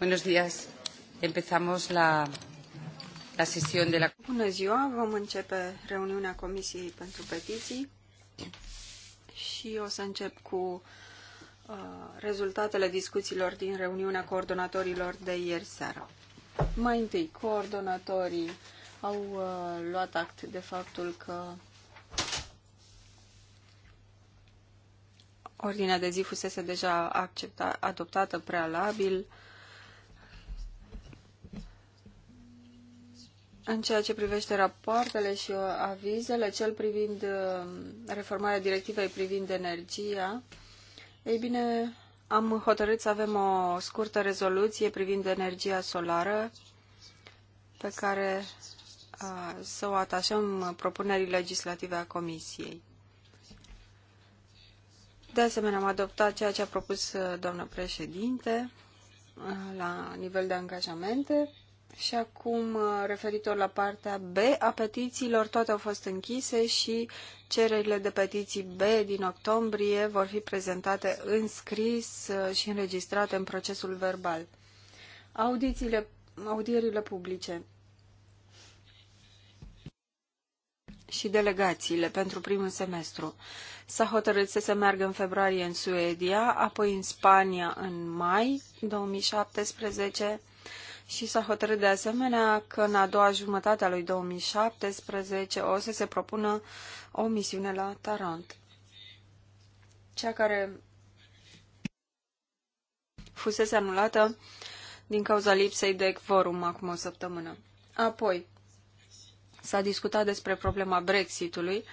Buenos días. Empezamos la, la sesión de la... Bună ziua, vom începe reuniunea Comisiei pentru Petiții și o să încep cu uh, rezultatele discuțiilor din reuniunea coordonatorilor de ieri seara. Mai întâi, coordonatorii au uh, luat act de faptul că ordinea de zi fusese deja accepta, adoptată prealabil uh, În ceea ce privește rapoartele și uh, avizele, cel privind uh, reformarea directivei privind energia, ei bine, am hotărât să avem o scurtă rezoluție privind energia solară pe care uh, să o atașăm propunerii legislative a Comisiei. De asemenea, am adoptat ceea ce a propus doamna președinte la nivel de angajamente și acum, uh, referitor la partea B a petițiilor, toate au fost închise și cererile de petiții B din octombrie vor fi prezentate în scris uh, și înregistrate în procesul verbal. Audițiile, audierile publice și delegațiile pentru primul semestru. S-a hotărât să se meargă în februarie în Suedia, apoi în Spania în mai 2017, și s-a hotărât de asemenea că în a doua jumătate a lui 2017 o să se propună o misiune la Tarant. Cea care fusese anulată din cauza lipsei de quorum acum o săptămână. Apoi, s-a discutat despre problema Brexitului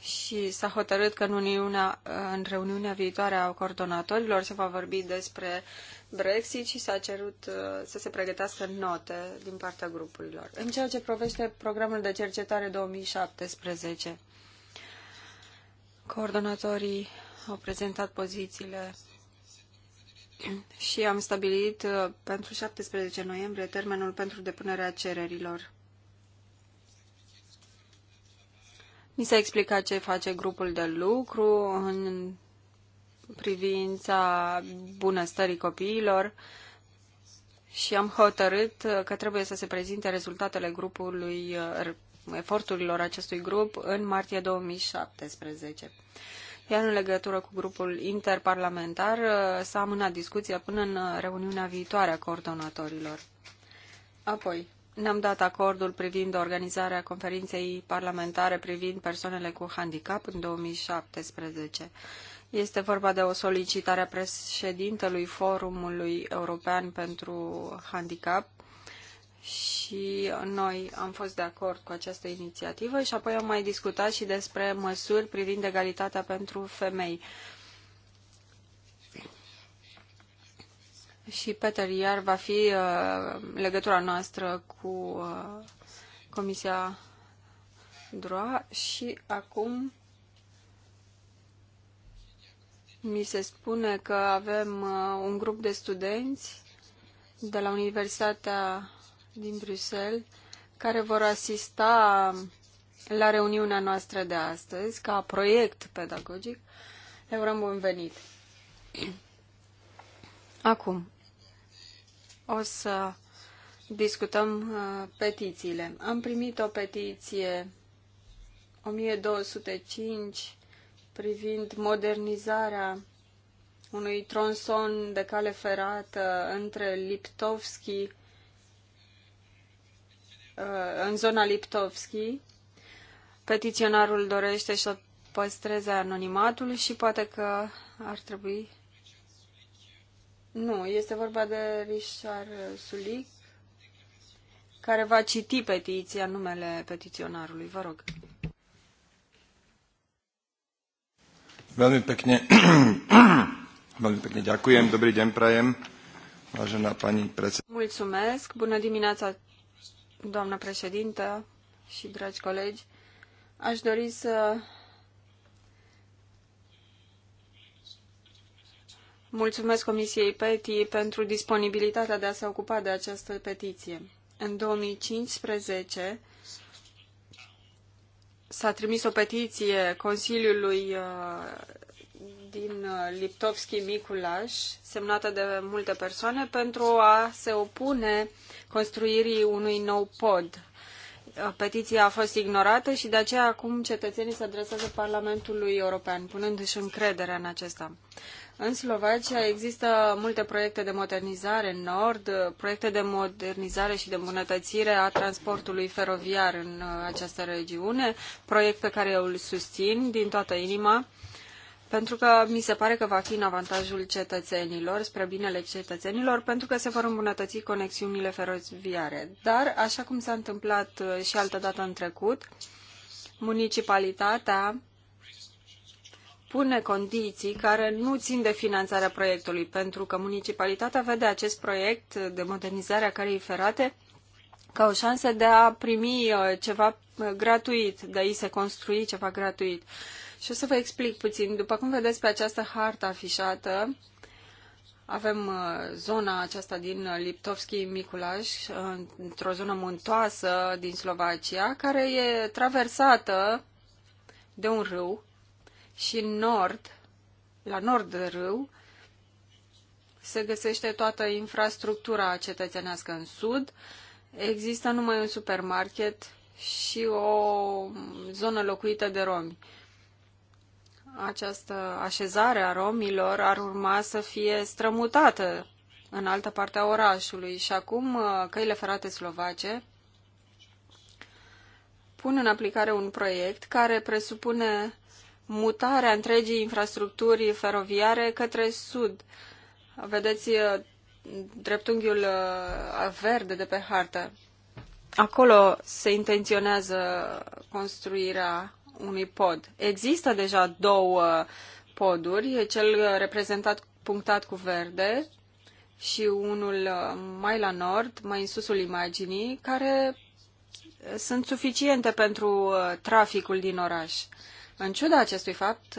și s-a hotărât că în, Uniunea, în reuniunea viitoare a coordonatorilor se va vorbi despre Brexit și s-a cerut uh, să se pregătească note din partea grupurilor. În ceea ce privește programul de cercetare 2017, coordonatorii au prezentat pozițiile și am stabilit uh, pentru 17 noiembrie termenul pentru depunerea cererilor. Mi s-a explicat ce face grupul de lucru în privința bunăstării copiilor și am hotărât că trebuie să se prezinte rezultatele grupului, eforturilor acestui grup în martie 2017. Iar în legătură cu grupul interparlamentar s-a amânat discuția până în reuniunea viitoare a coordonatorilor. Apoi, ne-am dat acordul privind organizarea conferinței parlamentare privind persoanele cu handicap în 2017. Este vorba de o solicitare a președintelui Forumului European pentru Handicap și noi am fost de acord cu această inițiativă și apoi am mai discutat și despre măsuri privind egalitatea pentru femei. și Peter Iar va fi uh, legătura noastră cu uh, Comisia Droa și acum mi se spune că avem uh, un grup de studenți de la Universitatea din Bruxelles care vor asista la reuniunea noastră de astăzi ca proiect pedagogic. Le urăm bun venit! Acum, o să discutăm uh, petițiile. Am primit o petiție 1205 privind modernizarea unui tronson de cale ferată între Liptovski, uh, în zona Liptovski. Petiționarul dorește să păstreze anonimatul și poate că ar trebui nu, este vorba de Richard Sulic, care va citi petiția numele petiționarului. Vă rog. Veľmi pekne, veľmi pekne ďakujem, dobrý deň prajem, vážená pani predsedníka. Mulțumesc, bună dimineața, doamna președintă și dragi colegi. Aș dori să Mulțumesc Comisiei PETI pentru disponibilitatea de a se ocupa de această petiție. În 2015 s-a trimis o petiție Consiliului uh, din uh, Liptovski Miculaș, semnată de multe persoane, pentru a se opune construirii unui nou pod petiția a fost ignorată și de aceea acum cetățenii se adresează Parlamentului European, punându-și încrederea în acesta. În Slovacia există multe proiecte de modernizare în nord, proiecte de modernizare și de îmbunătățire a transportului feroviar în uh, această regiune, proiect pe care eu îl susțin din toată inima pentru că mi se pare că va fi în avantajul cetățenilor, spre binele cetățenilor, pentru că se vor îmbunătăți conexiunile feroviare. Dar, așa cum s-a întâmplat uh, și altă dată în trecut, municipalitatea pune condiții care nu țin de finanțarea proiectului, pentru că municipalitatea vede acest proiect de modernizare a cărei ferate ca o șansă de a primi uh, ceva uh, gratuit, de a-i se construi ceva gratuit. Și o să vă explic puțin. După cum vedeți pe această hartă afișată, avem uh, zona aceasta din uh, Liptovski Miculaș, uh, într-o zonă muntoasă din Slovacia, care e traversată de un râu și în nord, la nord de râu, se găsește toată infrastructura cetățenească în sud. Există numai un supermarket și o zonă locuită de romi această așezare a romilor ar urma să fie strămutată în altă parte a orașului și acum uh, căile ferate slovace pun în aplicare un proiect care presupune mutarea întregii infrastructuri feroviare către sud. Vedeți uh, dreptunghiul uh, verde de pe hartă. Acolo se intenționează construirea unui pod. Există deja două poduri, cel reprezentat punctat cu verde și unul uh, mai la nord, mai în susul imaginii, care uh, sunt suficiente pentru uh, traficul din oraș. În ciuda acestui fapt,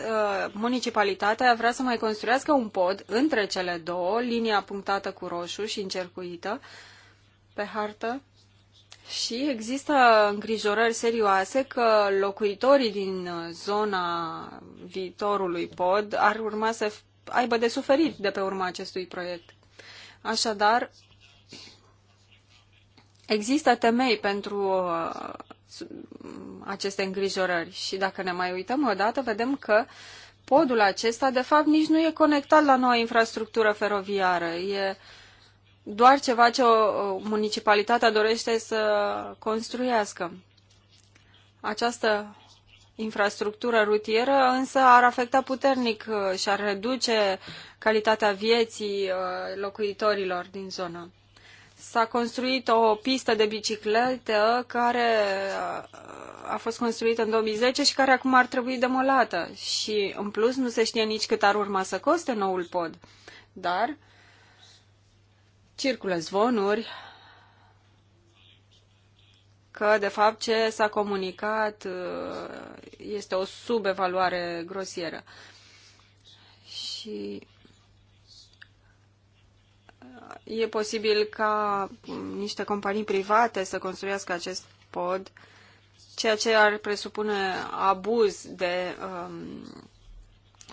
municipalitatea vrea să mai construiască un pod între cele două, linia punctată cu roșu și încercuită pe hartă, și există îngrijorări serioase că locuitorii din zona viitorului pod ar urma să aibă de suferit de pe urma acestui proiect. Așadar, există temei pentru uh, aceste îngrijorări și dacă ne mai uităm o dată, vedem că podul acesta, de fapt, nici nu e conectat la noua infrastructură feroviară. E uh, doar ceva ce o municipalitatea dorește să construiască. Această infrastructură rutieră însă ar afecta puternic uh, și ar reduce calitatea vieții uh, locuitorilor din zonă. S-a construit o pistă de bicicletă care uh, a fost construită în 2010 și care acum ar trebui demolată. Și în plus nu se știe nici cât ar urma să coste noul pod. Dar circulă zvonuri că, de fapt, ce s-a comunicat uh, este o subevaluare grosieră. Și uh, e posibil ca niște companii private să construiască acest pod, ceea ce ar presupune abuz de um,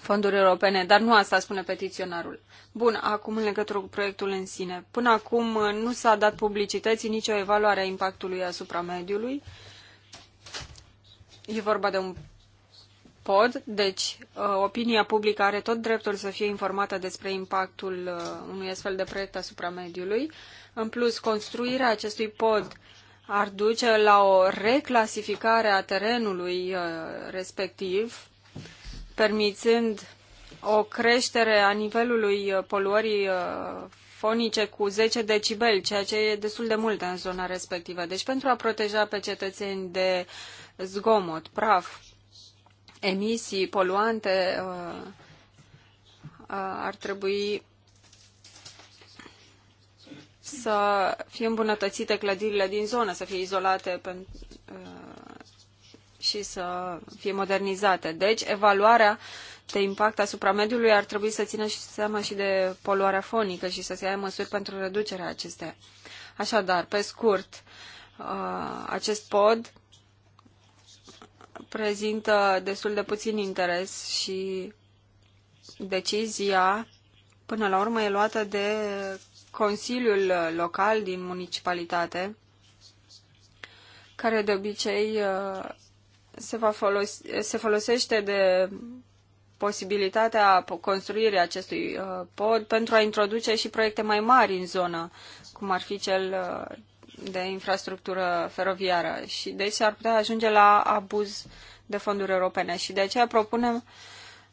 fonduri europene, dar nu asta spune petiționarul. Bun, acum în legătură cu proiectul în sine. Până acum nu s-a dat publicității nicio evaluare a impactului asupra mediului. E vorba de un pod, deci uh, opinia publică are tot dreptul să fie informată despre impactul uh, unui astfel de proiect asupra mediului. În plus, construirea acestui pod ar duce la o reclasificare a terenului uh, respectiv, permițând o creștere a nivelului uh, poluării uh, fonice cu 10 decibeli, ceea ce e destul de mult în zona respectivă. Deci pentru a proteja pe cetățeni de zgomot, praf, emisii poluante, uh, ar trebui să fie îmbunătățite clădirile din zonă, să fie izolate și să fie modernizate. Deci, evaluarea de impact asupra mediului ar trebui să țină și seama și de poluarea fonică și să se ia măsuri pentru reducerea acestea. Așadar, pe scurt, uh, acest pod prezintă destul de puțin interes și decizia până la urmă e luată de Consiliul Local din municipalitate, care de obicei uh, se, va folosi, se folosește de posibilitatea construirii acestui uh, pod pentru a introduce și proiecte mai mari în zonă, cum ar fi cel uh, de infrastructură feroviară și deci ar putea ajunge la abuz de fonduri europene și de aceea propunem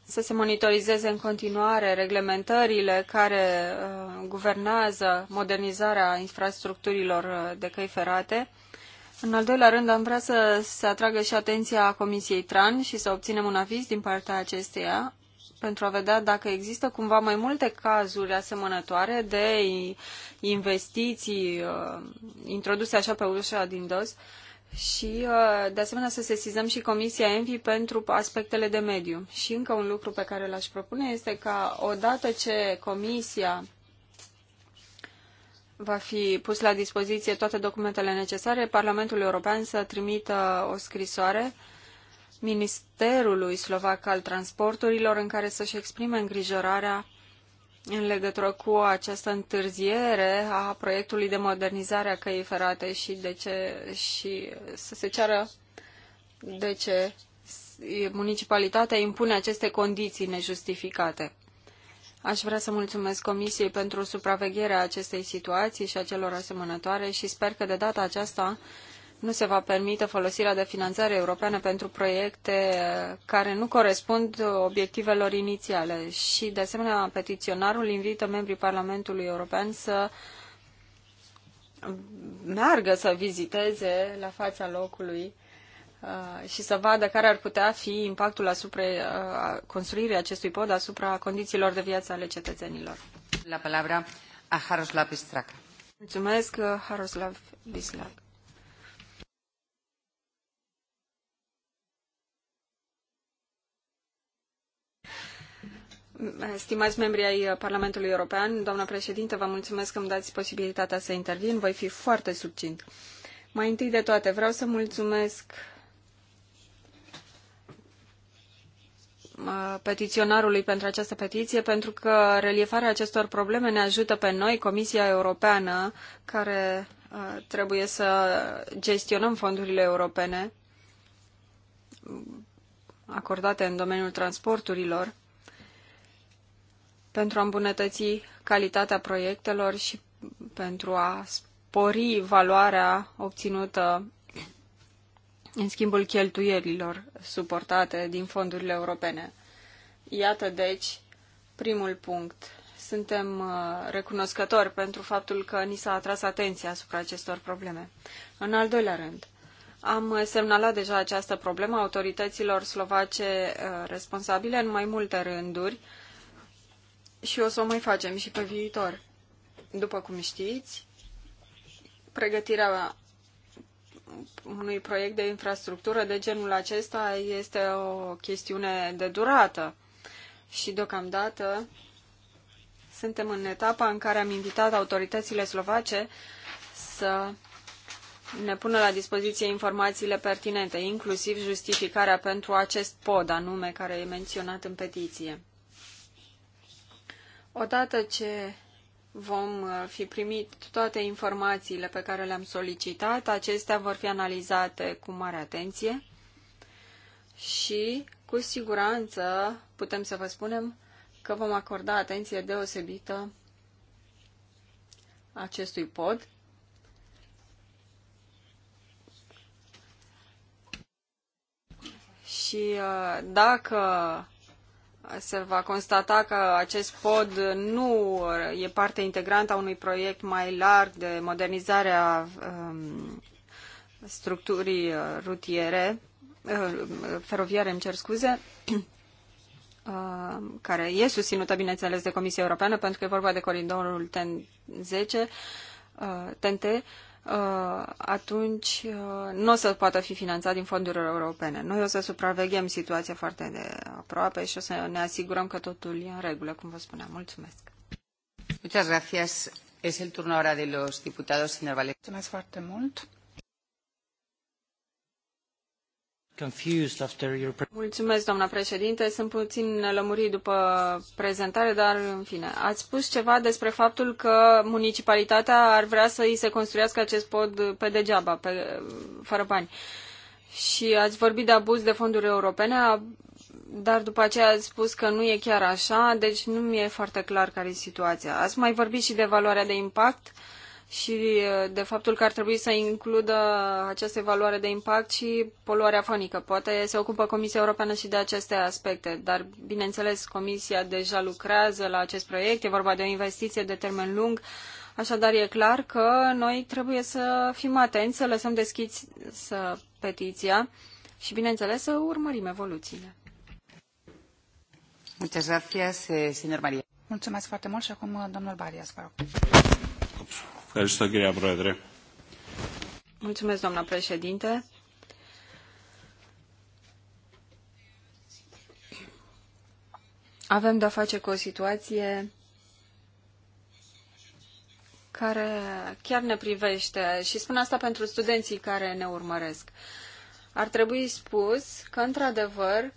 să se monitorizeze în continuare reglementările care uh, guvernează modernizarea infrastructurilor uh, de căi ferate în al doilea rând, am vrea să se atragă și atenția Comisiei TRAN și să obținem un aviz din partea acesteia pentru a vedea dacă există cumva mai multe cazuri asemănătoare de investiții uh, introduse așa pe ușa din dos și, uh, de asemenea, să sesizăm și Comisia Envi pentru aspectele de mediu. Și încă un lucru pe care l-aș propune este ca, odată ce Comisia va fi pus la dispoziție toate documentele necesare, Parlamentul European să trimită o scrisoare Ministerului Slovac al Transporturilor în care să-și exprime îngrijorarea în legătură cu această întârziere a proiectului de modernizare a căii ferate și, de ce, și să se ceară de ce municipalitatea impune aceste condiții nejustificate. Aș vrea să mulțumesc Comisiei pentru supravegherea acestei situații și a celor asemănătoare și sper că de data aceasta nu se va permite folosirea de finanțare europeană pentru proiecte uh, care nu corespund obiectivelor inițiale. Și, de asemenea, petiționarul invită membrii Parlamentului European să meargă să viziteze la fața locului Uh, și să vadă care ar putea fi impactul asupra uh, construirii acestui pod asupra condițiilor de viață ale cetățenilor. La palabra a Haroslav Bistrac. Mulțumesc, Haroslav uh, Bislac. Stimați membri ai Parlamentului European, doamna președinte, vă mulțumesc că îmi dați posibilitatea să intervin. Voi fi foarte succint. Mai întâi de toate, vreau să mulțumesc Uh, petiționarului pentru această petiție, pentru că reliefarea acestor probleme ne ajută pe noi, Comisia Europeană, care uh, trebuie să gestionăm fondurile europene acordate în domeniul transporturilor pentru a îmbunătăți calitatea proiectelor și pentru a spori valoarea obținută în schimbul cheltuielilor suportate din fondurile europene. Iată, deci, primul punct. Suntem uh, recunoscători pentru faptul că ni s-a atras atenția asupra acestor probleme. În al doilea rând, am uh, semnalat deja această problemă autorităților slovace uh, responsabile în mai multe rânduri și o să o mai facem și pe viitor. După cum știți, pregătirea unui proiect de infrastructură de genul acesta este o chestiune de durată și deocamdată suntem în etapa în care am invitat autoritățile slovace să ne pună la dispoziție informațiile pertinente, inclusiv justificarea pentru acest pod anume care e menționat în petiție. Odată ce vom uh, fi primit toate informațiile pe care le-am solicitat. Acestea vor fi analizate cu mare atenție și cu siguranță putem să vă spunem că vom acorda atenție deosebită acestui pod. Și uh, dacă se va constata că acest pod nu e parte integrantă a unui proiect mai larg de modernizare a um, structurii uh, rutiere, uh, feroviare, îmi cer scuze, uh, care e susținută, bineînțeles, de Comisia Europeană, pentru că e vorba de coridorul TEN-10, TNT, Uh, atunci uh, nu o să poată fi finanțat din fonduri europene. Noi o să supraveghem situația foarte de aproape și o să ne asigurăm că totul e în regulă, cum vă spuneam. Mulțumesc! Muchas gracias. Es el turno ahora de los diputados, Mulțumesc foarte mult. confused Mulțumesc, doamna președinte. Sunt puțin lămurit după prezentare, dar în fine. Ați spus ceva despre faptul că municipalitatea ar vrea să îi se construiască acest pod pe degeaba, pe, fără bani. Și ați vorbit de abuz de fonduri europene, dar după aceea ați spus că nu e chiar așa, deci nu mi-e foarte clar care e situația. Ați mai vorbit și de valoarea de impact. Uh, și uh, de faptul că ar trebui să includă această evaluare de impact și poluarea fonică. Poate se ocupă Comisia Europeană și de aceste aspecte, dar bineînțeles Comisia deja lucrează la acest proiect, e vorba de o investiție de termen lung, așadar e clar că noi trebuie să fim atenți, să lăsăm să petiția și bineînțeles să urmărim evoluțiile. Muchas gracias, eh, señor María. Mulțumesc foarte mult și acum domnul Barias, vă rog. Mulțumesc, președinte. Avem de-a face cu o situație care chiar ne privește și spun asta pentru studenții care ne urmăresc. Ar trebui spus că, într-adevăr,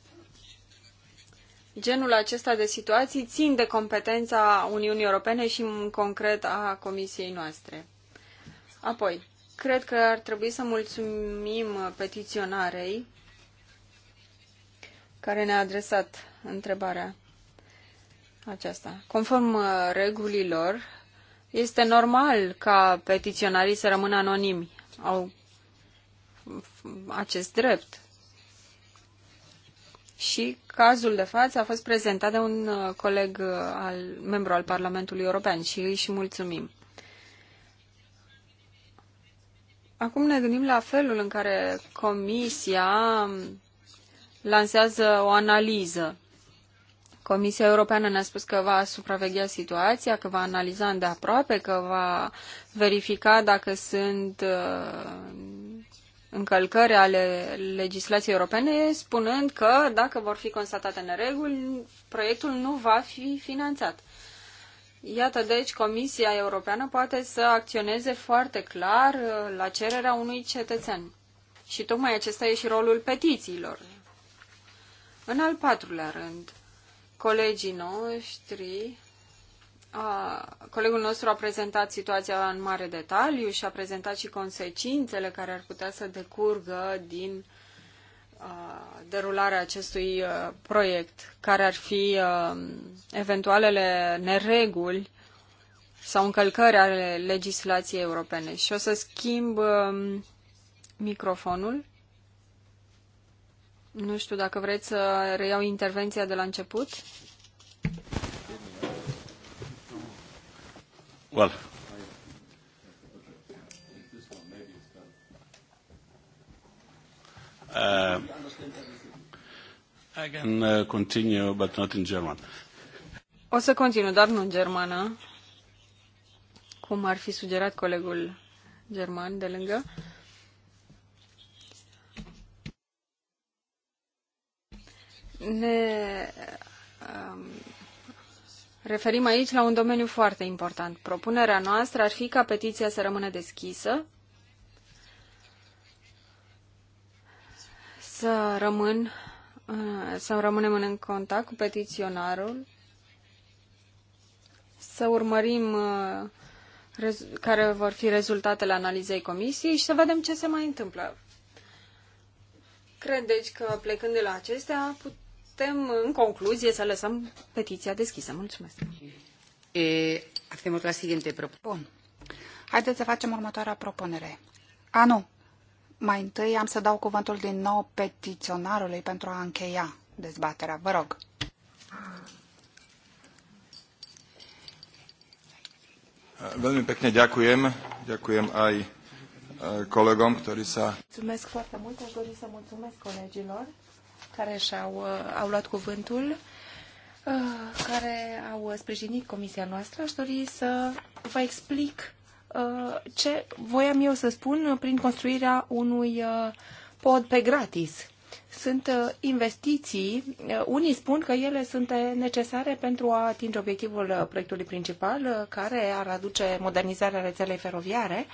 Genul acesta de situații țin de competența Uniunii Europene și în concret a Comisiei noastre. Apoi, cred că ar trebui să mulțumim petiționarei care ne-a adresat întrebarea aceasta. Conform uh, regulilor, este normal ca petiționarii să rămână anonimi. Au acest drept și cazul de față a fost prezentat de un uh, coleg uh, al, membru al Parlamentului European și îi și mulțumim. Acum ne gândim la felul în care Comisia lansează o analiză. Comisia Europeană ne-a spus că va supraveghea situația, că va analiza îndeaproape, că va verifica dacă sunt uh, încălcări ale legislației europene, spunând că dacă vor fi constatate nereguli, proiectul nu va fi finanțat. Iată, deci, Comisia Europeană poate să acționeze foarte clar uh, la cererea unui cetățean. Și tocmai acesta e și rolul petițiilor. În al patrulea rând, colegii noștri a, colegul nostru a prezentat situația în mare detaliu și a prezentat și consecințele care ar putea să decurgă din a, derularea acestui a, proiect, care ar fi a, eventualele nereguli sau încălcări ale legislației europene. Și o să schimb a, microfonul. Nu știu dacă vreți să reiau intervenția de la început. Well, uh, I can uh, continue, but not in German. O să continu, dar nu în germană, cum ar fi sugerat colegul german de lângă. Ne um, referim aici la un domeniu foarte important. Propunerea noastră ar fi ca petiția să rămână deschisă, să, rămân, să rămânem în contact cu petiționarul, să urmărim care vor fi rezultatele analizei comisiei și să vedem ce se mai întâmplă. Cred, deci, că plecând de la acestea, put putem, în concluzie, să lăsăm petiția deschisă. Mulțumesc. E, la siguiente Bun. Haideți să facem următoarea propunere. A, nu. Mai întâi am să dau cuvântul din nou petiționarului pentru a încheia dezbaterea. Vă rog. Veľmi pekne ďakujem. Ďakujem aj kolegom, ktorí sa... Mulțumesc foarte mult. Aș dori să mulțumesc colegilor care și-au uh, au luat cuvântul, uh, care au sprijinit comisia noastră. Aș dori să vă explic uh, ce voiam eu să spun prin construirea unui pod pe gratis sunt uh, investiții. Uh, unii spun că ele sunt uh, necesare pentru a atinge obiectivul proiectului principal, care ar aduce modernizarea rețelei feroviare,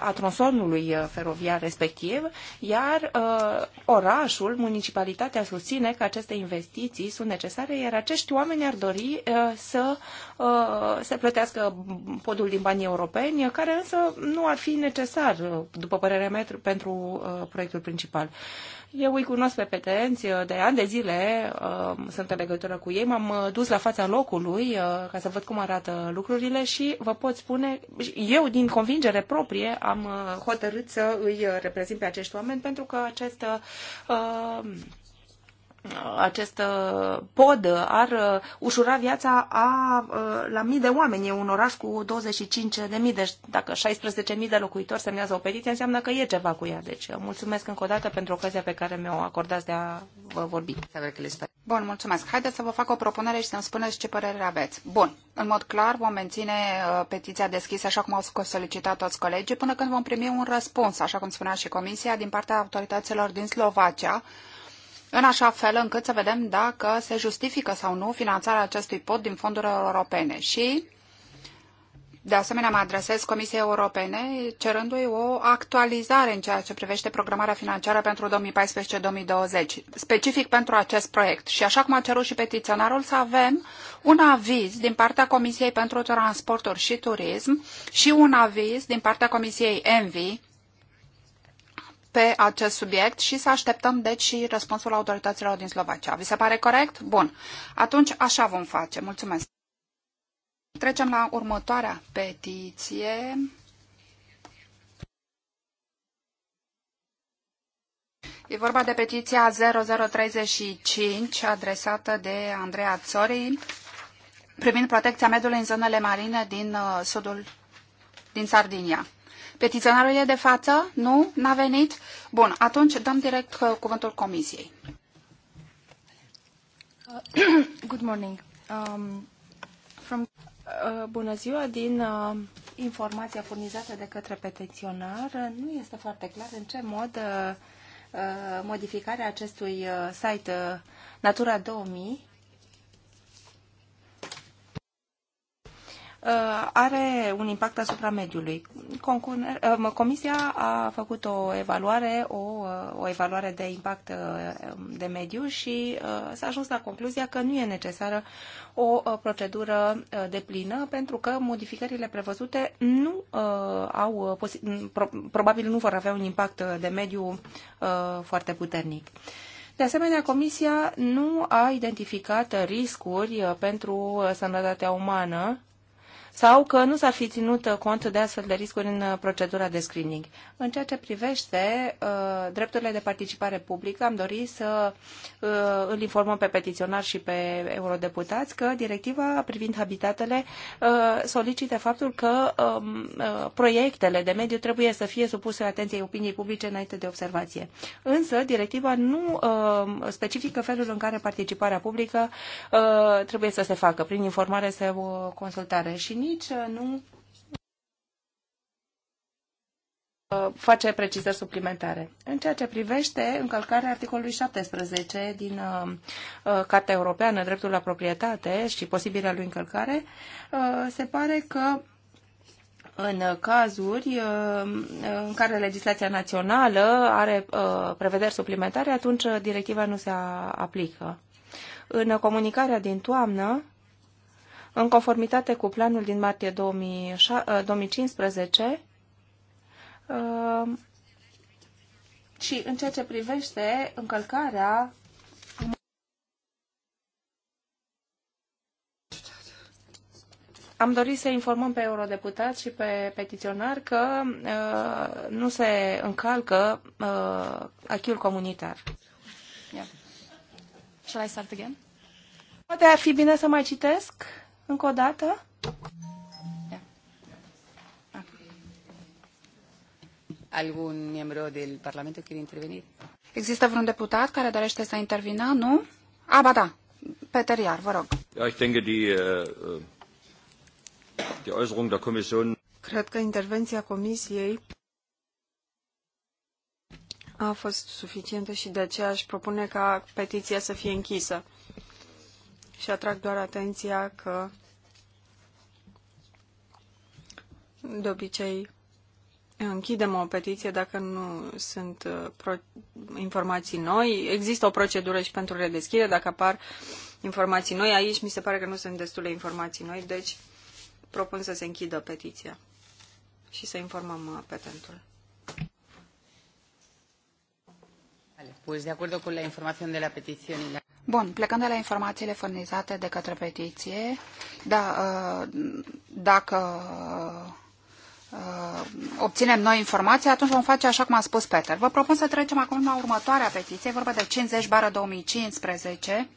a tronsonului feroviar respectiv, iar orașul, municipalitatea susține că aceste investiții sunt necesare, iar acești oameni ar dori să se plătească podul din banii europeni, care însă nu ar fi necesar, după părerea mea, pentru proiectul principal. Eu îi cunosc pe petenți uh, de ani de zile, uh, sunt în legătură cu ei, m-am uh, dus la fața locului ca să văd cum arată lucrurile și vă pot spune, eu din convingere proprie am hotărât să îi reprezint pe acești oameni pentru că acest acest uh, pod ar uh, ușura viața a, uh, la mii de oameni. E un oraș cu 25 de mii, deci dacă 16.000 de locuitori semnează o petiție, înseamnă că e ceva cu ea. Deci mulțumesc încă o dată pentru ocazia pe care mi-o acordați de a vă vorbi. Bun, mulțumesc. Haideți să vă fac o propunere și să-mi spuneți ce părere aveți. Bun, în mod clar vom menține petiția deschisă așa cum au solicitat toți colegii până când vom primi un răspuns, așa cum spunea și Comisia, din partea autorităților din Slovacia, în așa fel încât să vedem dacă se justifică sau nu finanțarea acestui pod din fonduri europene. Și, de asemenea, mă adresez Comisiei Europene cerându-i o actualizare în ceea ce privește programarea financiară pentru 2014-2020, specific pentru acest proiect. Și așa cum a cerut și petiționarul, să avem un aviz din partea Comisiei pentru Transporturi și Turism și un aviz din partea Comisiei ENVI pe acest subiect și să așteptăm, deci, și răspunsul autorităților din Slovacia. Vi se pare corect? Bun. Atunci așa vom face. Mulțumesc. Trecem la următoarea petiție. E vorba de petiția 0035 adresată de Andreea Țori privind protecția mediului în zonele marine din uh, sudul din Sardinia. Petiționarul e de față? Nu? N-a venit? Bun, atunci dăm direct uh, cuvântul comisiei. Uh, good morning. Um, from, uh, bună ziua. Din uh, informația furnizată de către petiționar, uh, nu este foarte clar în ce mod uh, modificarea acestui site Natura 2000 Uh, are un impact asupra mediului. Uh, comisia a făcut o evaluare, o, uh, o evaluare de impact de mediu și s-a ajuns la concluzia că nu e necesară o procedură de plină pentru că modificările prevăzute nu au, probabil nu vor avea un impact de mediu foarte puternic. De asemenea, Comisia nu a identificat riscuri pentru sănătatea umană sau că nu s-ar fi ținut cont de astfel de riscuri în procedura de screening. În ceea ce privește uh, drepturile de participare publică, am dorit să uh, îl informăm pe petiționar și pe eurodeputați că directiva privind habitatele uh, solicită faptul că um, proiectele de mediu trebuie să fie supuse atenției opiniei publice înainte de observație. Însă, directiva nu um, specifică felul în care participarea publică trebuie să se facă, prin informare sau consultare. Și nici nici uh, nu uh, face precizări suplimentare. În ceea ce privește încălcarea articolului 17 din uh, Cartea Europeană, dreptul la proprietate și posibilea lui încălcare, se pare că în cazuri în care legislația națională are prevederi suplimentare, atunci directiva nu se aplică. În comunicarea din toamnă, în conformitate cu planul din martie 2015, ă, ă, și în ceea ce privește încălcarea Am dorit să informăm pe eurodeputați și pe petiționar că uh, nu se încalcă uh, achiul comunitar. Yeah. Shall I start again? Poate ar fi bine să mai citesc. Încă o dată? Algun membru del Parlamento quiere intervenir? Există vreun deputat care dorește să intervină? Nu? A, ba da. Peter Iar, vă rog. ich denke, die, äh, äh, die Äußerung der Kommission... Cred că intervenția Comisiei a fost suficientă și de aceea aș propune ca petiția să fie închisă și atrag doar atenția că de obicei închidem o petiție dacă nu sunt uh, informații noi. Există o procedură și pentru redeschidere dacă apar informații noi. Aici mi se pare că nu sunt destule informații noi, deci propun să se închidă petiția și să informăm uh, petentul. pues de acuerdo con la información de la petición y la... Bun, plecând de la informațiile furnizate de către petiție, da, uh, dacă uh, obținem noi informații, atunci vom face așa cum a spus Peter. Vă propun să trecem acum la următoarea petiție, vorba de 50 bară 2015,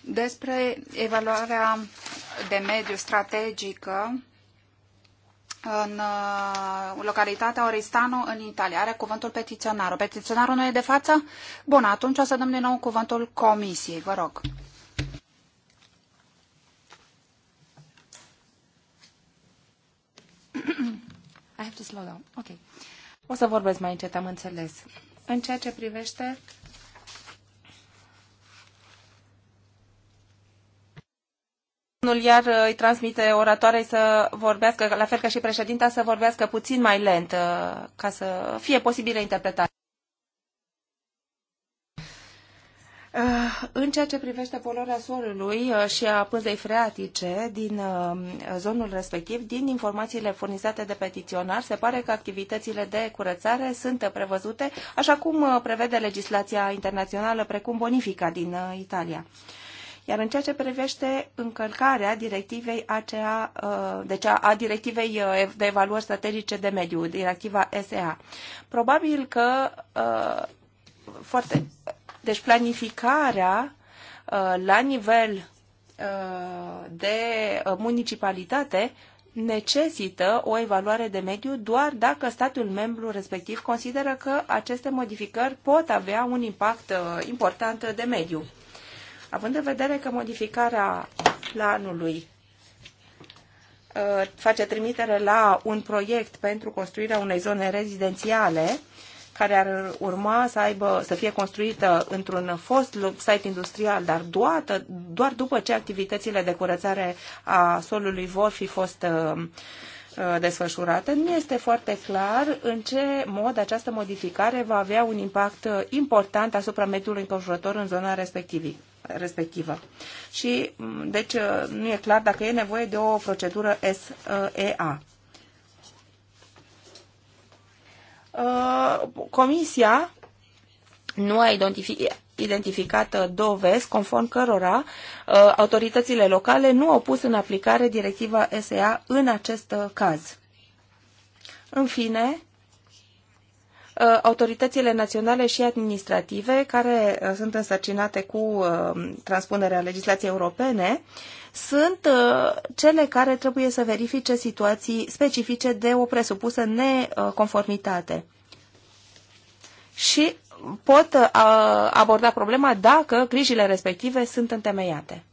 despre evaluarea de mediu strategică în uh, localitatea Oristano, în Italia. Are cuvântul petiționarul. Petiționarul nu e de față? Bun, atunci o să dăm din nou cuvântul comisiei. Vă rog. I have to slow down. Okay. O să vorbesc mai încet, am înțeles. În ceea ce privește iar uh, îi transmite oratoarei să vorbească, la fel ca și președinta, să vorbească puțin mai lent, uh, ca să fie posibilă interpretare. Uh, în ceea ce privește poluarea solului și a pânzei freatice din zonul respectiv, din informațiile furnizate de petiționar, se pare că activitățile de curățare sunt prevăzute, așa cum prevede legislația internațională, precum bonifica din Italia. Iar în ceea ce privește încălcarea directivei ACA, uh, deci a directivei uh, de evaluări strategice de mediu, directiva SEA, probabil că uh, foarte, deci planificarea la nivel de municipalitate necesită o evaluare de mediu doar dacă statul membru respectiv consideră că aceste modificări pot avea un impact important de mediu. Având în vedere că modificarea planului uh, face trimitere la un proiect pentru construirea unei zone rezidențiale care ar urma să, aibă, să fie construită într-un fost site industrial, dar doar, doar după ce activitățile de curățare a solului vor fi fost uh, uh, desfășurate, nu este foarte clar în ce mod această modificare va avea un impact important asupra mediului înconjurător în zona respectivă respectivă. Și mm, deci uh, nu e clar dacă e nevoie de o procedură SEA. Uh, comisia nu a identificat identificat uh, dovezi conform cărora autoritățile locale nu au pus în aplicare directiva SEA în acest caz. În fine, Uh, autoritățile naționale și administrative care uh, sunt însărcinate cu uh, transpunerea legislației europene sunt cele care trebuie să verifice situații specifice de o presupusă neconformitate. Și pot aborda problema dacă grijile respective sunt întemeiate.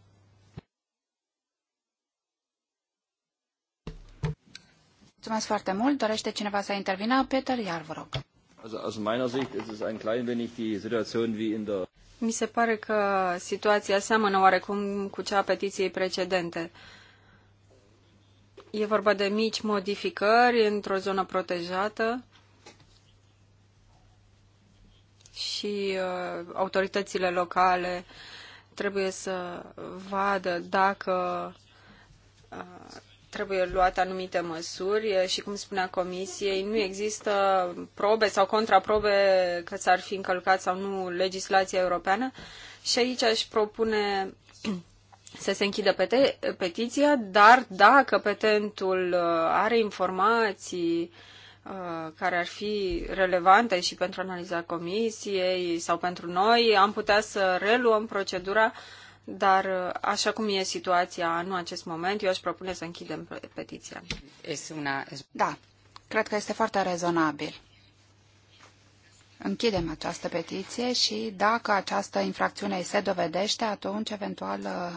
Mulțumesc foarte mult. Dorește cineva să intervină? Peter, iar vă rog mi se pare că situația seamănă oarecum cu cea a petiției precedente. E vorba de mici modificări într-o zonă protejată și uh, autoritățile locale trebuie să vadă dacă uh, trebuie luate anumite măsuri și, cum spunea Comisiei, nu există probe sau contraprobe că s-ar fi încălcat sau nu legislația europeană și aici aș propune să se închidă petiția, dar dacă petentul uh, are informații uh, care ar fi relevante și pentru analiza comisiei sau pentru noi, am putea să reluăm procedura uh, dar uh, așa cum e situația în acest moment, eu aș propune să închidem petiția. Da, cred că este foarte rezonabil. Închidem această petiție și dacă această infracțiune se dovedește, atunci eventual uh,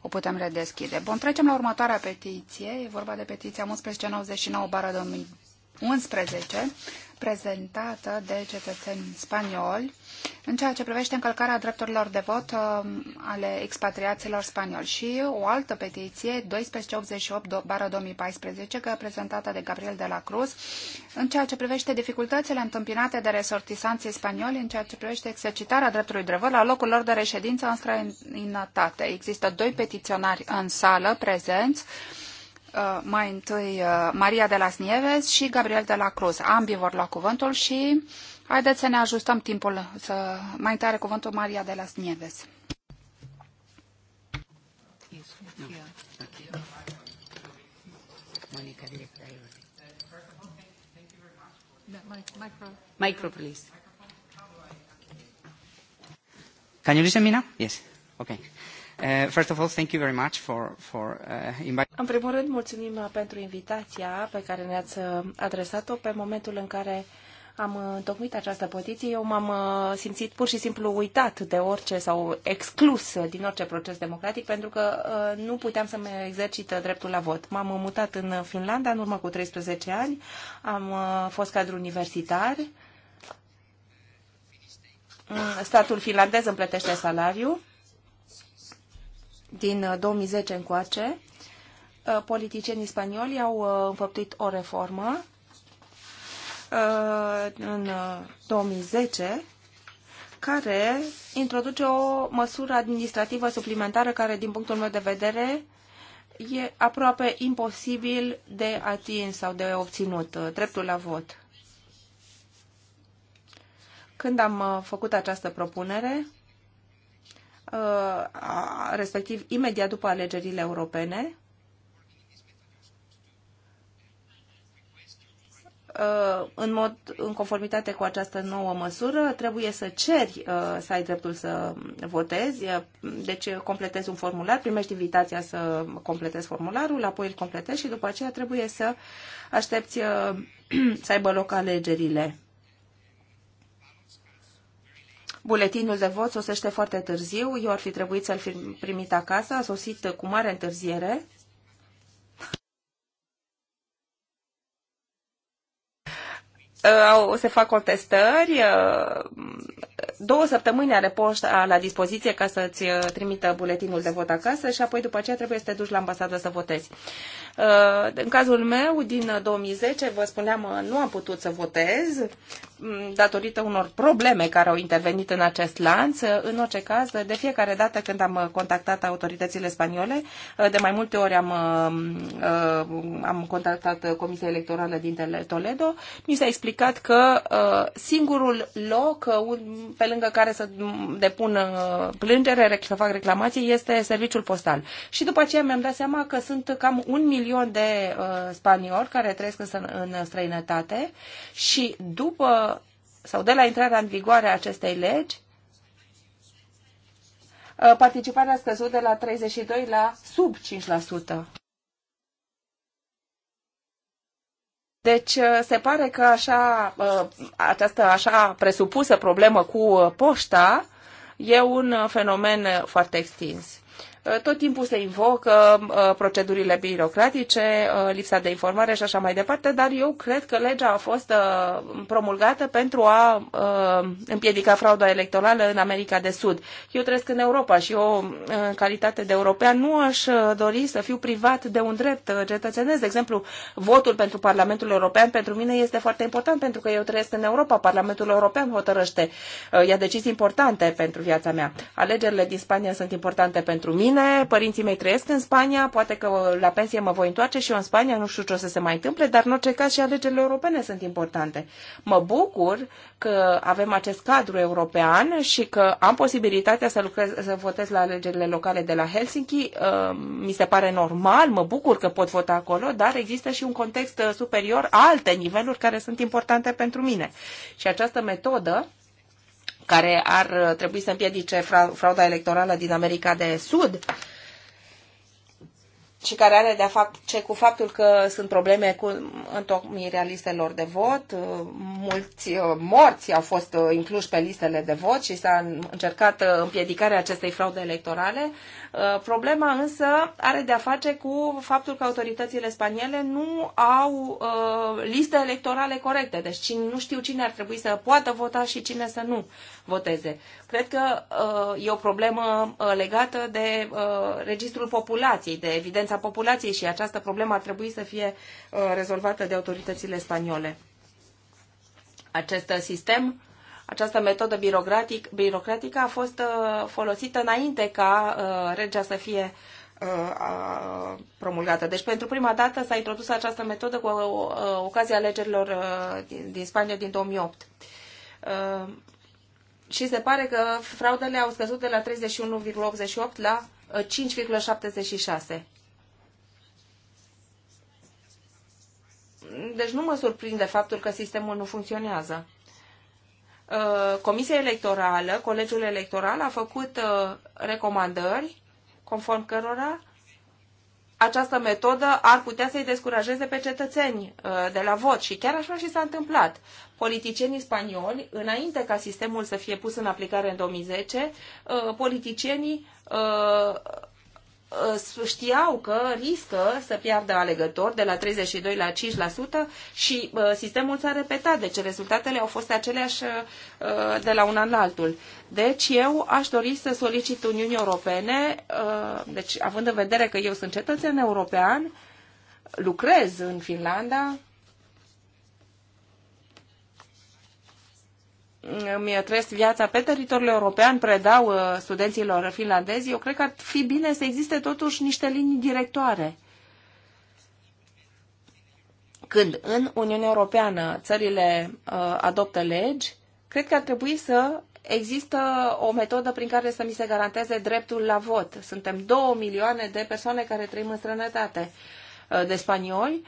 o putem redeschide. Bun, trecem la următoarea petiție. E vorba de petiția 1199-2011 prezentată de cetățeni spanioli în ceea ce privește încălcarea drepturilor de vot uh, ale expatriaților spanioli și o altă petiție 1288-2014 prezentată de Gabriel de la Cruz în ceea ce privește dificultățile întâmpinate de resortisanții spanioli în ceea ce privește exercitarea dreptului de vot la locul lor de reședință în străinătate. Există doi petiționari în sală prezenți Uh, mai întâi uh, Maria de la Snieves și Gabriel de la Cruz. Ambii vor lua cuvântul și haideți să ne ajustăm timpul. Să... Mai întâi are cuvântul Maria de la Snieves. Micro, Micro please. Can you listen me now? Yes. Okay. Uh, first of all, thank you very much for, for uh, inviting. În primul rând, mulțumim uh, pentru invitația pe care ne-ați uh, adresat-o pe momentul în care am întocmit această poziție. Eu m-am simțit pur și simplu uitat de orice sau exclus din orice proces democratic pentru că nu puteam să-mi exercit dreptul la vot. M-am mutat în Finlanda în urmă cu 13 ani. Am fost cadru universitar. Mm, statul finlandez îmi plătește salariul din 2010 uh, încoace, uh, politicienii spanioli au uh, înfăptuit o reformă în 2010 care introduce o măsură administrativă suplimentară care, din punctul meu de vedere, e aproape imposibil de atins sau de obținut dreptul la vot. Când am făcut această propunere, Uh, respectiv imediat după alegerile europene. Uh, în, mod, în conformitate cu această nouă măsură, trebuie să ceri uh, să ai dreptul să votezi, deci completezi un formular, primești invitația să completezi formularul, apoi îl completezi și după aceea trebuie să aștepți să aibă loc alegerile Buletinul de vot sosește foarte târziu. Eu ar fi trebuit să-l fi primit acasă. A sosit cu mare întârziere. se fac contestări, două săptămâni are poșta la dispoziție ca să-ți uh, trimită buletinul de vot acasă și apoi după aceea trebuie să te duci la ambasadă să votezi. Uh, în cazul meu, din 2010, uh, vă spuneam, nu am putut să votez mm, datorită unor probleme care au intervenit în acest lanț. În orice caz, de fiecare dată când am contactat autoritățile spaniole, de mai multe ori am, am contactat Comisia Electorală din Toledo, mi s-a explicat că singurul loc pe lângă care să depun uh, plângere, să fac reclamații, este serviciul postal. Și după aceea mi-am dat seama că sunt cam un milion de uh, spanioli care trăiesc în, în străinătate și după sau de la intrarea în vigoare a acestei legi, uh, participarea a scăzut de la 32 la sub 5%. Deci uh, se pare că așa, uh, această așa presupusă problemă cu uh, poșta e un fenomen foarte extins. Uh, tot timpul se invocă uh, procedurile birocratice, uh, lipsa de informare și așa mai departe, dar eu cred că legea a fost promulgată pentru a împiedica frauda electorală în America de Sud. Eu trăiesc în Europa și eu, în calitate de european, nu aș dori să fiu privat de un drept cetățenesc. De exemplu, votul pentru Parlamentul European pentru mine este foarte important pentru că eu trăiesc în Europa. Parlamentul European hotărăște, ia decizii importante pentru viața mea. Alegerile din Spania sunt importante pentru mine bine, părinții mei trăiesc în Spania, poate că la pensie mă voi întoarce și eu în Spania, nu știu ce o să se mai întâmple, dar în orice caz și alegerile europene sunt importante. Mă bucur că avem acest cadru european și că am posibilitatea să, lucrez, să votez la alegerile locale de la Helsinki. Ehm, mi se pare normal, mă bucur că pot vota acolo, dar există și un context eh, superior, alte niveluri care sunt importante pentru mine. Și această metodă care ar uh, trebui să împiedice frauda electorală din America de Sud și care are de-a face cu faptul că sunt probleme cu întocmirea listelor de vot. Uh, mulți uh, morți au fost uh, incluși pe listele de vot și s-a încercat împiedicarea acestei fraude electorale. Problema însă are de-a face cu faptul că autoritățile spaniele nu au liste electorale corecte, deci nu știu cine ar trebui să poată vota și cine să nu voteze. Cred că e o problemă legată de registrul populației, de evidență suferința populației și această problemă ar trebui să fie uh, rezolvată de autoritățile spaniole. Acest uh, sistem, această metodă birocratic, birocratică a fost uh, folosită înainte ca regea să fie promulgată. Deci pentru prima dată s-a introdus această metodă cu ocazia alegerilor din Spania din 2008 și se pare că fraudele au scăzut de la 31,88 la 5,76. deci nu mă surprinde faptul că sistemul nu funcționează. Uh, Comisia Electorală, Colegiul Electoral a făcut uh, recomandări conform cărora această metodă ar putea să-i descurajeze pe cetățeni uh, de la vot și chiar așa și s-a întâmplat. Politicienii spanioli, înainte ca sistemul să fie pus în aplicare în 2010, politicienii Uh, știau că riscă să piardă alegători de la 32 la 5% și uh, sistemul s-a repetat, deci rezultatele au fost aceleași uh, de la un an la altul. Deci eu aș dori să solicit Uniunii Europene, deci având în vedere că eu sunt cetățean european, lucrez în Finlanda, îmi trăiesc viața pe teritoriul european, predau uh, studenților finlandezi, eu cred că ar fi bine să existe totuși niște linii directoare. Când în Uniunea Europeană țările uh, adoptă legi, cred că ar trebui să există o metodă prin care să mi se garanteze dreptul la vot. Suntem două milioane de persoane care trăim în străinătate uh, de spanioli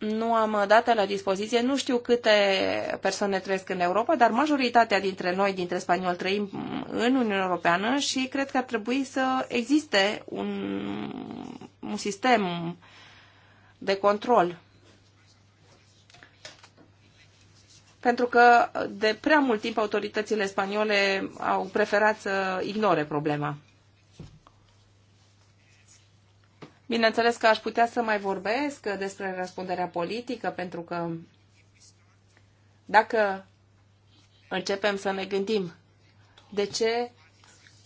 nu am date la dispoziție, nu știu câte persoane trăiesc în Europa, dar majoritatea dintre noi, dintre spanioli, trăim în Uniunea Europeană și cred că ar trebui să existe un, un sistem de control. Pentru că de prea mult timp autoritățile spaniole au preferat să ignore problema. Bineînțeles că aș putea să mai vorbesc despre răspunderea politică, pentru că dacă începem să ne gândim de ce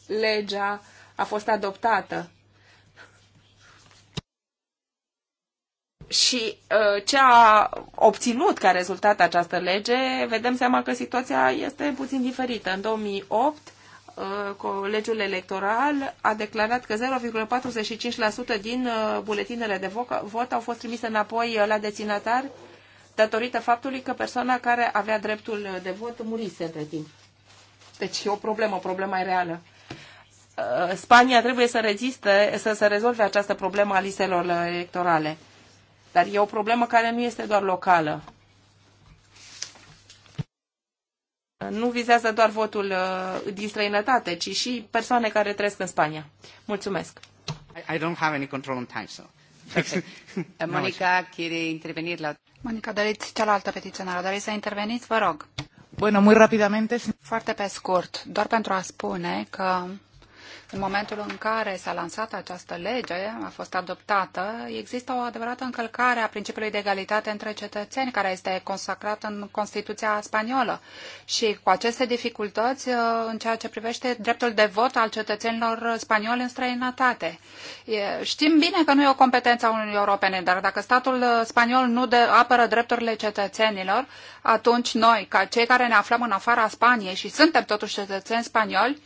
legea a fost adoptată și uh, ce a obținut ca rezultat această lege, vedem seama că situația este puțin diferită. În 2008 Uh, Colegiul Electoral a declarat că 0,45% din uh, buletinele de vot au fost trimise înapoi uh, la deținatar datorită faptului că persoana care avea dreptul de vot murise între timp. Deci e o problemă, o problemă mai reală. Spania trebuie să reziste, să se rezolve această problemă a listelor electorale. Dar e o problemă care nu este doar locală. nu vizează doar votul uh, din străinătate, ci și persoane care trăiesc în Spania. Mulțumesc. I, don't have any control on time, so. Monica quiere intervenir la... Monica, doriți cealaltă petiționară. Doriți să interveniți? Vă rog. Bueno, muy rapidamente. Foarte pe scurt, doar pentru a spune că în momentul în care s-a lansat această lege, a fost adoptată, există o adevărată încălcare a principiului de egalitate între cetățeni, care este consacrat în Constituția spaniolă. Și cu aceste dificultăți uh, în ceea ce privește dreptul de vot al cetățenilor spanioli în străinătate. Știm bine că nu e o competență a Uniunii Europene, dar dacă statul uh, spaniol nu de apără drepturile cetățenilor, atunci noi, ca cei care ne aflăm în afara Spaniei și suntem totuși cetățeni spanioli,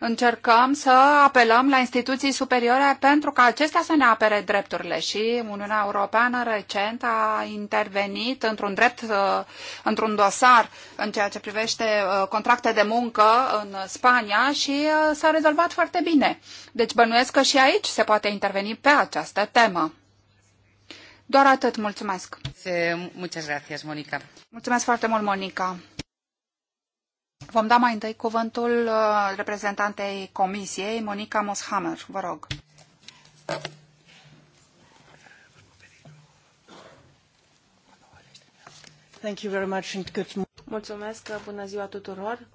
încercăm să apelăm la instituții superioare pentru ca acestea să ne apere drepturile și Uniunea Europeană recent a intervenit într-un drept, uh, într-un dosar în ceea ce privește uh, contracte de muncă în Spania și uh, s-a rezolvat foarte bine. Deci bănuiesc că și aici se poate interveni pe această temă. Doar atât, mulțumesc. Monica. Mulțumesc foarte mult, Monica. Vom da mai întâi cuvântul uh, reprezentantei Comisiei, Monica Moshammer. Vă rog. Thank you very much and good Mulțumesc, uh, bună ziua tuturor.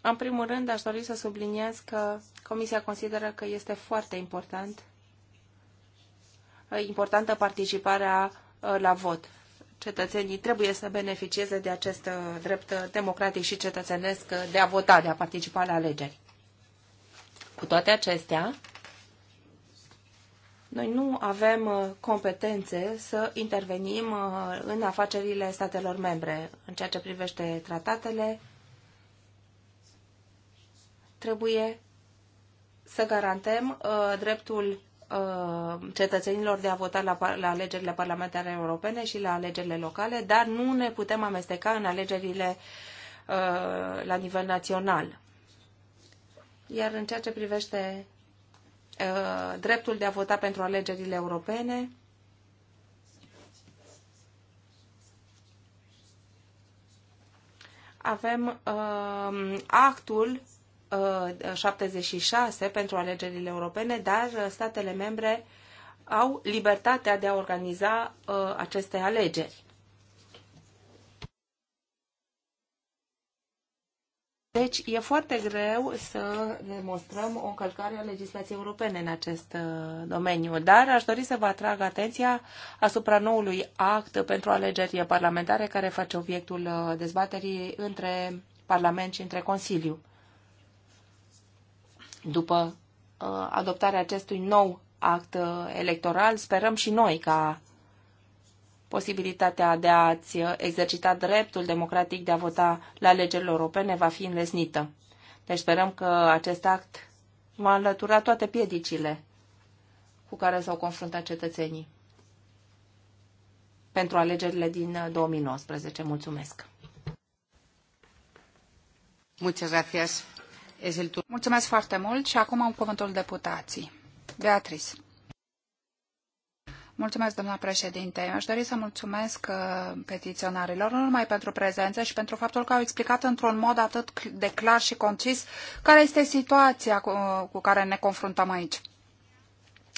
În primul rând, aș dori să subliniez că Comisia consideră că este foarte important uh, importantă participarea la vot cetățenii trebuie să beneficieze de acest uh, drept democratic și cetățenesc uh, de a vota, de a participa la alegeri. Cu toate acestea, noi nu avem uh, competențe să intervenim în afacerile statelor membre. În ceea ce privește tratatele, trebuie să garantăm dreptul Uh, cetățenilor de a vota la, la alegerile parlamentare europene și la alegerile locale, dar nu ne putem amesteca în alegerile uh, la nivel național. Iar în ceea ce privește uh, dreptul de a vota pentru alegerile europene, avem uh, actul 76 uh, pentru alegerile europene, dar statele membre au libertatea de a organiza uh, aceste alegeri. Deci e foarte greu să demonstrăm o încălcare a legislației europene în acest uh, domeniu, dar aș dori să vă atrag atenția asupra noului act pentru alegeri parlamentare care face obiectul dezbaterii între Parlament și între Consiliu după uh, adoptarea acestui nou act uh, electoral, sperăm și noi ca posibilitatea de a-ți exercita dreptul democratic de a vota la alegerile europene va fi înlesnită. Deci sperăm că acest act va înlătura toate piedicile cu care s-au confruntat cetățenii pentru alegerile din 2019. Uh, Mulțumesc! Muchas gracias. Mulțumesc foarte mult și acum am cuvântul deputații. Beatrice. Mulțumesc, doamna președinte. Aș dori să mulțumesc uh, petiționarilor, nu numai pentru prezență și pentru faptul că au explicat într-un mod atât de clar și concis care este situația cu, uh, cu care ne confruntăm aici.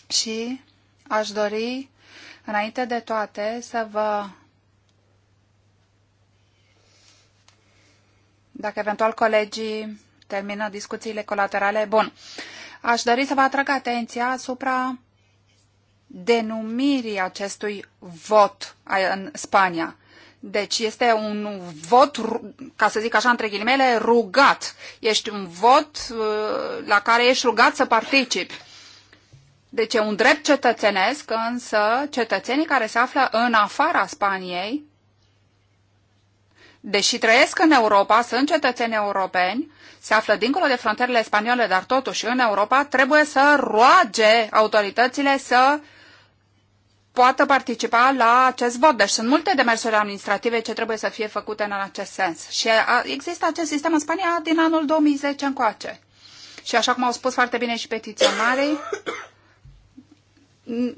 Și aș dori, înainte de toate, să vă dacă eventual colegii termină discuțiile colaterale. Bun. Aș dori să vă atrag atenția asupra denumirii acestui vot în Spania. Deci este un vot, ca să zic așa între ghilimele, rugat. Ești un vot uh, la care ești rugat să participi. Deci e un drept cetățenesc, însă cetățenii care se află în afara Spaniei deși trăiesc în Europa, sunt cetățeni europeni, se află dincolo de frontierele spaniole, dar totuși în Europa, trebuie să roage autoritățile să poată participa la acest vot. Deci sunt multe demersuri administrative ce trebuie să fie făcute în acest sens. Și există acest sistem în Spania din anul 2010 încoace. Și așa cum au spus foarte bine și petiționarii,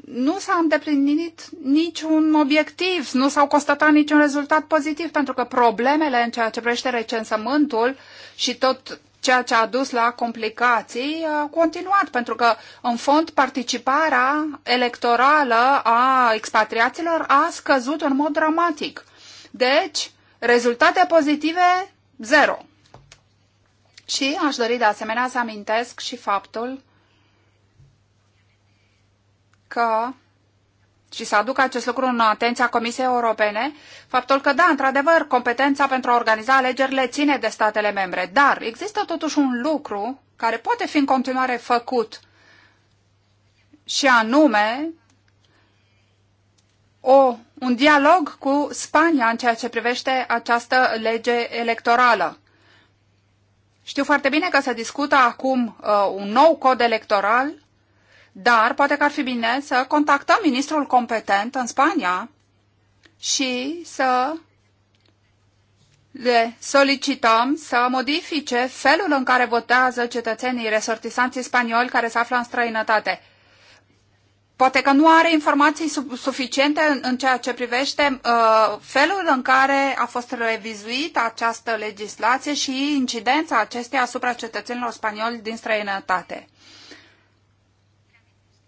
nu s-a îndeplinit niciun obiectiv, nu s-au constatat niciun rezultat pozitiv, pentru că problemele în ceea ce privește recensământul și tot ceea ce a dus la complicații uh, a continuat, pentru că, în fond, participarea electorală a expatriaților a scăzut în mod dramatic. Deci, rezultate pozitive, zero. Și aș dori de asemenea să amintesc și faptul că și să aducă acest lucru în atenția Comisiei Europene, faptul că, da, într-adevăr, competența pentru a organiza alegerile ține de statele membre, dar există totuși un lucru care poate fi în continuare făcut și anume o, un dialog cu Spania în ceea ce privește această lege electorală. Știu foarte bine că se discută acum uh, un nou cod electoral dar poate că ar fi bine să contactăm ministrul competent în Spania și să le solicităm să modifice felul în care votează cetățenii resortisanții spanioli care se află în străinătate. Poate că nu are informații suficiente în, ceea ce privește uh, felul în care a fost revizuită această legislație și incidența acesteia asupra cetățenilor spanioli din străinătate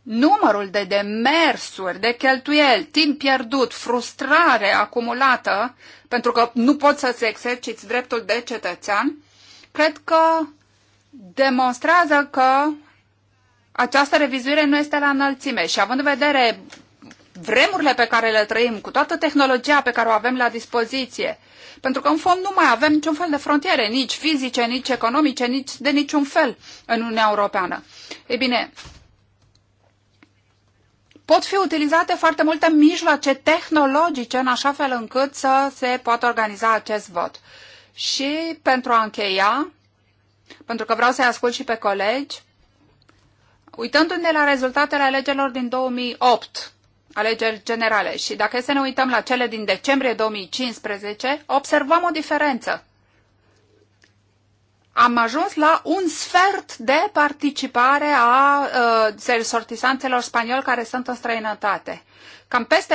numărul de demersuri, de cheltuieli, timp pierdut, frustrare acumulată, pentru că nu poți să-ți exerciți dreptul de cetățean, cred că demonstrează că această revizuire nu este la înălțime și având în vedere vremurile pe care le trăim, cu toată tehnologia pe care o avem la dispoziție, pentru că în fond nu mai avem niciun fel de frontiere, nici fizice, nici economice, nici de niciun fel în Uniunea Europeană. Ei bine, pot fi utilizate foarte multe mijloace tehnologice în așa fel încât să se poată organiza acest vot. Și pentru a încheia, pentru că vreau să-i ascult și pe colegi, uitându-ne la rezultatele alegerilor din 2008, alegeri generale, și dacă e să ne uităm la cele din decembrie 2015, observăm o diferență am ajuns la un sfert de participare a uh, ă, sortisanțelor spanioli care sunt în străinătate. Cam peste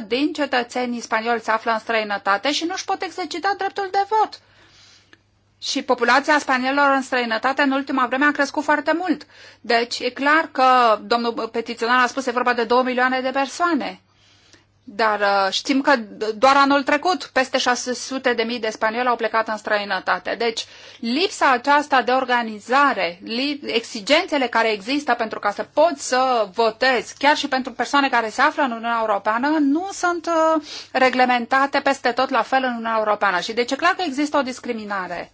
7% din cetățenii spanioli se află în străinătate și nu își pot exercita dreptul de vot. Și populația spanielor în străinătate în ultima vreme a crescut foarte mult. Deci e clar că, domnul petiționar a spus, e vorba de 2 milioane de persoane. Dar uh, știm că doar anul trecut peste 600 de mii de spanioli au plecat în străinătate. Deci lipsa aceasta de organizare, exigențele care există pentru ca să poți să votezi, chiar și pentru persoane care se află în Uniunea Europeană, nu sunt uh, reglementate peste tot la fel în Uniunea Europeană. Și deci e clar că există o discriminare.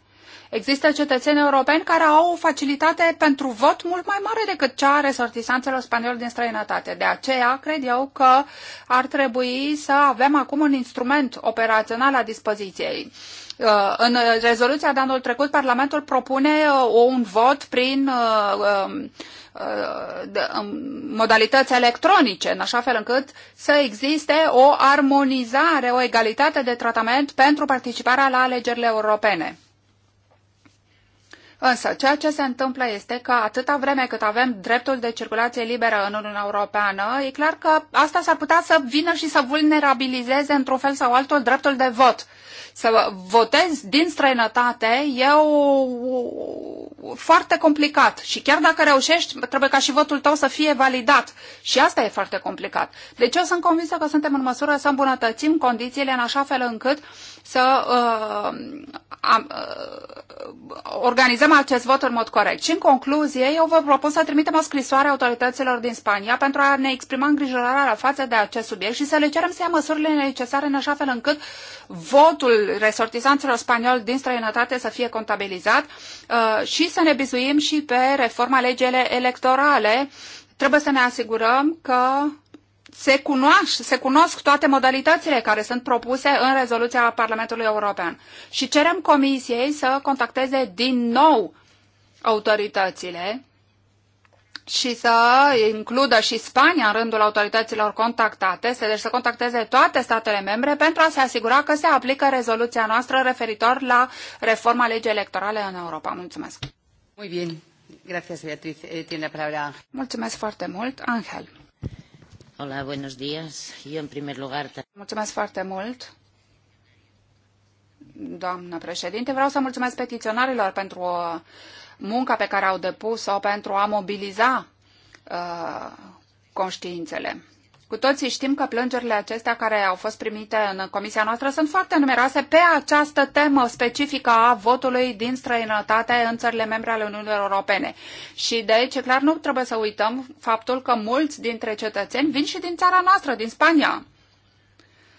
Există cetățeni europeni care au o facilitate pentru vot mult mai mare decât cea a resortisanțelor spanioli din străinătate. De aceea, cred eu că ar trebui să avem acum un instrument operațional la dispoziție. Uh, în rezoluția de anul trecut, Parlamentul propune uh, un vot prin uh, um, um, modalități electronice, în așa fel încât să existe o armonizare, o egalitate de tratament pentru participarea la alegerile europene. Însă, ceea ce se întâmplă este că atâta vreme cât avem dreptul de circulație liberă în Uniunea Europeană, e clar că asta s-ar putea să vină și să vulnerabilizeze într-un fel sau altul dreptul de vot să votezi din străinătate e o, foarte complicat și chiar dacă reușești, trebuie ca și votul tău să fie validat și asta e foarte complicat. Deci eu sunt convinsă că suntem în măsură să îmbunătățim condițiile în așa fel încât să uh, am, uh, organizăm acest vot în mod corect. Și în concluzie, eu vă propun să trimitem o scrisoare autorităților din Spania pentru a ne exprima îngrijorarea față de acest subiect și să le cerem să ia măsurile necesare în așa fel încât votul venitul resortizanților spanioli din străinătate să fie contabilizat uh, și să ne bizuim și pe reforma legele electorale. Trebuie să ne asigurăm că se, cunoaș, se cunosc toate modalitățile care sunt propuse în rezoluția Parlamentului European și cerem Comisiei să contacteze din nou autoritățile și să includă și Spania în rândul autorităților contactate, să, deci să contacteze toate statele membre pentru a se asigura că se aplică rezoluția noastră referitor la reforma legii electorale în Europa. Mulțumesc! Muy bien. Gracias, Beatriz. Eh, tiene palabra. Mulțumesc foarte mult, Angel. Hola, buenos días. Yo, en primer lugar... Mulțumesc foarte mult. Doamna președinte, vreau să mulțumesc petiționarilor pentru munca pe care au depus-o pentru a mobiliza uh, conștiințele. Cu toții știm că plângerile acestea care au fost primite în comisia noastră sunt foarte numeroase pe această temă specifică a votului din străinătate în țările membre ale Uniunii Europene. Și de aici clar, nu trebuie să uităm faptul că mulți dintre cetățeni vin și din țara noastră, din Spania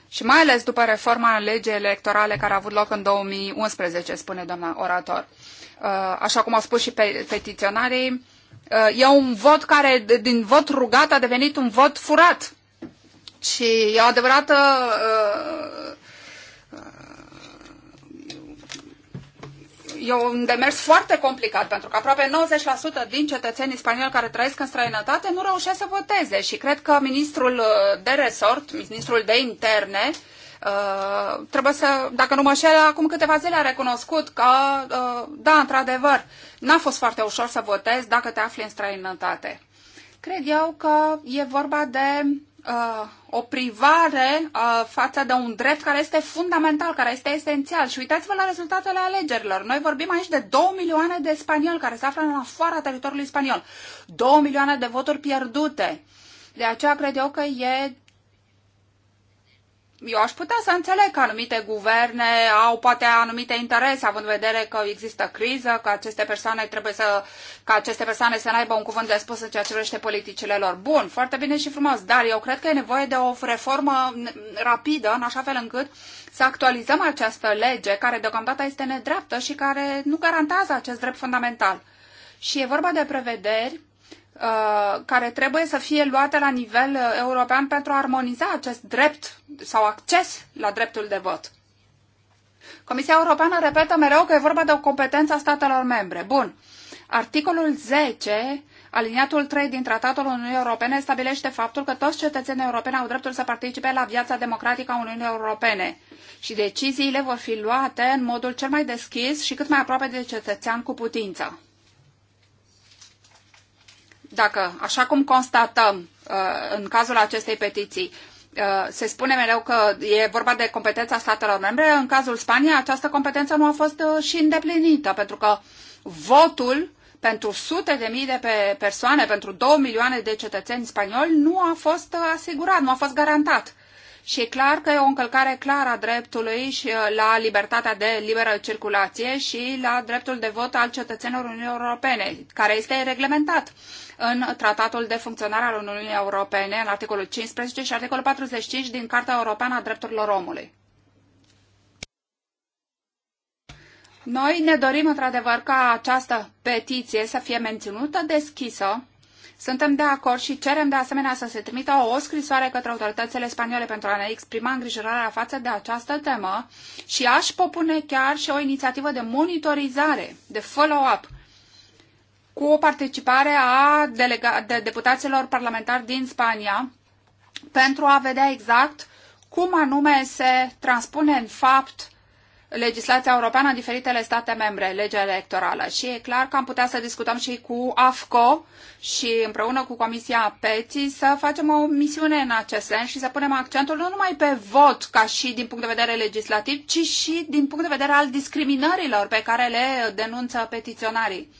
și mai ales după reforma legii electorale care a avut loc în 2011, spune doamna orator. Uh, așa cum au spus și petiționarii, uh, e un vot care, din vot rugat, a devenit un vot furat. Și e o adevărată uh, e un demers foarte complicat, pentru că aproape 90% din cetățenii spanioli care trăiesc în străinătate nu reușesc să voteze și cred că ministrul uh, de resort, ministrul de interne, Uh, trebuie să, dacă nu mă șel, acum câteva zile a recunoscut că, uh, da, într-adevăr, n-a fost foarte ușor să votezi dacă te afli în străinătate. Cred eu că e vorba de Uh, o privare uh, față de un drept care este fundamental, care este esențial. Și uitați-vă la rezultatele alegerilor. Noi vorbim aici de 2 milioane de spanioli care se află în afara teritoriului spaniol. 2 milioane de voturi pierdute. De aceea cred eu că e eu aș putea să înțeleg că anumite guverne au poate anumite interese, având în vedere că există criză, că aceste persoane trebuie să, că aceste persoane să n-aibă un cuvânt de spus în ceea ce privește politicile lor. Bun, foarte bine și frumos, dar eu cred că e nevoie de o reformă rapidă, în așa fel încât să actualizăm această lege care deocamdată este nedreaptă și care nu garantează acest drept fundamental. Și e vorba de prevederi Uh, care trebuie să fie luate la nivel uh, european pentru a armoniza acest drept sau acces la dreptul de vot. Comisia Europeană repetă mereu că e vorba de o competență a statelor membre. Bun. Articolul 10, aliniatul 3 din Tratatul Uniunii Europene stabilește faptul că toți cetățenii europeni au dreptul să participe la viața democratică a Uniunii Europene și deciziile vor fi luate în modul cel mai deschis și cât mai aproape de cetățean cu putință dacă, așa cum constatăm uh, în cazul acestei petiții, uh, se spune mereu că e vorba de competența statelor membre, în cazul Spaniei această competență nu a fost uh, și îndeplinită, pentru că votul pentru sute de mii de persoane, pentru două milioane de cetățeni spanioli, nu a fost asigurat, nu a fost garantat. Și e clar că e o încălcare clară a dreptului și la libertatea de liberă circulație și la dreptul de vot al cetățenilor Uniunii Europene, care este reglementat în Tratatul de Funcționare al Uniunii Europene, în articolul 15 și articolul 45 din Carta Europeană a Drepturilor Omului. Noi ne dorim într-adevăr ca această petiție să fie menținută deschisă. Suntem de acord și cerem de asemenea să se trimită o scrisoare către autoritățile spaniole pentru a ne exprima îngrijorarea față de această temă și aș propune chiar și o inițiativă de monitorizare, de follow-up, cu o participare a delega- de deputaților parlamentari din Spania pentru a vedea exact cum anume se transpune în fapt legislația europeană în diferitele state membre, legea electorală. Și e clar că am putea să discutăm și cu AFCO și împreună cu Comisia PETI să facem o misiune în acest sens și să punem accentul nu numai pe vot ca și din punct de vedere legislativ, ci și din punct de vedere al discriminărilor pe care le denunță petiționarii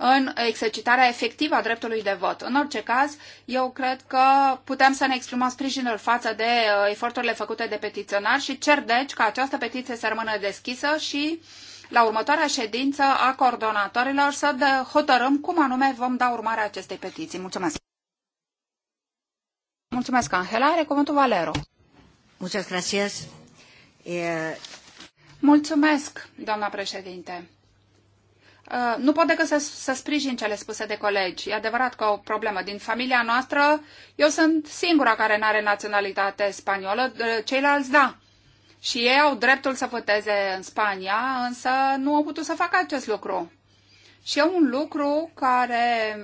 în exercitarea efectivă a dreptului de vot. În orice caz, eu cred că putem să ne exprimăm sprijinul față de uh, eforturile făcute de petiționari și cer deci ca această petiție să rămână deschisă și la următoarea ședință a coordonatorilor să hotărâm cum anume vom da urmare acestei petiții. Mulțumesc! Mulțumesc, Angela. Are cuvântul Valero. Muchas gracias. Eh, Mulțumesc, doamna președinte. Uh, nu pot decât să, să sprijin cele spuse de colegi. E adevărat că o problemă din familia noastră, eu sunt singura care nu are naționalitate spaniolă, ceilalți da. Și ei au dreptul să voteze în Spania, însă nu au putut să facă acest lucru. Și e un lucru care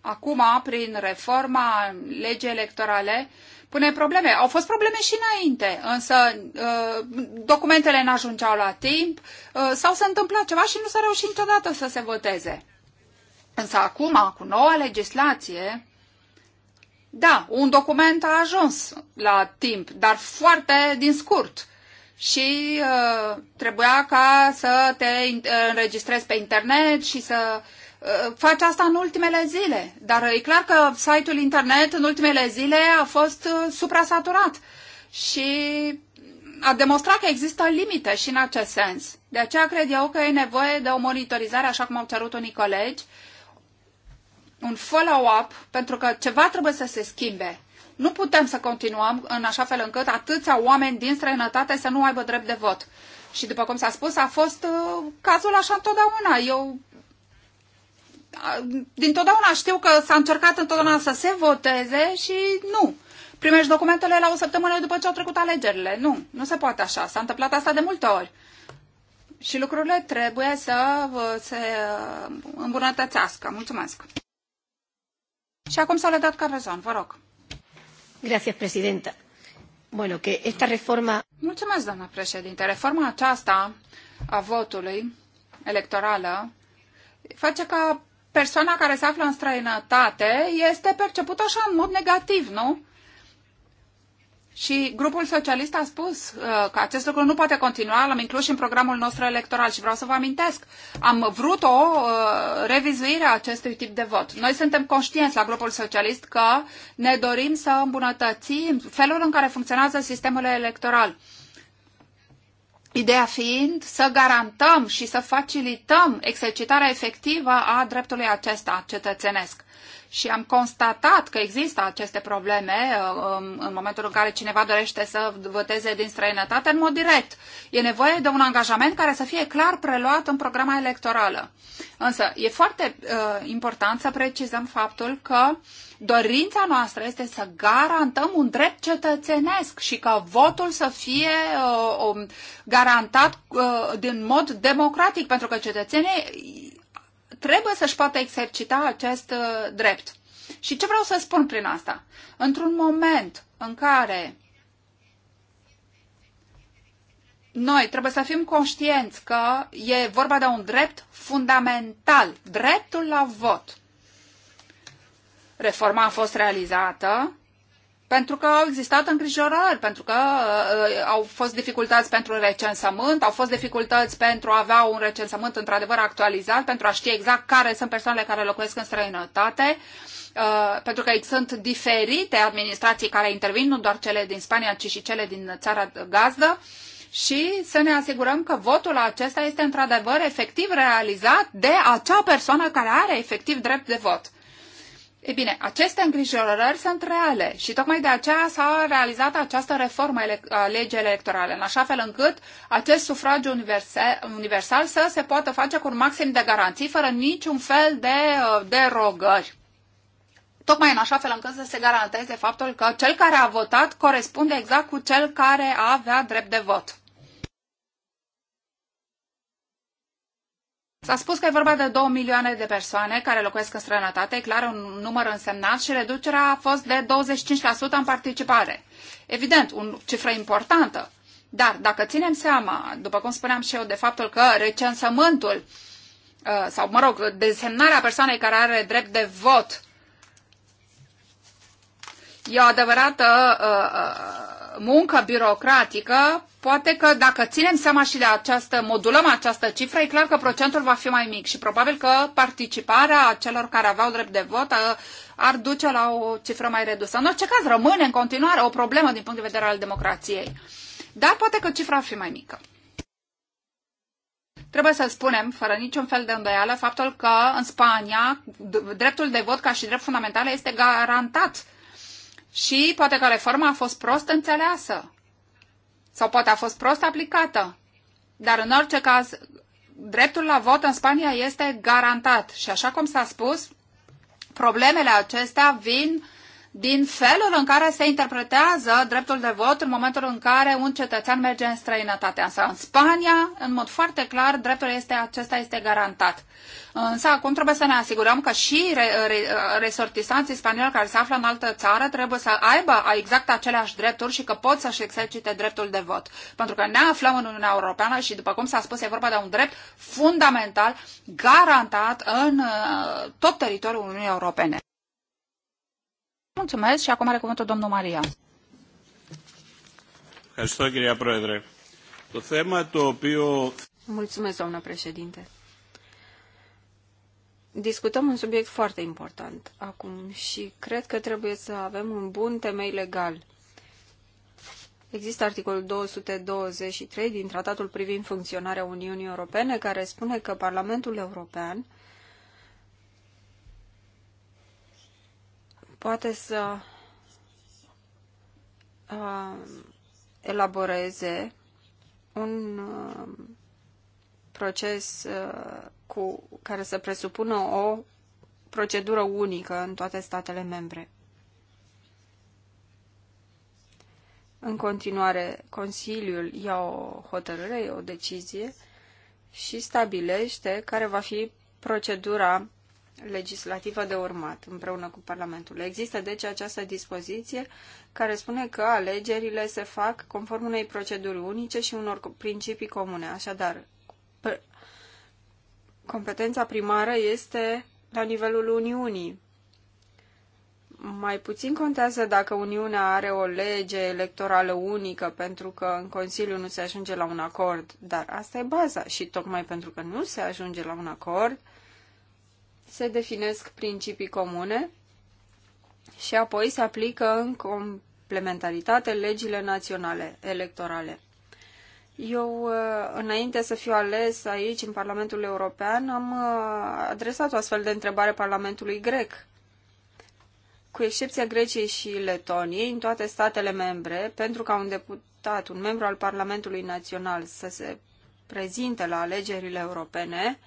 acum, prin reforma legii electorale, pune probleme. Au fost probleme și înainte, însă uh, documentele n-ajungeau la timp uh, sau se întâmplat ceva și nu s-a reușit niciodată să se voteze. Însă acum, cu noua legislație, da, un document a ajuns la timp, dar foarte din scurt. Și uh, trebuia ca să te înregistrezi pe internet și să uh, Uh, face asta în ultimele zile, dar e clar că site-ul internet în ultimele zile a fost uh, suprasaturat și a demonstrat că există limite și în acest sens. De aceea cred eu că e nevoie de o monitorizare, așa cum au cerut unii colegi, un follow-up, pentru că ceva trebuie să se schimbe. Nu putem să continuăm în așa fel încât atâția oameni din străinătate să nu aibă drept de vot. Și după cum s-a spus, a fost uh, cazul așa întotdeauna. Eu dintotdeauna știu că s-a încercat întotdeauna să se voteze și nu. Primești documentele la o săptămână după ce au trecut alegerile. Nu, nu se poate așa. S-a întâmplat asta de multe ori. Și lucrurile trebuie să se uh, îmbunătățească. Mulțumesc. Și acum s-a ledat Carrezon, vă rog. Gracias, presidenta. Bueno, que esta reforma... Mulțumesc, doamna președinte. Reforma aceasta a votului electorală face ca persoana care se află în străinătate este percepută așa în mod negativ, nu? Și grupul socialist a spus uh, că acest lucru nu poate continua, l-am inclus și în programul nostru electoral și vreau să vă amintesc, am vrut o uh, revizuire a acestui tip de vot. Noi suntem conștienți la grupul socialist că ne dorim să îmbunătățim felul în care funcționează sistemul electoral Ideea fiind să garantăm și să facilităm exercitarea efectivă a dreptului acesta cetățenesc. Și am constatat că există aceste probleme uh, um, în momentul în care cineva dorește să voteze din străinătate în mod direct. E nevoie de un angajament care să fie clar preluat în programa electorală. Însă e foarte uh, important să precizăm faptul că uh, Dorința noastră este să garantăm un drept cetățenesc și ca votul să fie uh, um, garantat uh, din mod democratic, pentru că cetățenii trebuie să-și poată exercita acest uh, drept. Și ce vreau să spun prin asta? Într-un moment în care noi trebuie să fim conștienți că e vorba de un drept fundamental, dreptul la vot. Reforma a fost realizată pentru că au existat îngrijorări, pentru că uh, au fost dificultăți pentru recensământ, au fost dificultăți pentru a avea un recensământ într-adevăr actualizat, pentru a ști exact care sunt persoanele care locuiesc în străinătate, uh, pentru că sunt diferite administrații care intervin, nu doar cele din Spania, ci și cele din țara gazdă. Și să ne asigurăm că votul acesta este într-adevăr efectiv realizat de acea persoană care are efectiv drept de vot. Ei bine, aceste îngrijorări sunt reale și tocmai de aceea s-a realizat această reformă a legii electorale, în așa fel încât acest sufragiu universal, universal să se poată face cu un maxim de garanții, fără niciun fel de uh, derogări. Tocmai în așa fel încât să se garanteze faptul că cel care a votat corespunde exact cu cel care avea drept de vot. S-a spus că e vorba de 2 milioane de persoane care locuiesc în străinătate, e clar un număr însemnat și reducerea a fost de 25% în participare. Evident, o cifră importantă, dar dacă ținem seama, după cum spuneam și eu, de faptul că recensământul uh, sau, mă rog, desemnarea persoanei care are drept de vot e o adevărată uh, uh, muncă birocratică, poate că dacă ținem seama și de această, modulăm această cifră, e clar că procentul va fi mai mic și probabil că participarea celor care aveau drept de vot uh, ar duce la o cifră mai redusă. În orice caz, rămâne în continuare o problemă din punct de vedere al democrației. Dar poate că cifra ar fi mai mică. Trebuie să spunem, fără niciun fel de îndoială, faptul că în Spania dreptul de vot ca și drept fundamental este garantat. Și poate că reforma a fost prost înțeleasă sau poate a fost prost aplicată. Dar în orice caz, dreptul la vot în Spania este garantat. Și așa cum s-a spus, problemele acestea vin din felul în care se interpretează dreptul de vot în momentul în care un cetățean merge în străinătate. Însă în Spania, în mod foarte clar, dreptul este, acesta este garantat. Însă acum trebuie să ne asigurăm că și re, re, resortisanții spanioli care se află în altă țară trebuie să aibă exact aceleași drepturi și că pot să-și exercite dreptul de vot. Pentru că ne aflăm în Uniunea Europeană și, după cum s-a spus, e vorba de un drept fundamental garantat în uh, tot teritoriul Uniunii Europene. Mulțumesc și acum are cuvântul domnul Maria. Mulțumesc, doamnă președinte. Discutăm un subiect foarte important acum și cred că trebuie să avem un bun temei legal. Există articolul 223 din Tratatul privind funcționarea Uniunii Europene care spune că Parlamentul European poate să uh, elaboreze un uh, proces uh, cu, care să presupună o procedură unică în toate statele membre. În continuare, Consiliul ia o hotărâre, o decizie și stabilește care va fi procedura legislativă de urmat împreună cu Parlamentul. Există deci această dispoziție care spune că alegerile se fac conform unei proceduri unice și unor principii comune. Așadar, competența primară este la nivelul Uniunii. Mai puțin contează dacă Uniunea are o lege electorală unică pentru că în Consiliu nu se ajunge la un acord, dar asta e baza și tocmai pentru că nu se ajunge la un acord, se definesc principii comune și apoi se aplică în complementaritate legile naționale electorale. Eu, uh, înainte să fiu ales aici, în Parlamentul European, am uh, adresat o astfel de întrebare Parlamentului grec. Cu excepția Greciei și Letoniei, în toate statele membre, pentru ca un deputat, un membru al Parlamentului Național să se prezinte la alegerile europene,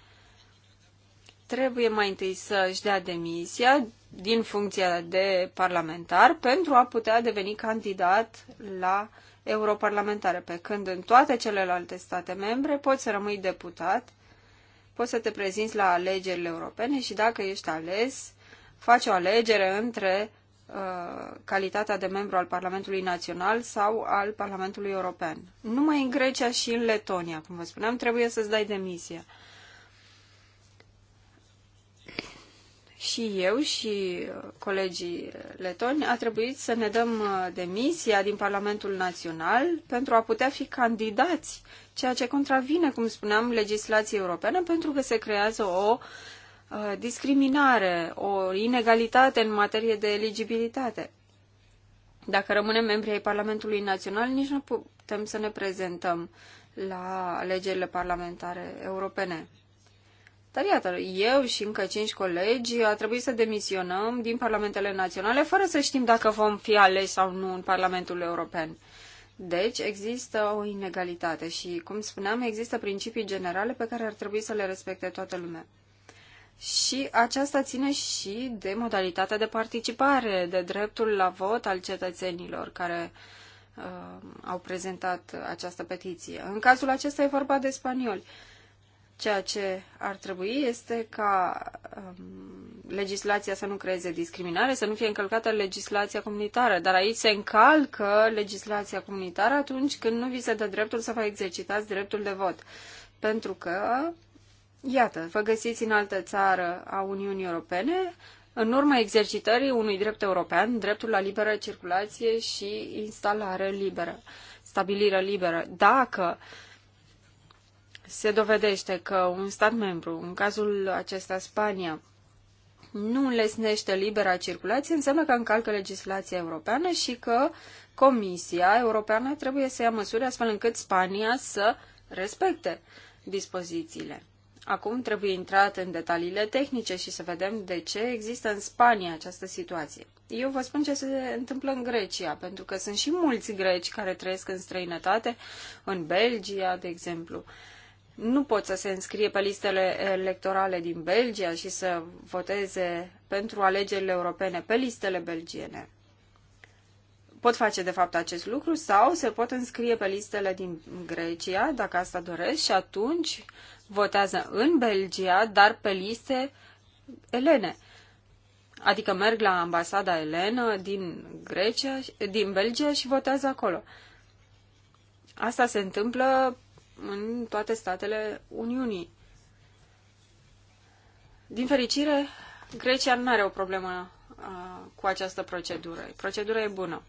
trebuie mai întâi să își dea demisia din funcția de parlamentar pentru a putea deveni candidat la europarlamentare, pe când în toate celelalte state membre poți să rămâi deputat, poți să te prezinți la alegerile europene și dacă ești ales, faci o alegere între uh, calitatea de membru al Parlamentului Național sau al Parlamentului European. Numai în Grecia și în Letonia, cum vă spuneam, trebuie să-ți dai demisia. și eu și uh, colegii letoni a trebuit să ne dăm uh, demisia din Parlamentul Național pentru a putea fi candidați, ceea ce contravine, cum spuneam, legislației europene, pentru că se creează o uh, discriminare, o inegalitate în materie de eligibilitate. Dacă rămânem membri ai Parlamentului Național, nici nu putem să ne prezentăm la alegerile parlamentare europene. Dar iată, eu și încă cinci colegi a trebuit să demisionăm din parlamentele naționale fără să știm dacă vom fi aleși sau nu în Parlamentul European. Deci există o inegalitate și, cum spuneam, există principii generale pe care ar trebui să le respecte toată lumea. Și aceasta ține și de modalitatea de participare, de dreptul la vot al cetățenilor care uh, au prezentat această petiție. În cazul acesta e vorba de spanioli. Uh, Ceea ce ar trebui este ca um, legislația să nu creeze discriminare, să nu fie încălcată legislația comunitară. Dar aici se încalcă legislația comunitară atunci când nu vi se dă dreptul să vă exercitați dreptul de vot. Pentru că, iată, vă găsiți în altă țară a Uniunii Europene, în urma exercitării unui drept european, dreptul la liberă circulație și instalare liberă, stabilire liberă. Dacă uh, se dovedește că un stat membru, în cazul acesta Spania, nu înlesnește libera circulație, înseamnă că încalcă legislația europeană și că Comisia Europeană trebuie să ia măsuri astfel încât Spania să respecte dispozițiile. Acum trebuie intrat în detaliile tehnice și să vedem de ce există în Spania această situație. Eu vă spun ce se întâmplă în Grecia, pentru că sunt și mulți greci care trăiesc în străinătate, în Belgia, de exemplu. Uh, nu pot să se înscrie pe listele electorale din Belgia și să voteze pentru alegerile europene pe listele belgiene. Pot face, de fapt, acest lucru sau se pot înscrie pe listele din Grecia, dacă asta doresc, și atunci votează în Belgia, dar pe liste elene. Adică merg la ambasada elenă din Grecia, din Belgia și votează acolo. Asta se întâmplă în toate statele Uniunii. Din fericire, Grecia nu are o problemă uh, cu această procedură. Procedura e bună.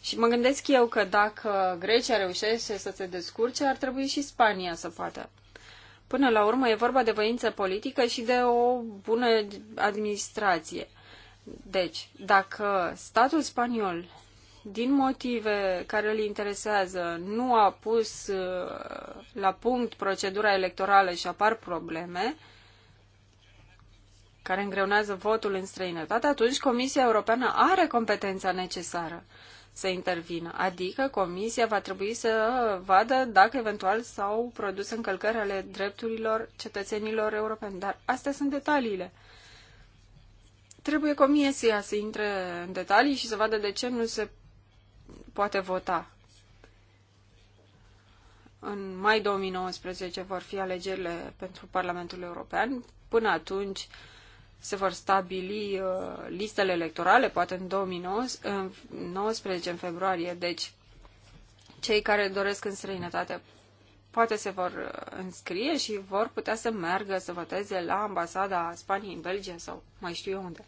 Și mă gândesc eu că dacă Grecia reușește să se descurce, ar trebui și Spania să poată. Până la urmă, e vorba de voință politică și de o bună administrație. Deci, dacă statul spaniol din motive care îl interesează, nu a pus uh, la punct procedura electorală și apar probleme care îngreunează votul în străinătate, atunci Comisia Europeană are competența necesară să intervină. Adică Comisia va trebui să vadă dacă eventual s-au produs încălcări ale drepturilor cetățenilor europeni. Dar astea sunt detaliile trebuie comisia să intre în detalii și să vadă de ce nu se poate vota. În mai 2019 vor fi alegerile pentru Parlamentul European. Până atunci se vor stabili uh, listele electorale, poate în 2019, uh, în februarie. Deci, cei care doresc în străinătate poate se vor uh, înscrie și vor putea să meargă să voteze la ambasada Spaniei în Belgia sau mai știu eu unde.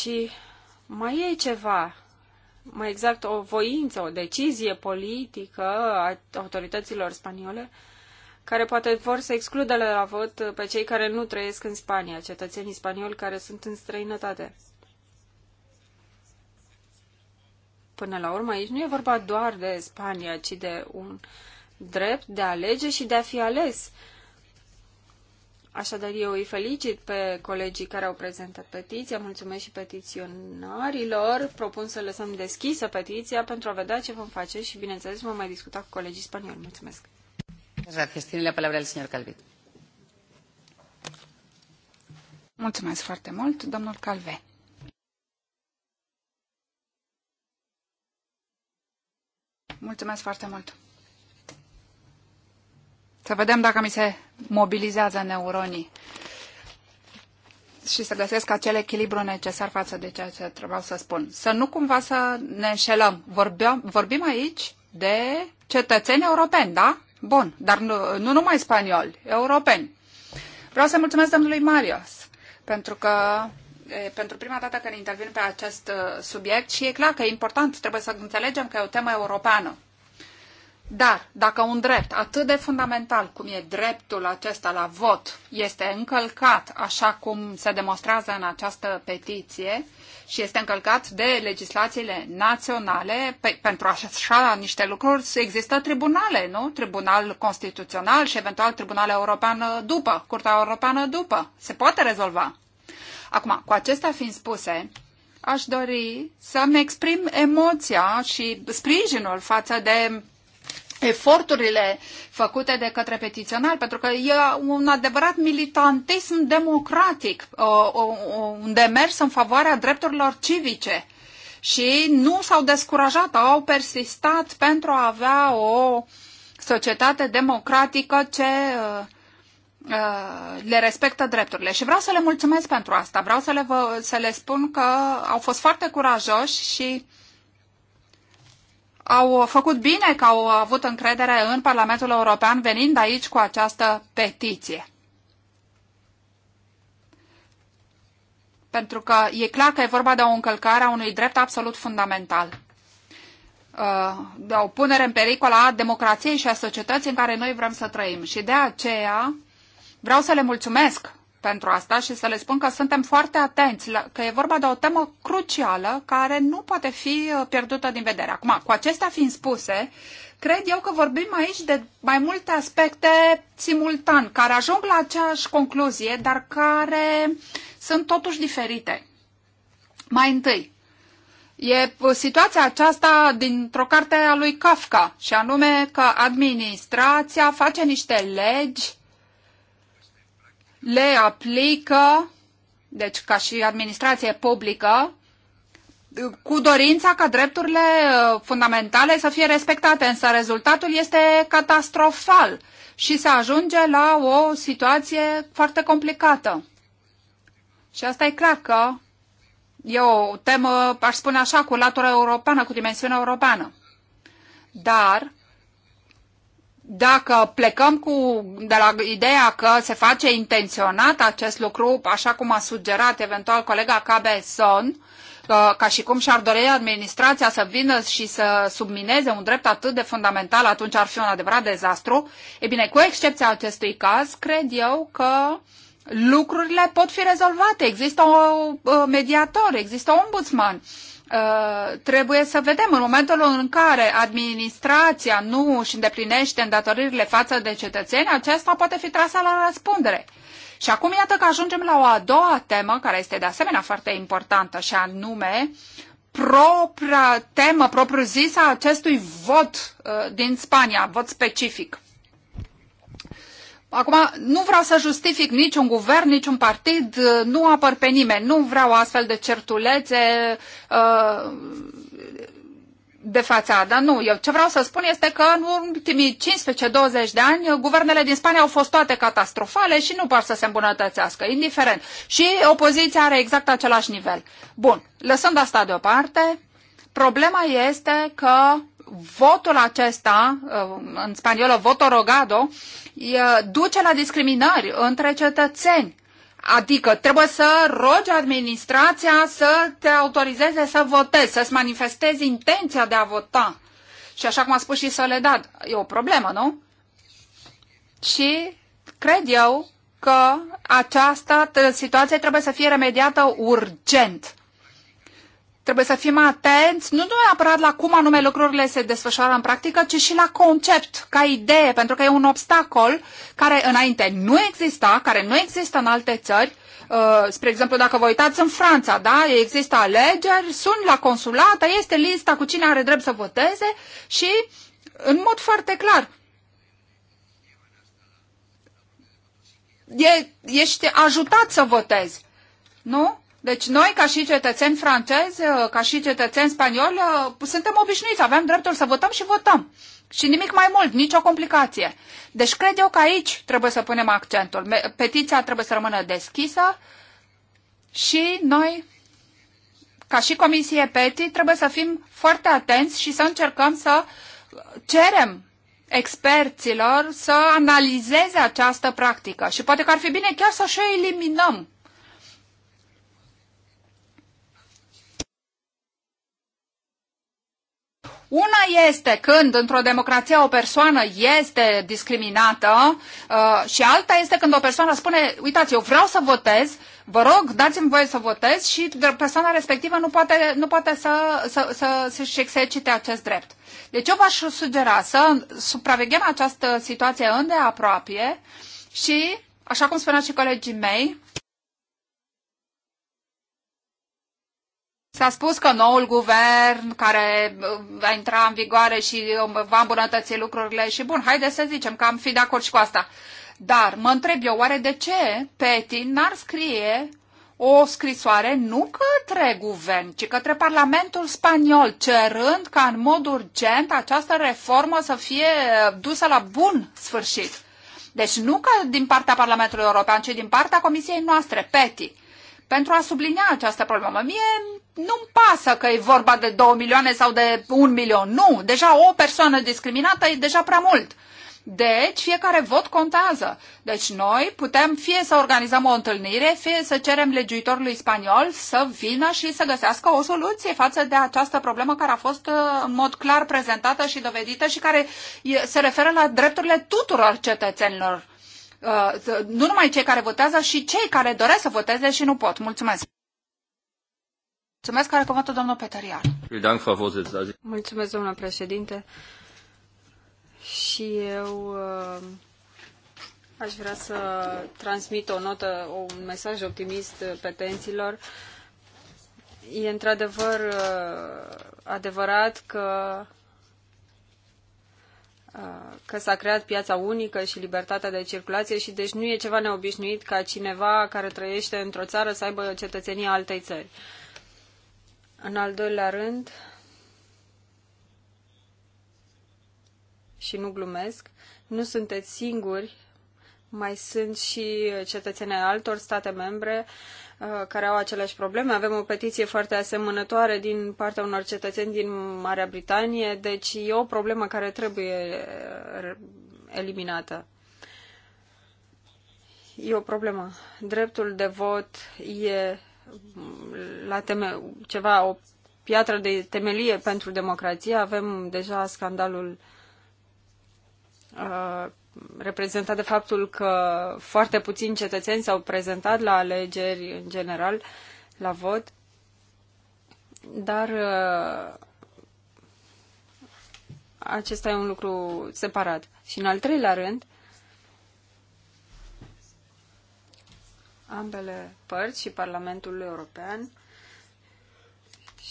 Și mai e ceva, mai exact o voință, o decizie politică a autorităților spaniole, care poate vor să excludă la vot pe cei care nu trăiesc în Spania, cetățenii spanioli care sunt în străinătate. Până la urmă, aici nu e vorba doar de Spania, ci de un drept de a alege și de a fi ales. Uh, Așadar, eu îi felicit pe colegii care au prezentat petiția, mulțumesc și petiționarilor, propun să lăsăm deschisă petiția pentru a vedea ce vom face și, bineînțeles, vom mai discuta cu colegii spanioli. Mulțumesc! la Mulțumesc foarte mult, domnul Calve. Mulțumesc foarte mult. Să vedem dacă mi se mobilizează neuronii și să găsesc acel echilibru necesar față de ceea ce trebuiau să spun. Să nu cumva să ne înșelăm. vorbim vorbim aici de cetățeni europeni, da? Bun, dar nu, nu numai spanioli, europeni. Vreau să mulțumesc domnului Marius, pentru că e, pentru prima dată când intervin pe acest uh, subiect și e clar că e important, trebuie să înțelegem că e o temă europeană. Dar dacă un drept atât de fundamental cum e dreptul acesta la vot este încălcat așa cum se demonstrează în această petiție și este încălcat de legislațiile naționale, pe, pentru așa niște lucruri există tribunale, nu? Tribunal constituțional și eventual tribunal european după, Curtea Europeană după. Se poate rezolva. Acum, cu acestea fiind spuse, aș dori să-mi exprim emoția și sprijinul față de eforturile făcute de către petiționari, pentru că e un adevărat militantism democratic, un demers în favoarea drepturilor civice. Și nu s-au descurajat, au persistat pentru a avea o societate democratică ce uh, uh, le respectă drepturile. Și vreau să le mulțumesc pentru asta. Vreau să le, vă, să le spun că au fost foarte curajoși și au făcut bine că au avut încredere în Parlamentul European venind aici cu această petiție. Pentru că e clar că e vorba de o încălcare a unui drept absolut fundamental. De uh, o punere în pericol a democrației și a societății în care noi vrem să trăim. Și de aceea vreau să le mulțumesc pentru asta și să le spun că suntem foarte atenți, că e vorba de o temă crucială care nu poate fi uh, pierdută din vedere. Acum, cu acestea fiind spuse, cred eu că vorbim aici de mai multe aspecte simultan, care ajung la aceeași concluzie, dar care sunt totuși diferite. Mai întâi, E uh, situația aceasta dintr-o carte a lui Kafka, și anume că administrația face niște legi le aplică, deci ca și administrație publică, cu dorința ca drepturile uh, fundamentale să fie respectate, însă rezultatul este catastrofal și se ajunge la o situație foarte complicată. Și asta e clar că e o temă, aș spune așa, cu latura europeană, cu dimensiunea europeană. Dar dacă plecăm cu, de la ideea că se face intenționat acest lucru, așa cum a sugerat eventual colega Cabezon, uh, ca și cum și-ar dori administrația să vină și să submineze un drept atât de fundamental, atunci ar fi un adevărat dezastru. E bine, cu excepția acestui caz, cred eu că lucrurile pot fi rezolvate. Există un uh, mediator, există un ombudsman. Uh, Uh, trebuie să vedem în momentul în care administrația nu își îndeplinește îndatoririle față de cetățeni, aceasta poate fi trasă la răspundere. Și acum iată că ajungem la o a doua temă, care este de asemenea foarte importantă, și anume propria temă, propriu-zisă a acestui vot uh, din Spania, vot specific. Acum, nu vreau să justific niciun guvern, niciun partid, uh, nu apăr pe nimeni, nu vreau astfel de certulețe uh, de dar nu. Eu ce vreau să spun este că în ultimii 15-20 de ani guvernele din Spania au fost toate catastrofale și nu par să se îmbunătățească, indiferent. Și opoziția are exact același nivel. Bun, lăsând asta deoparte, problema este că votul acesta, uh, în spaniolă voto rogado, duce la discriminări între cetățeni. Adică trebuie să rogi administrația să te autorizeze să votezi, să-ți manifestezi intenția de a vota. Și așa cum a spus și Soledad, e o problemă, nu? Și cred eu că această situație trebuie să fie remediată urgent. Trebuie să fim atenți nu neapărat la cum anume lucrurile se desfășoară în practică, ci și la concept, ca idee, pentru că e un obstacol care înainte nu exista, care nu există în alte țări, Uh, spre exemplu, dacă vă uitați în Franța, da, există alegeri, sunt la consulată, este lista cu cine are drept să voteze și, în mod foarte clar, e, ești ajutat să votezi, nu? Deci noi, ca și cetățeni francezi, uh, ca și cetățeni spanioli, uh, suntem obișnuiți, avem dreptul să votăm și votăm. Și nimic mai mult, nicio complicație. Deci cred eu că aici trebuie să punem accentul. Petiția trebuie să rămână deschisă și noi, ca și Comisie PETI, trebuie să fim foarte atenți și să încercăm să cerem experților să analizeze această practică. Și poate că ar fi bine chiar să și eliminăm Una este când într-o democrație o persoană este discriminată uh, și alta este când o persoană spune, uitați, eu vreau să votez, vă rog, dați-mi voie să votez și persoana respectivă nu poate, nu poate să, să, să, să-și exercite acest drept. Deci eu v-aș sugera să supraveghem această situație îndeaproape și, așa cum spunea și colegii mei, S-a spus că noul guvern care uh, va intra în vigoare și um, va îmbunătăți lucrurile și bun, haide să zicem că am fi de acord și cu asta. Dar mă întreb eu, oare de ce Peti n-ar scrie o scrisoare nu către guvern, ci către Parlamentul spaniol, cerând ca în mod urgent această reformă să fie uh, dusă la bun sfârșit. Deci nu că din partea Parlamentului European, ci din partea Comisiei noastre, PETI, pentru a sublinia această problemă. Mie nu-mi pasă că e vorba de 2 milioane sau de 1 milion. Nu, deja o persoană discriminată e deja prea mult. Deci, fiecare vot contează. Deci noi putem fie să organizăm o întâlnire, fie să cerem legiuitorului spaniol să vină și să găsească o soluție față de această problemă care a fost uh, în mod clar prezentată și dovedită și care se referă la drepturile tuturor cetățenilor. Uh, nu numai cei care votează, și cei care doresc să voteze și nu pot. Mulțumesc! Mulțumesc, care cuvântul domnul Peterian. Mulțumesc, domnul președinte. Și eu uh, aș vrea să transmit o notă, un mesaj optimist petenților. E într-adevăr uh, adevărat că uh, că s-a creat piața unică și libertatea de circulație și deci nu e ceva neobișnuit ca cineva care trăiește într-o țară să aibă cetățenia altei țări. Uh, în al doilea rând, și nu glumesc, nu sunteți singuri, mai sunt și cetățenii altor state membre uh, care au aceleași probleme. Avem o petiție foarte asemănătoare din partea unor cetățeni din Marea Britanie, deci e o problemă care trebuie uh, eliminată. E o problemă. Dreptul de vot e la teme, ceva, o piatră de temelie pentru democrație. Avem deja scandalul uh, reprezentat de faptul că foarte puțini cetățeni s-au prezentat la alegeri în general, la vot, dar uh, acesta e un lucru separat. Și în al treilea rând, ambele părți și Parlamentul European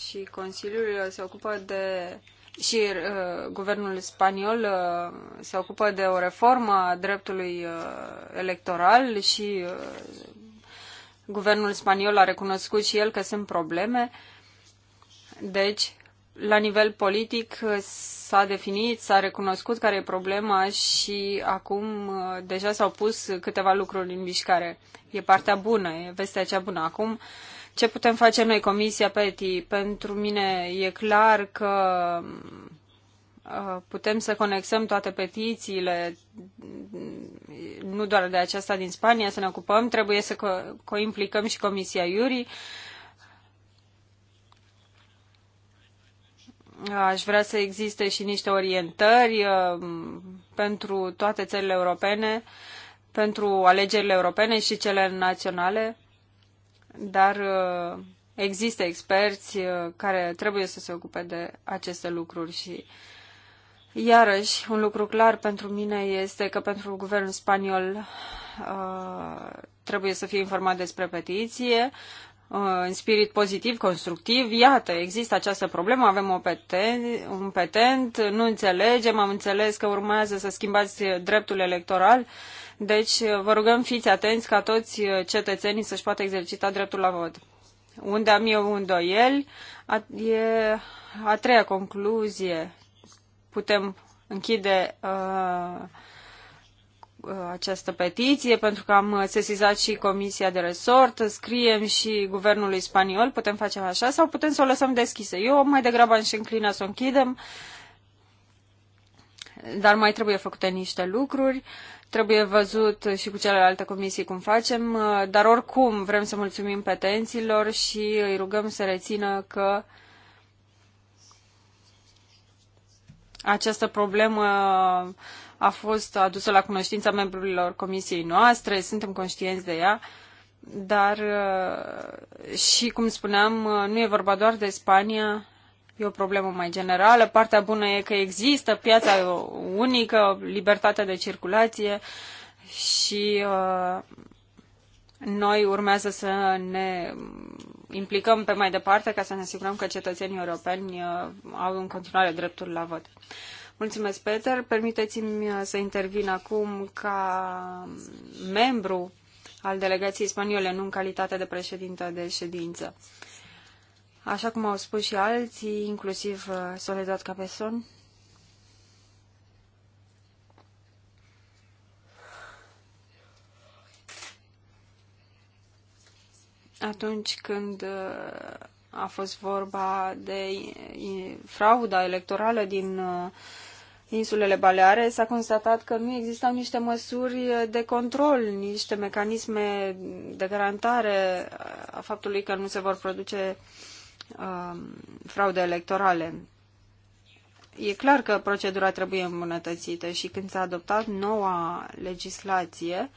și Consiliul uh, se ocupă de și uh, guvernul spaniol uh, se ocupă de o reformă a dreptului uh, electoral și uh, guvernul spaniol a recunoscut și el că sunt probleme. Deci, la nivel politic uh, s-a definit, s-a recunoscut care e problema și acum uh, deja s-au pus câteva lucruri în mișcare. E partea bună, e vestea cea bună. Acum, ce putem face noi, Comisia PETI? Pentru mine e clar că uh, putem să conexăm toate petițiile, nu doar de aceasta din Spania, să ne ocupăm, trebuie să co- coimplicăm și Comisia Iurii Aș vrea să existe și niște orientări uh, pentru toate țările europene, pentru alegerile europene și cele naționale, dar uh, există experți uh, care trebuie să se ocupe de aceste lucruri și Iarăși, un lucru clar pentru mine este că pentru guvernul spaniol uh, trebuie să fie informat despre petiție în spirit pozitiv, constructiv, iată, există această problemă, avem o petent, un petent, nu înțelegem, am înțeles că urmează să schimbați dreptul electoral, deci vă rugăm fiți atenți ca toți cetățenii să-și poată exercita dreptul la vot. Unde am eu îndoieli, a, e a treia concluzie. Putem închide uh, Uh, această petiție pentru că am uh, sesizat și Comisia de Resort, scriem și Guvernului Spaniol, putem face așa sau putem să o lăsăm deschisă. Eu mai degrabă aș înclina să o închidem, dar mai trebuie făcute niște lucruri, trebuie văzut și cu celelalte comisii cum facem, uh, dar oricum vrem să mulțumim petenților și îi rugăm să rețină că această problemă a fost adusă la cunoștința membrilor comisiei noastre, suntem conștienți de ea, dar uh, și, cum spuneam, uh, nu e vorba doar de Spania, e o problemă mai generală. Partea bună e că există piața unică, libertatea de circulație și uh, noi urmează să ne implicăm pe mai departe ca să ne asigurăm că cetățenii europeni au în continuare dreptul la vot. Mulțumesc, Peter. Permiteți-mi uh, să intervin acum ca membru al delegației spaniole, nu în calitate de președinte de ședință. Așa cum au spus și alții, inclusiv uh, Soledad Capeson, atunci când uh, a fost vorba de frauda electorală din insulele Baleare, s-a constatat că nu existau niște măsuri de control, niște mecanisme de garantare a faptului că nu se vor produce uh, fraude electorale. E clar că procedura trebuie îmbunătățită și când s-a adoptat noua legislație,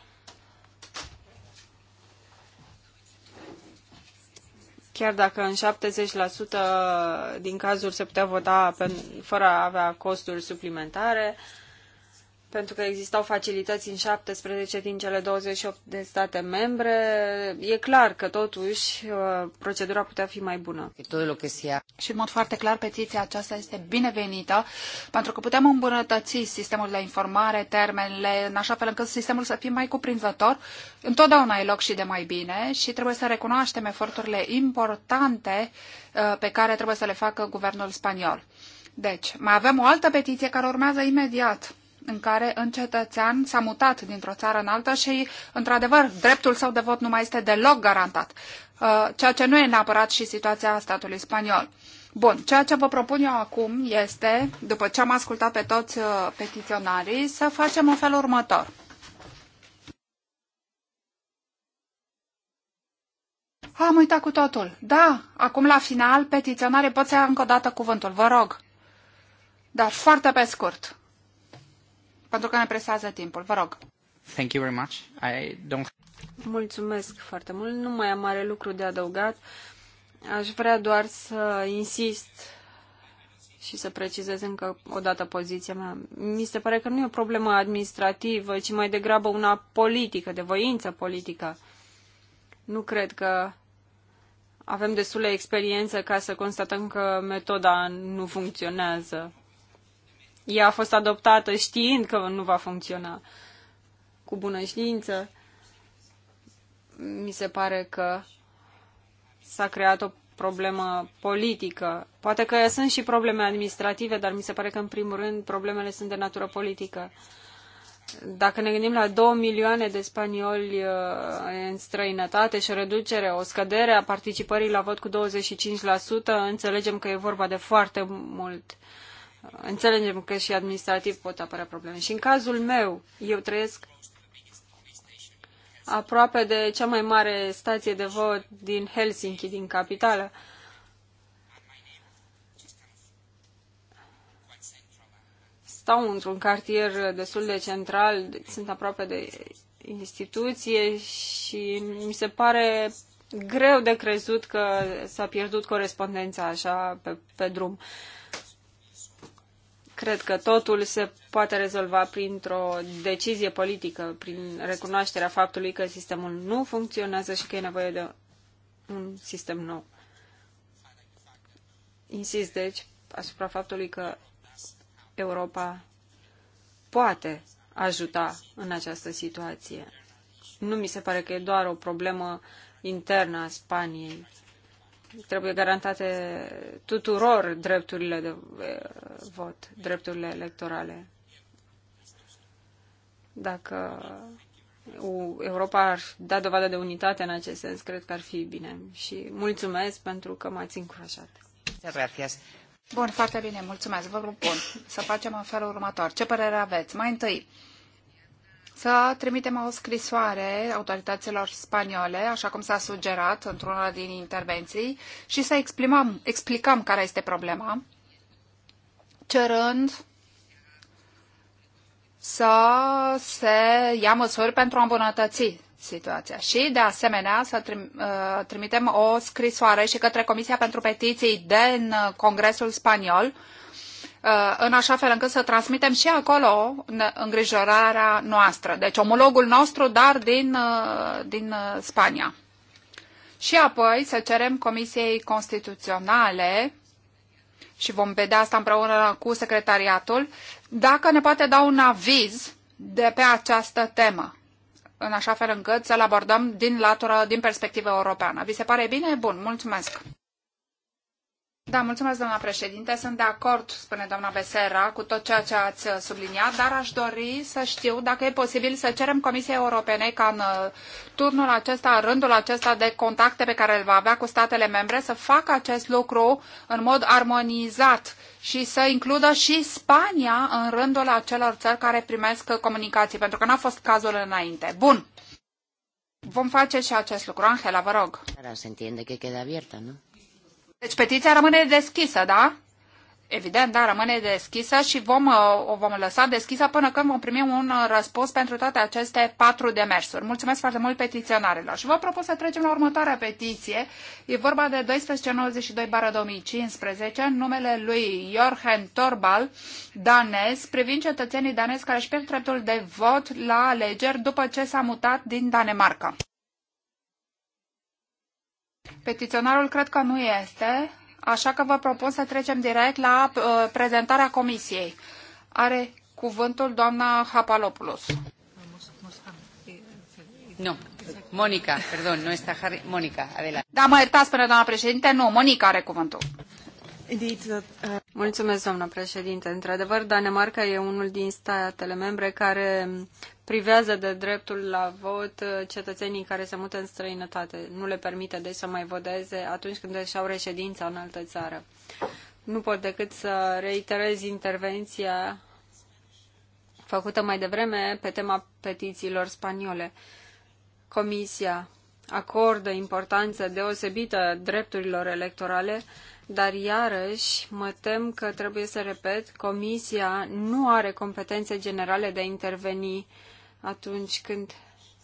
chiar dacă în 70% din cazuri se putea vota pe, fără a avea costuri suplimentare, uh, pentru că existau facilități în 17 din cele 28 de state membre, e clar că totuși uh, procedura putea fi mai bună. Și în mod foarte clar petiția aceasta este binevenită pentru că putem îmbunătăți sistemul de informare, termenele, în așa fel încât sistemul să fie mai cuprinzător. Întotdeauna e loc și de mai bine și trebuie să recunoaștem eforturile importante uh, pe care trebuie să le facă guvernul spaniol. Deci, mai avem o altă petiție care urmează imediat în care un cetățean s-a mutat dintr-o țară în alta și, într-adevăr, dreptul său de vot nu mai este deloc garantat, uh, ceea ce nu e neapărat și situația statului spaniol. Bun, ceea ce vă propun eu acum este, după ce am ascultat pe toți uh, petiționarii, să facem un felul următor. Am uitat cu totul. Da, acum la final, petiționare, pot să ia încă o dată cuvântul, vă rog. Dar foarte pe scurt pentru că ne presează timpul. Vă rog. Thank you very much. I don't... Mulțumesc foarte mult. Nu mai am mare lucru de adăugat. Aș vrea doar să insist și să precizez încă o dată poziția mea. Mi se pare că nu e o problemă administrativă, ci mai degrabă una politică, de voință politică. Nu cred că avem destule experiență ca să constatăm că metoda nu funcționează. Ea a fost adoptată știind că nu va funcționa cu bună știință. Mi se pare că s-a creat o problemă politică. Poate că sunt și probleme administrative, dar mi se pare că, în primul rând, problemele sunt de natură politică. Dacă ne gândim la 2 milioane de spanioli uh, în străinătate și o reducere, o scădere a participării la vot cu 25%, înțelegem că e vorba de foarte mult uh, înțelegem că și administrativ pot apărea probleme. Și în cazul meu, eu trăiesc aproape de cea mai mare stație de vot din Helsinki, din capitală. Stau într-un cartier destul de central, sunt aproape de instituție și mi se pare greu de crezut că s-a pierdut corespondența așa pe, pe drum. Uh, Cred că totul se poate rezolva printr-o decizie politică, prin recunoașterea faptului că sistemul nu funcționează și că e nevoie de un sistem nou. Insist, deci, asupra faptului că Europa poate ajuta în această situație. Nu mi se pare că e doar o problemă internă a Spaniei trebuie garantate tuturor drepturile de eh, vot, drepturile electorale. Dacă Europa ar da dovadă de unitate în acest sens, cred că ar fi bine. Și mulțumesc pentru că m-ați încurajat. Bun, foarte bine, mulțumesc. Vă propun să facem în felul următor. Ce părere aveți? Mai întâi, să trimitem o scrisoare autorităților spaniole, așa cum s-a sugerat într-una din intervenții, și să explicăm explicăm care este problema, cerând să se ia măsuri pentru a îmbunătăți situația. Și, de asemenea, să trim, uh, trimitem o scrisoare și către Comisia pentru Petiții din Congresul Spaniol, uh, Uh, în așa fel încât să transmitem și acolo îngrijorarea noastră. Deci omologul nostru, dar din, uh, din uh, Spania. Și apoi să cerem Comisiei Constituționale și vom vedea asta împreună cu secretariatul, dacă ne poate da un aviz de pe această temă, în așa fel încât să-l abordăm din latura, din perspectivă europeană. Vi se pare bine? Bun, mulțumesc! Da, mulțumesc, doamna președinte. Sunt de acord, spune doamna Besera, cu tot ceea ce ați uh, subliniat, dar aș dori să știu dacă e posibil să cerem Comisiei Europene ca în uh, turnul acesta, rândul acesta de contacte pe care îl va avea cu statele membre, să facă acest lucru în mod armonizat și să includă și Spania în rândul acelor țări care primesc comunicații, pentru că n-a fost cazul înainte. Bun. Vom face și acest lucru. Angela, vă rog. se entiende que queda abierta, ¿no? Deci petiția rămâne deschisă, da? Evident, da, rămâne deschisă și vom, uh, o vom lăsa deschisă până când vom primi un uh, răspuns pentru toate aceste patru demersuri. Mulțumesc foarte mult petiționarilor. Și vă propun să trecem la următoarea petiție. E vorba de 1292-2015, numele lui Jorgen Torbal, danez, privind cetățenii danezi care își pierd dreptul de vot la alegeri după ce s-a mutat din Danemarca. Petiționarul cred că nu este, așa că vă propun să trecem direct la uh, prezentarea comisiei. Are cuvântul doamna Hapalopoulos. Nu. Monica, perdon, nu este Harry. Monica, adelante. Da, mă iertați, până doamna președinte, nu, Monica are cuvântul. Uh, Mulțumesc, doamnă președinte. Într-adevăr, Danemarca e unul din statele membre care privează de dreptul la vot uh, cetățenii care se mută în străinătate. Nu le permite deci să mai voteze atunci când își au reședința în altă țară. Nu pot decât să reiterez intervenția făcută mai devreme pe tema petițiilor spaniole. Comisia acordă importanță deosebită drepturilor electorale dar iarăși mă tem că trebuie să repet, Comisia nu are competențe generale de a interveni atunci când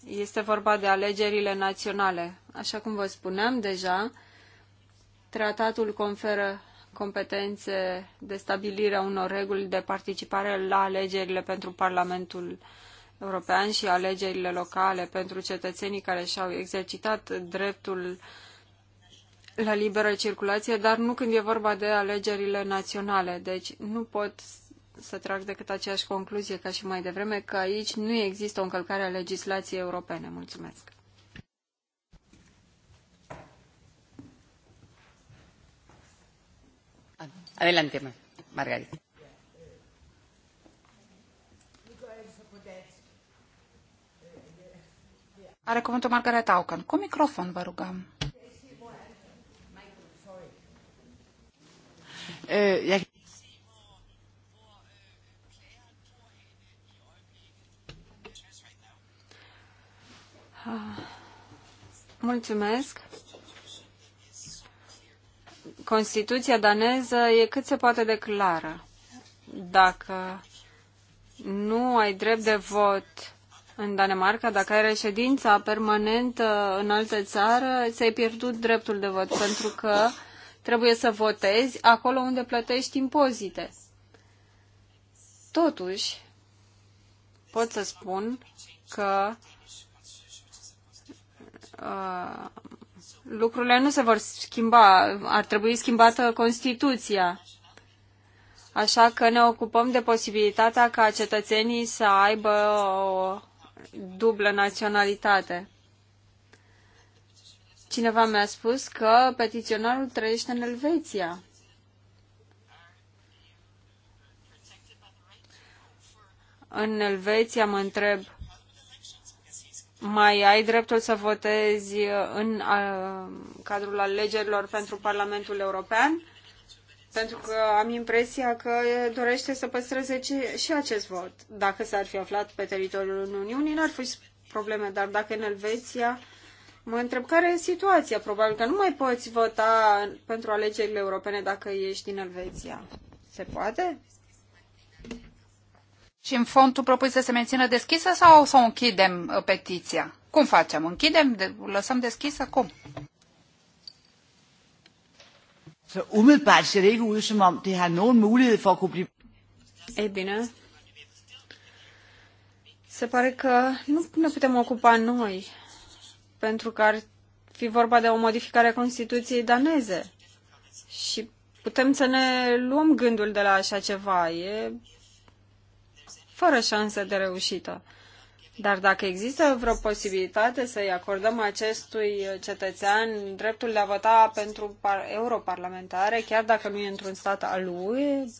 este vorba de alegerile naționale. Așa cum vă spuneam deja, tratatul conferă competențe de stabilire a unor reguli de participare la alegerile pentru Parlamentul European și alegerile locale pentru cetățenii care și-au exercitat dreptul la liberă circulație, dar nu când e vorba de alegerile naționale. Deci nu pot să trag decât aceeași concluzie ca și mai devreme, că aici nu există o încălcare a legislației europene. Mulțumesc! Adelante, Margarita. Are cuvântul Margareta Aucan. Cu microfon, vă rugăm. Eh, Mulțumesc. Constituția daneză e cât se poate de clară. Dacă nu ai drept de vot în Danemarca, dacă ai reședința permanentă în altă țară, ți-ai pierdut dreptul de vot, pentru că Trebuie să votezi acolo unde plătești impozite. Totuși, pot să spun că uh, lucrurile nu se vor schimba. Ar trebui schimbată Constituția. Așa că ne ocupăm de posibilitatea ca cetățenii să aibă o dublă naționalitate. Cineva mi-a spus că petiționarul trăiește în Elveția. În Elveția mă întreb, mai ai dreptul să votezi în cadrul alegerilor pentru Parlamentul European? Pentru că am impresia că dorește să păstreze și acest vot. Dacă s-ar fi aflat pe teritoriul Uniunii, n-ar fi probleme, dar dacă în Elveția Mă întreb care e situația. Probabil că nu mai poți vota pentru alegerile europene dacă ești din Elveția. Se poate? Și în fond tu propui să se mențină deschisă sau să o închidem uh, petiția? Cum facem? Închidem? De, lăsăm deschisă? Cum? Så umiddelbart ser ikke ud, som om det har nogen mulighed for at kunne blive... Ei bine, se pare că nu ne putem ocupa noi pentru că ar fi vorba de o modificare a Constituției daneze. Și putem să ne luăm gândul de la așa ceva. E fără șansă de reușită. Dar dacă există vreo posibilitate să-i acordăm acestui cetățean dreptul de a vota pentru europarlamentare, chiar dacă nu e într-un stat al lui,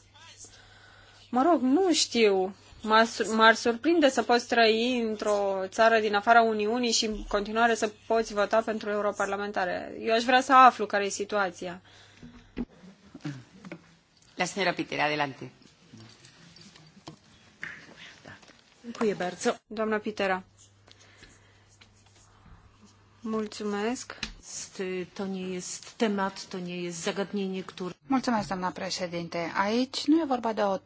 mă rog, nu știu M-ar surprinde să poți trăi într-o țară din afara Uniunii și în continuare să poți vota pentru europarlamentare. Eu aș vrea să aflu care e situația. La señora Pitera, adelante. Doamna Pitera. Mulțumesc. To nie jest temat, to nie jest zagadnienie, które... Mulțumesc, doamna președinte. Aici nu e vorba de o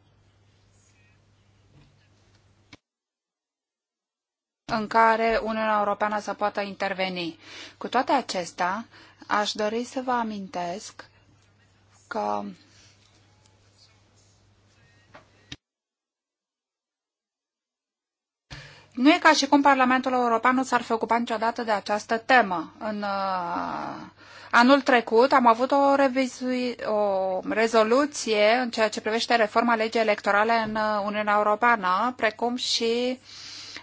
în care Uniunea Europeană să poată interveni. Cu toate acestea, aș dori să vă amintesc că Nu e ca și cum Parlamentul European nu s-ar fi ocupat niciodată de această temă. În uh, anul trecut am avut o, revizui, o rezoluție în ceea ce privește reforma legii electorale în uh, Uniunea Europeană, precum și uh,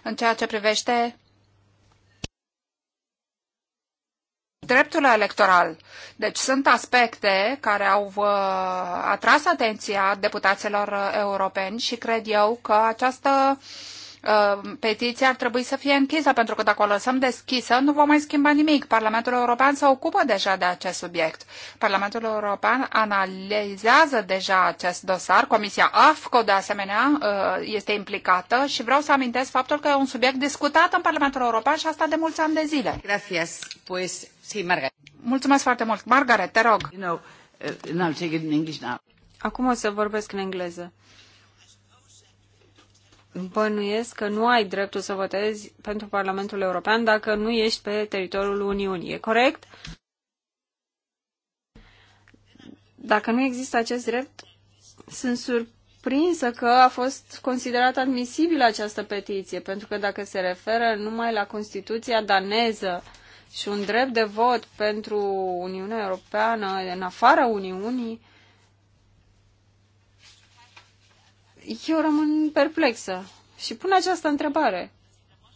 în ceea ce privește dreptul electoral. Deci sunt aspecte care au uh, atras atenția deputaților uh, europeni și cred eu că această uh, Uh, petiția ar trebui să fie închisă, pentru că dacă o lăsăm deschisă, nu vom mai schimba nimic. Parlamentul European se ocupă deja de acest subiect. Parlamentul European analizează deja acest dosar. Comisia AFCO, de asemenea, uh, este implicată și vreau să amintesc faptul că e un subiect discutat în Parlamentul European și asta de mulți ani de zile. Gracias. Pues, sí, Mulțumesc foarte mult. Margaret, te rog. You know, uh, Acum o să vorbesc în engleză bănuiesc că nu ai dreptul să votezi pentru Parlamentul European dacă nu ești pe teritoriul Uniunii. E corect? Dacă nu există acest drept, sunt surprinsă că a fost considerată admisibilă această petiție, pentru că dacă se referă numai la Constituția daneză și un drept de vot pentru Uniunea Europeană în afara Uniunii, eu rămân perplexă și pun această întrebare,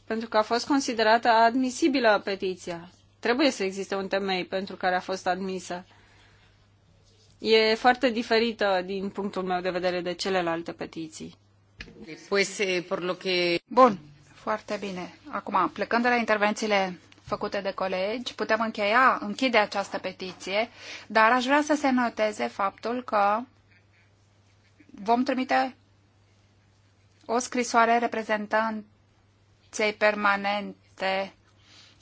pentru că a fost considerată admisibilă petiția. Trebuie să existe un temei pentru care a fost admisă. E foarte diferită din punctul meu de vedere de celelalte petiții. Eh, Bun, foarte bine. Acum, plecând de la intervențiile făcute de colegi, putem încheia, închide această petiție, dar aș vrea să se noteze faptul că vom trimite o scrisoare reprezentanței permanente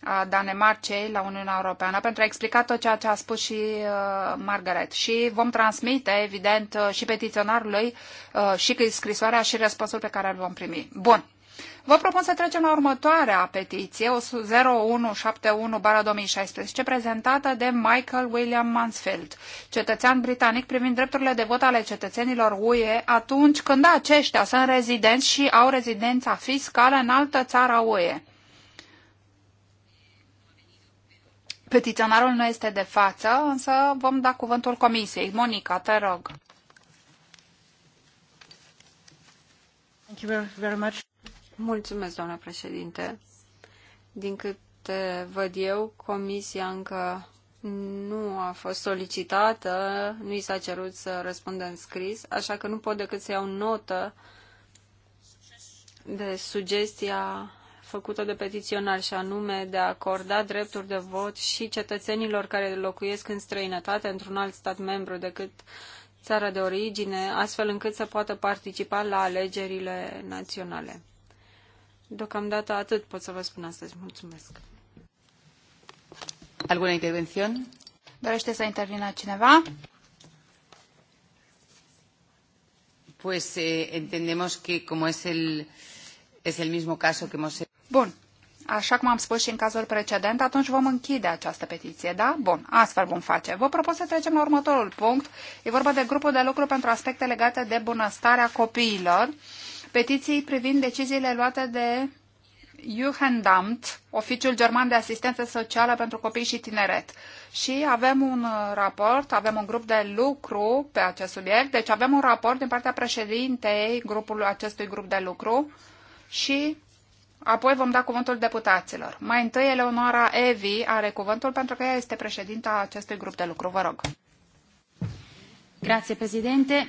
a Danemarcei la Uniunea Europeană pentru a explica tot ceea ce a spus și uh, Margaret. Și vom transmite, evident, uh, și petiționarului uh, și scrisoarea și răspunsul pe care îl vom primi. Bun. Vă propun să trecem la următoarea petiție, 0171-2016, prezentată de Michael William Mansfield, cetățean britanic privind drepturile de vot ale cetățenilor UE atunci când aceștia sunt rezidenți și au rezidența fiscală în altă țară UE. Petiționarul nu este de față, însă vom da cuvântul comisiei. Monica, te rog. Thank you very much. Mulțumesc, doamna președinte. Din câte văd eu, comisia încă nu a fost solicitată, nu i s-a cerut să răspundă în scris, așa că nu pot decât să iau notă de sugestia făcută de petiționar și anume de a acorda drepturi de vot și cetățenilor care locuiesc în străinătate într-un alt stat membru decât țara de origine, astfel încât să poată participa la alegerile naționale. Deocamdată atât pot să vă spun astăzi. Mulțumesc. Alguna intervenție? Dorește să intervină cineva? Pues eh, entendemos que como es el, es el mismo caso que hemos... Bun. Așa cum am spus și în cazul precedent, atunci vom închide această petiție, da? Bun, astfel vom face. Vă propun să trecem la următorul punct. E vorba de grupul de lucru pentru aspecte legate de bunăstarea copiilor. Uh, petiției privind deciziile luate de Jugendamt, Oficiul German de Asistență Socială pentru Copii și Tineret. Și avem un uh, raport, avem un grup de lucru pe acest subiect, deci avem un raport din partea președintei grupului, acestui grup de lucru și apoi vom da cuvântul deputaților. Mai întâi Eleonora Evi are cuvântul pentru că ea este președinta acestui grup de lucru. Vă rog. Grazie, președinte.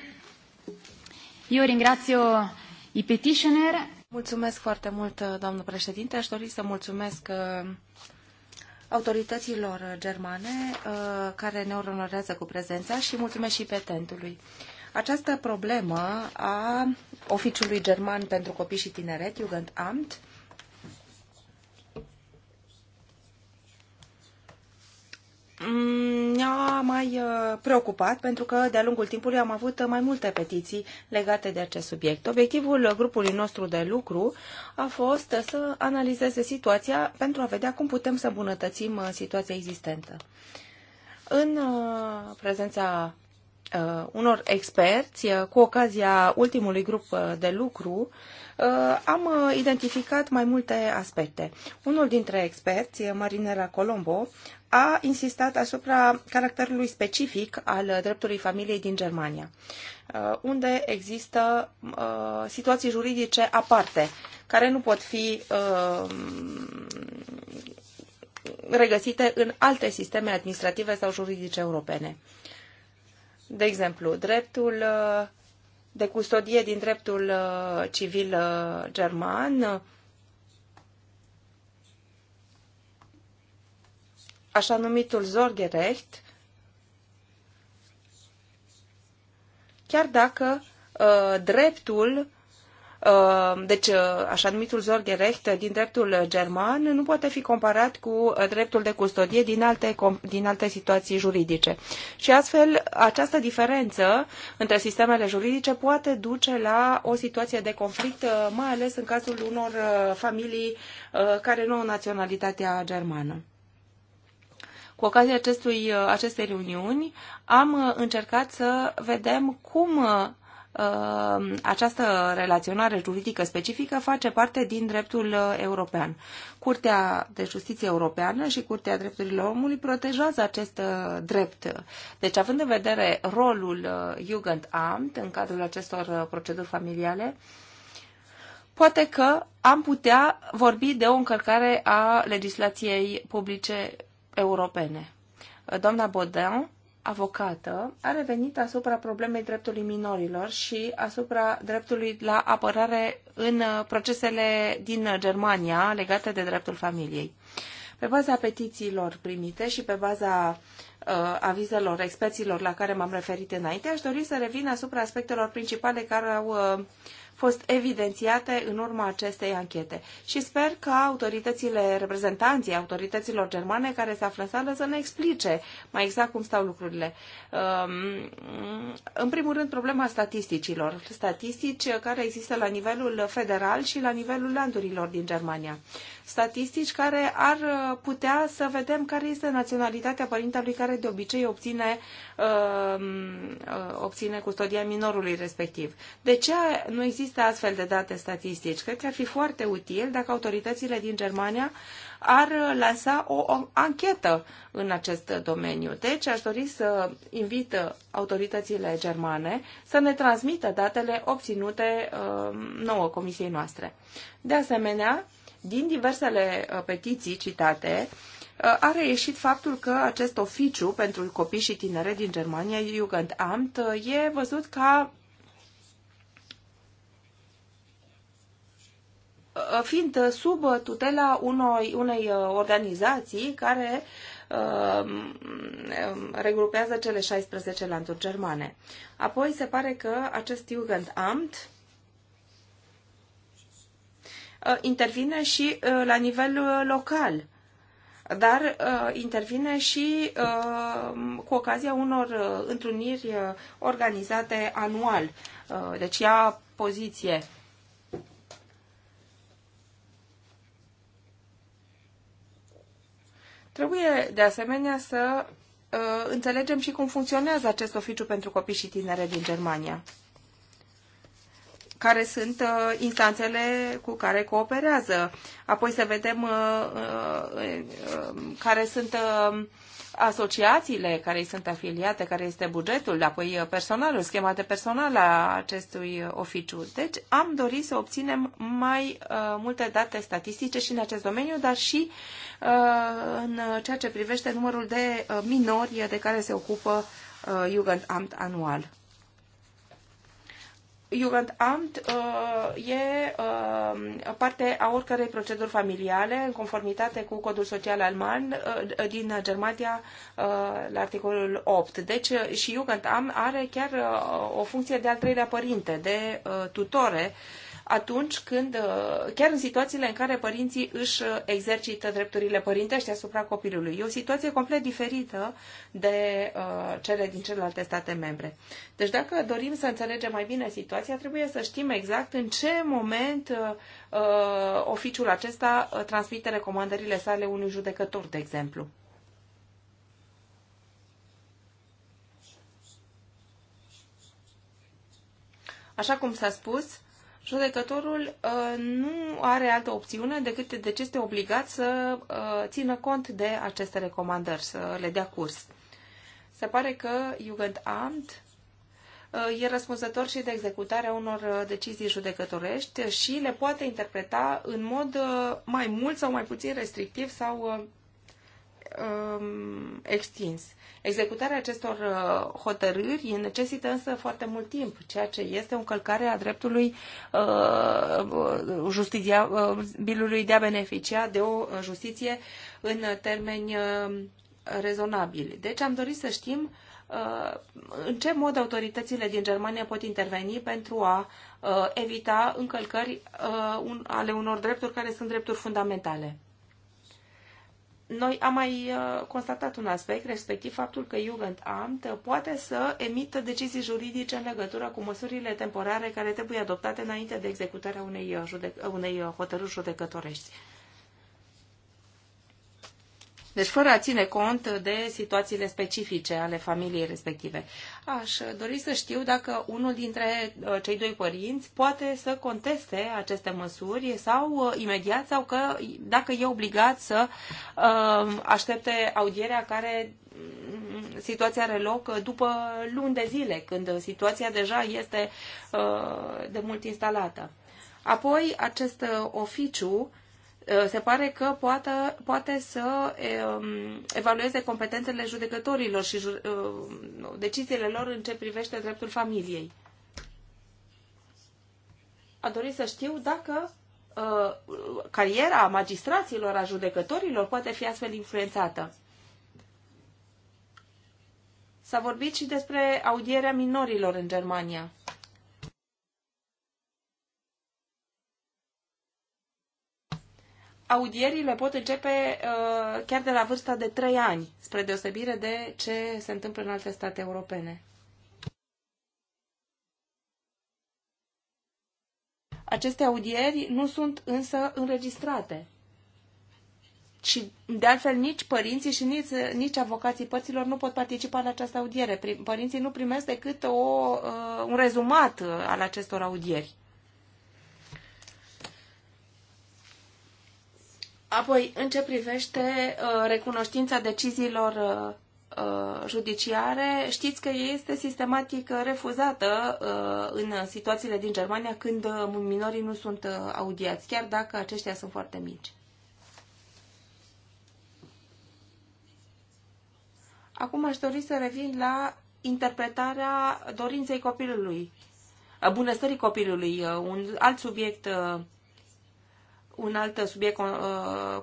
Eu ringrazio Petitioner... Mulțumesc foarte mult, doamnă președinte. Aș dori să mulțumesc uh, autorităților germane uh, care ne onorează cu prezența și mulțumesc și petentului. Această problemă a Oficiului German pentru Copii și Tineret, Jugendamt, Mm, ne-a mai uh, preocupat pentru că de-a lungul timpului am avut mai multe petiții legate de acest subiect. Obiectivul grupului nostru de lucru a fost să analizeze situația pentru a vedea cum putem să îmbunătățim uh, situația existentă. În uh, prezența uh, unor experți, uh, cu ocazia ultimului grup uh, de lucru, uh, am uh, identificat mai multe aspecte. Unul dintre experți, uh, Marinela Colombo, a insistat asupra caracterului specific al uh, dreptului familiei din Germania, uh, unde există situații juridice aparte, care nu pot fi regăsite în alte sisteme administrative sau juridice europene. De exemplu, dreptul uh, de custodie din dreptul uh, civil uh, german, așa numitul Zorgerecht, chiar dacă dreptul Uh, deci uh, așa numitul Zorgerecht din dreptul german nu poate fi comparat cu uh, dreptul de custodie din alte, din alte situații juridice. Și astfel, această diferență între sistemele juridice poate duce la o situație de conflict, mai ales în cazul unor familii care nu au naționalitatea germană. Cu ocazia acestui, acestei reuniuni am încercat să vedem cum Uh, această relaționare juridică specifică face parte din dreptul uh, european. Curtea de Justiție Europeană și Curtea Drepturilor Omului protejează acest uh, drept. Deci, având în vedere rolul Jugendamt în cadrul acestor proceduri familiale, poate că am putea vorbi de o încălcare a legislației publice europene. Doamna Baudin avocată a revenit asupra problemei dreptului minorilor și asupra dreptului la apărare în uh, procesele din Germania legate de dreptul familiei. Pe baza petițiilor primite și pe baza uh, avizelor experților la care m-am referit înainte, aș dori să revin asupra aspectelor principale care au uh, fost evidențiate în urma acestei anchete. Și sper că autoritățile, reprezentanții autorităților germane care se află în sală să ne explice mai exact cum stau lucrurile. Um, în primul rând, problema statisticilor. Statistici care există la nivelul federal și la nivelul landurilor din Germania statistici care ar uh, putea să vedem care este naționalitatea părintelui care de obicei obține, um, uh, obține custodia minorului respectiv. De ce nu există astfel de date statistici? Cred că ar fi foarte util dacă autoritățile din Germania ar uh, lansa o, o anchetă în acest domeniu. Deci aș dori să invit autoritățile germane să ne transmită datele obținute uh, nouă comisiei noastre. De asemenea, din diversele uh, petiții citate, uh, a reieșit faptul că acest oficiu pentru copii și tinere din Germania, Jugendamt, uh, e văzut ca fiind sub tutela unei, unei organizații care regrupează cele 16 lanturi germane. Apoi se pare că acest Jugendamt Uh, intervine și uh, la nivel uh, local, dar intervine și cu ocazia unor întruniri organizate anual. Deci ia poziție Trebuie, de asemenea, să înțelegem și cum funcționează acest oficiu pentru copii și tinere din Germania care sunt uh, instanțele cu care cooperează. Apoi să vedem uh, uh, care sunt asociațiile care îi sunt afiliate, care este bugetul, apoi personalul, schema de personal a acestui oficiu. Deci am dorit să obținem mai uh, multe date statistice și în acest domeniu, dar și uh, în ceea ce privește numărul de uh, minori de care se ocupă uh, Jugendamt anual. Jugendamt uh, e uh, parte a oricărei proceduri familiale în conformitate cu codul social alman uh, uh din Germania uh, la articolul 8. Deci uh, și Jugendamt are chiar uh, o funcție de al treilea părinte, de uh, tutore uh, atunci când, uh, chiar în situațiile în care părinții își uh, exercită drepturile părintești asupra copilului. E o situație complet diferită de uh, cele din celelalte state membre. Deci dacă dorim să înțelegem mai bine situația, trebuie să știm exact în ce moment oficiul acesta transmite recomandările sale unui judecător, de exemplu. Așa cum s-a spus, judecătorul uh, nu are altă opțiune decât de ce este obligat să uh, țină cont de aceste recomandări, să le dea curs. Se pare că Jugendamt uh, e răspunzător și de executarea unor decizii judecătorești și le poate interpreta în mod mai mult sau mai puțin restrictiv sau um, extins. Executarea acestor uh, hotărâri necesită însă foarte mult timp, ceea ce este o încălcare a dreptului uh, justiției, uh, de a beneficia de o uh, justiție în termeni uh, rezonabili. Deci am dorit să știm uh, în ce mod autoritățile din Germania pot interveni pentru a uh, evita încălcări ale unor drepturi care sunt drepturi fundamentale noi am mai uh, constatat un aspect, respectiv faptul că Jugendamt poate să emită decizii juridice în legătură cu măsurile temporare care trebuie adoptate înainte de executarea unei, uh, judec- unei uh, hotărâri judecătorești. Deci fără a ține cont de situațiile specifice ale familiei respective. Aș dori să știu dacă unul dintre uh, cei doi părinți poate să conteste aceste măsuri sau uh, imediat sau că dacă e obligat să uh, aștepte audierea care mm, situația are loc după luni de zile, când situația deja este de mult instalată. Apoi, acest oficiu Eh, se pare că poate, poate să evalueze competențele judecătorilor și eh, deciziile lor în ce privește dreptul familiei. A dorit să știu dacă eh, cariera magistraților, a judecătorilor poate fi astfel influențată. S-a vorbit și despre audierea minorilor în Germania. audierile pot începe uh, chiar de la vârsta de 3 ani, spre deosebire de ce se întâmplă în alte state europene. Aceste audieri nu sunt însă înregistrate. Și de altfel nici părinții și nici, nici avocații părților nu pot participa la această audiere. Părinții nu primesc decât o, uh, un rezumat uh, al acestor audieri. Apoi, în ce privește uh, recunoștința deciziilor uh, uh, judiciare, știți că este sistematic refuzată în situațiile din Germania când minorii nu sunt audiați, chiar dacă aceștia sunt foarte mici. Acum aș dori să revin la interpretarea dorinței copilului, bunăstării copilului, un alt subiect un alt subiect uh,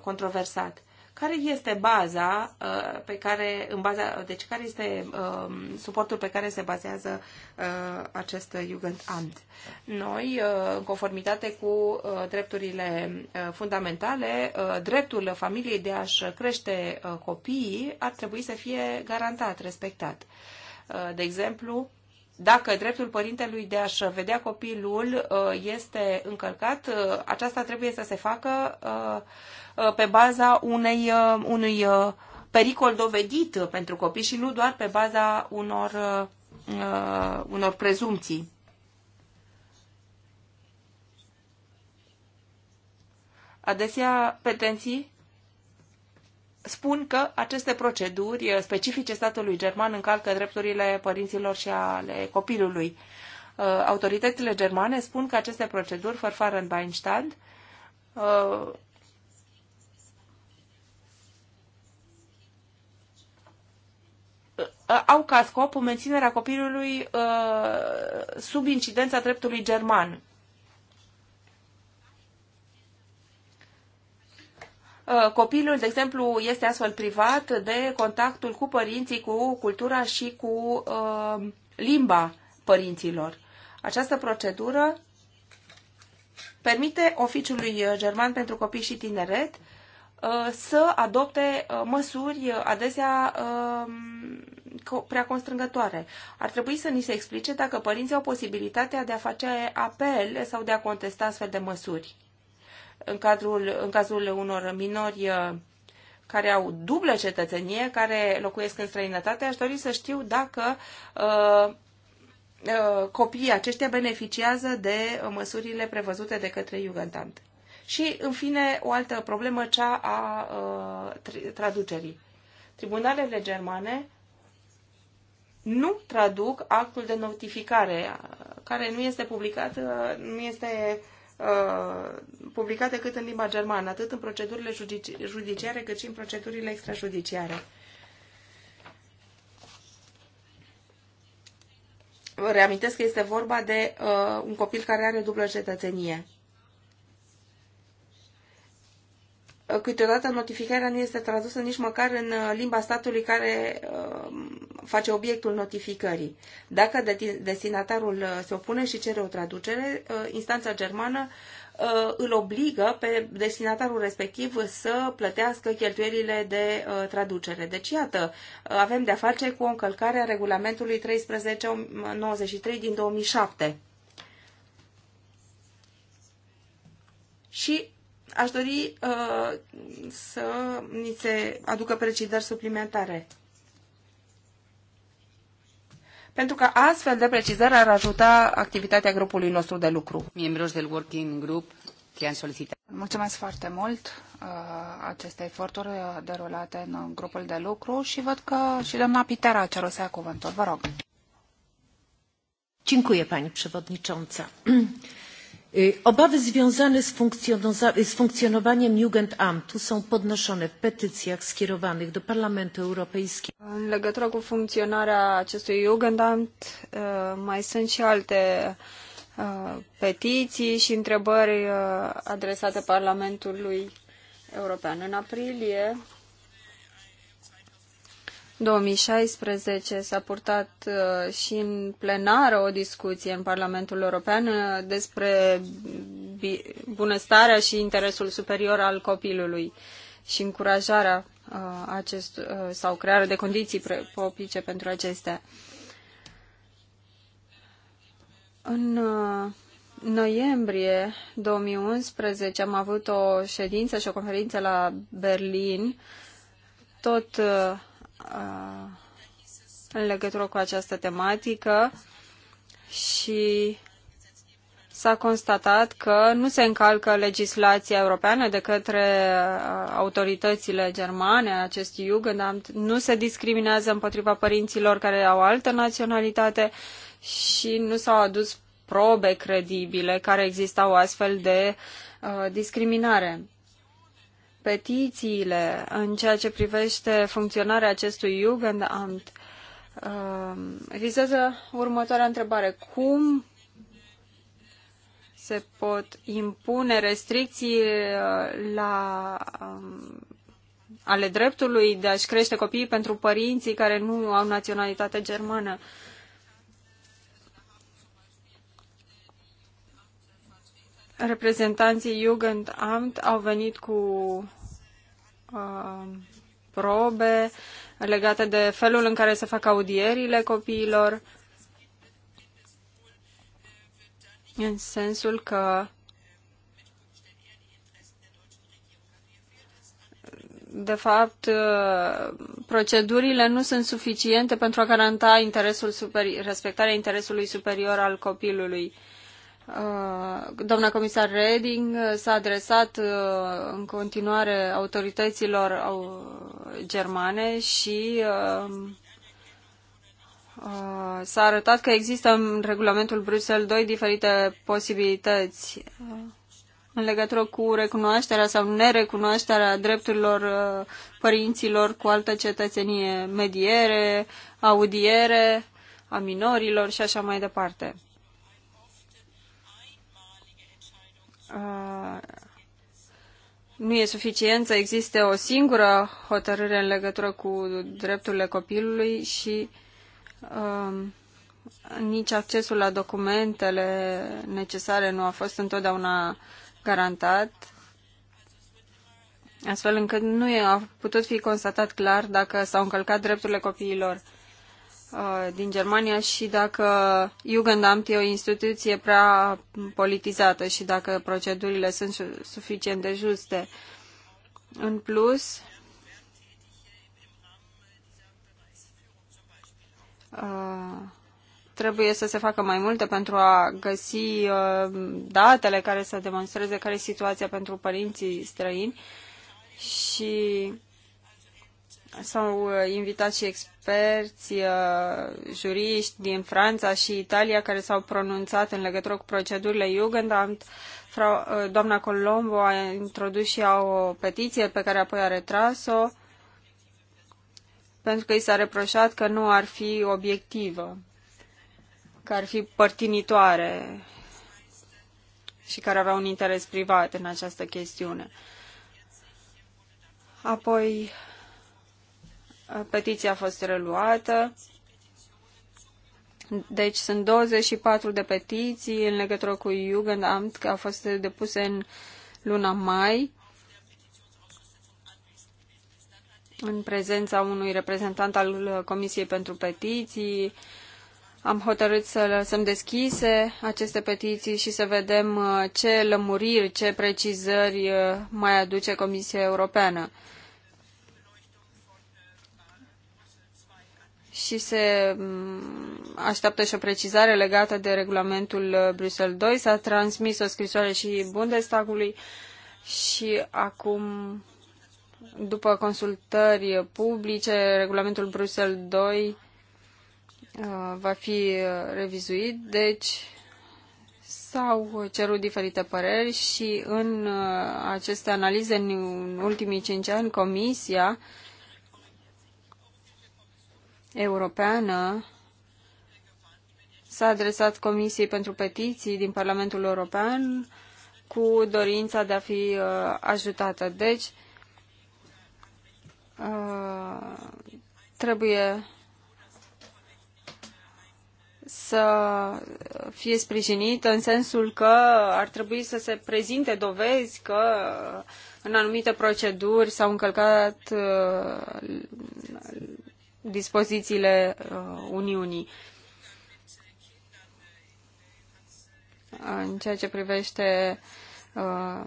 controversat. Care este baza uh, pe care, în baza, deci care este um, suportul pe care se bazează uh, acest Jugendamt? Noi, în conformitate cu drepturile fundamentale, dreptul familiei de a-și crește copiii ar trebui să fie garantat, respectat. De exemplu, dacă dreptul părintelui de a-și vedea copilul uh, este încălcat, uh, aceasta trebuie să se facă uh, pe baza unei, unui pericol dovedit pentru copii și nu doar pe baza unor, unor prezumții. Adesea, petenții spun că aceste proceduri specifice statului german încalcă drepturile părinților și ale copilului. Uh, autoritățile germane spun că aceste proceduri, în Weinstand, uh, uh, au ca scop menținerea copilului sub incidența dreptului german Uh, copilul, de exemplu, este astfel privat de contactul cu părinții, cu cultura și cu uh, limba părinților. Această procedură permite Oficiului German pentru Copii și Tineret uh, să adopte uh, măsuri adesea uh, prea constrângătoare. Ar trebui să ni se explice dacă părinții au posibilitatea de a face apel sau de a contesta astfel de măsuri în, cadrul, în cazul unor minori uh, care au dublă cetățenie, care locuiesc în străinătate, aș dori să știu dacă uh, uh, copiii aceștia beneficiază de uh, măsurile prevăzute de către Jugendamt. Și, în fine, o altă problemă, cea a uh, traducerii. Tribunalele germane nu traduc actul de notificare, uh, care nu este publicat, nu este uh, Uh, publicat decât în limba germană, atât în procedurile judiciare cât și în procedurile extrajudiciare. Vă reamintesc că este vorba de uh, un copil care are dublă cetățenie. câteodată notificarea nu este tradusă nici măcar în uh, limba statului care uh, face obiectul notificării. Dacă destinatarul uh, se opune și cere o traducere, instanța germană îl obligă pe destinatarul respectiv să plătească cheltuielile de traducere. Deci, iată, avem de-a face cu o încălcare a regulamentului 1393 din 2007. Și Aș dori uh, să ni se aducă precizări suplimentare. Pentru că astfel de precizări ar ajuta activitatea grupului nostru de lucru. Membrii del working group care au solicitat. Mulțumesc foarte mult uh, aceste eforturi uh, derulate în uh, grupul de lucru și văd că și doamna Pitera a cerut să ia cuvântul. Vă rog. Dziękuję Pani Przewodnicząca. Obawy związane z, z funkcjonowaniem Jugendamtu są podnoszone w petycjach skierowanych do Parlamentu Europejskiego. În legătură cu funcționarea acestui Jugendamt mai sunt și alte petiții și întrebări adresate Parlamentului European. În aprilie 2016 s-a purtat uh, și în plenară o discuție în Parlamentul European uh, despre bunăstarea și interesul superior al copilului și încurajarea uh, acest, sau crearea de condiții propice pentru acestea. În noiembrie 2011 am avut o ședință și o conferință la Berlin, tot Uh, în legătură cu această tematică și s-a constatat că nu se încalcă legislația europeană de către uh, autoritățile germane, acest Jugendamt, nu se discriminează împotriva părinților care au altă naționalitate și nu s-au adus probe credibile care existau astfel de uh, discriminare petițiile în ceea ce privește funcționarea acestui Jugendamt um, vizează următoarea întrebare. Cum se pot impune restricții uh, la um, ale dreptului de a-și crește copiii pentru părinții care nu au naționalitate germană. Reprezentanții Jugendamt au venit cu probe legate de felul în care se fac audierile copiilor, în sensul că de fapt, procedurile nu sunt suficiente pentru a garanta interesul superi- respectarea interesului superior al copilului. Uh, doamna comisar Reding uh, s-a adresat uh, în continuare autorităților germane și s-a arătat că există în regulamentul Bruxelles 2 diferite posibilități în legătură cu recunoașterea sau nerecunoașterea drepturilor părinților cu altă cetățenie, mediere, audiere a minorilor și așa mai departe. nu e suficient să existe o singură hotărâre în legătură cu drepturile copilului și uh, nici accesul la documentele necesare nu a fost întotdeauna garantat, astfel încât nu a putut fi constatat clar dacă s-au încălcat drepturile copiilor. Uh, din Germania și dacă Jugendamt e o instituție prea politizată și dacă procedurile sunt suficient de juste. În plus, uh, trebuie să se facă mai multe pentru a găsi uh, datele care să demonstreze care e situația pentru părinții străini și S-au uh, invitat și experți, uh, juriști din Franța și Italia care s-au pronunțat în legătură cu procedurile Jugendamt. Uh, doamna Colombo a introdus și ea o petiție pe care apoi a retras-o pentru că i s-a reproșat că nu ar fi obiectivă, că ar fi părtinitoare și care avea un interes privat în această chestiune. Apoi Petiția a fost reluată. Deci sunt 24 de petiții în legătură cu Jugendamt, care au fost depuse în luna mai, în prezența unui reprezentant al Comisiei pentru Petiții. Am hotărât să lăsăm deschise aceste petiții și să vedem uh, ce lămuriri, ce precizări uh, mai aduce Comisia Europeană. și se mm, așteaptă și o precizare legată de regulamentul uh, Bruxelles 2. S-a transmis o scrisoare și Bundestagului și acum, după consultări publice, regulamentul Bruxelles 2 uh, va fi uh, revizuit, deci s-au cerut diferite păreri și în aceste analize în ultimii cinci ani Comisia Europeană s-a adresat Comisiei pentru Petiții din Parlamentul European cu dorința de a fi uh, ajutată. Deci, uh, trebuie să fie sprijinită în sensul că ar trebui să se prezinte dovezi că în anumite proceduri s-au încălcat uh, dispozițiile uh, Uniunii. În ceea ce privește uh,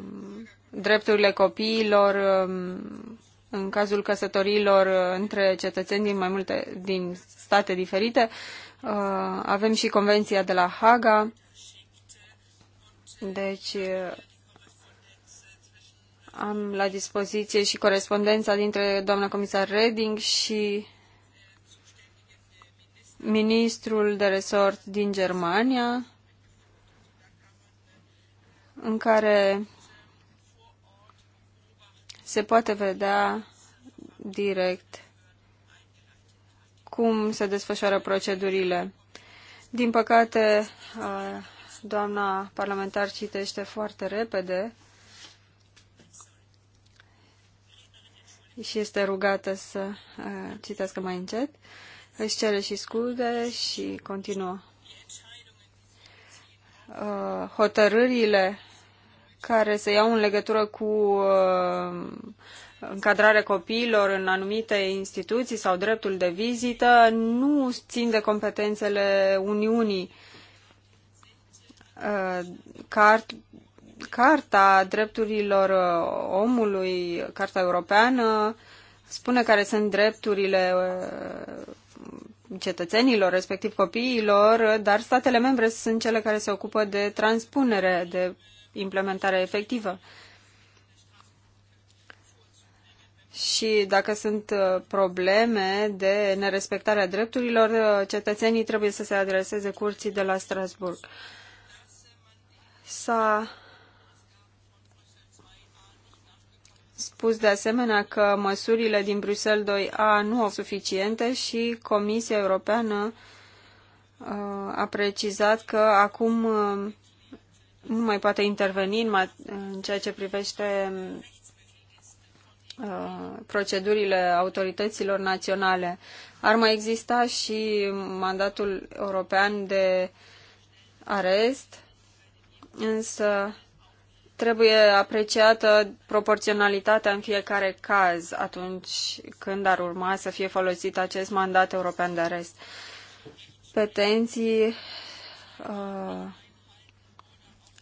drepturile copiilor, um, în cazul căsătoriilor uh, între cetățeni din mai multe din state diferite, avem și Convenția de la Haga. Deci am la dispoziție și corespondența dintre doamna comisar Reding și ministrul de resort din Germania, în care se poate vedea direct cum se desfășoară procedurile. Din păcate, doamna parlamentar citește foarte repede și este rugată să citească mai încet își cere și scuze și continuă. Uh, hotărârile care se iau în legătură cu uh, încadrarea copiilor în anumite instituții sau dreptul de vizită nu țin de competențele Uniunii. Uh, cart, Carta drepturilor omului, Carta europeană, spune care sunt drepturile cetățenilor, respectiv copiilor, dar statele membre sunt cele care se ocupă de transpunere, de implementare efectivă. Și dacă sunt uh, probleme de nerespectarea drepturilor, uh, cetățenii trebuie să se adreseze curții de la Strasburg. S-a spus de asemenea că măsurile din Bruxelles 2A nu au suficiente și Comisia Europeană uh, a precizat că acum uh, nu mai poate interveni în ceea ce privește uh, procedurile autorităților naționale. Ar mai exista și mandatul european de arest, însă trebuie apreciată proporționalitatea în fiecare caz atunci când ar urma să fie folosit acest mandat european de arest. Petenții uh,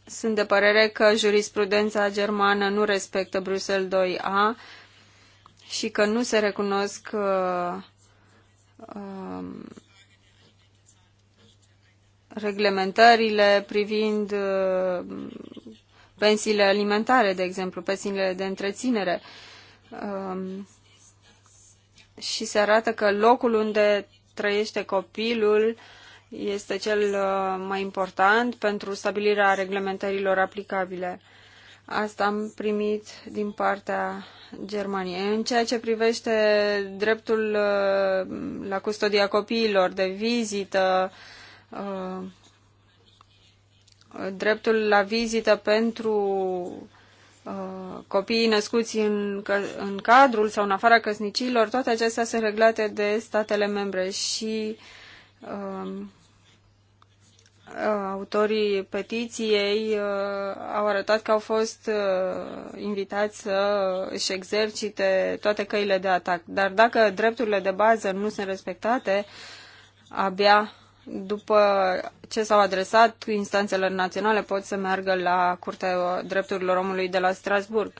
sunt de părere că jurisprudența germană nu respectă Bruxelles 2A și că nu se recunosc uh, um, reglementările privind uh, pensiile alimentare, de exemplu, pensiile de întreținere. Um, și se arată că locul unde trăiește copilul este cel uh, mai important pentru stabilirea reglementărilor aplicabile. Asta am primit din partea Germaniei. În ceea ce privește dreptul uh, la custodia copiilor, de vizită, uh, dreptul la vizită pentru uh, copiii născuți în, în cadrul sau în afara căsnicilor, toate acestea sunt reglate de statele membre și um, uh, autorii petiției uh, au arătat că au fost uh, invitați să își exercite toate căile de atac. Dar dacă drepturile de bază nu sunt respectate, abia după ce s-au adresat instanțelor naționale, pot să meargă la Curtea Drepturilor Omului de la Strasburg.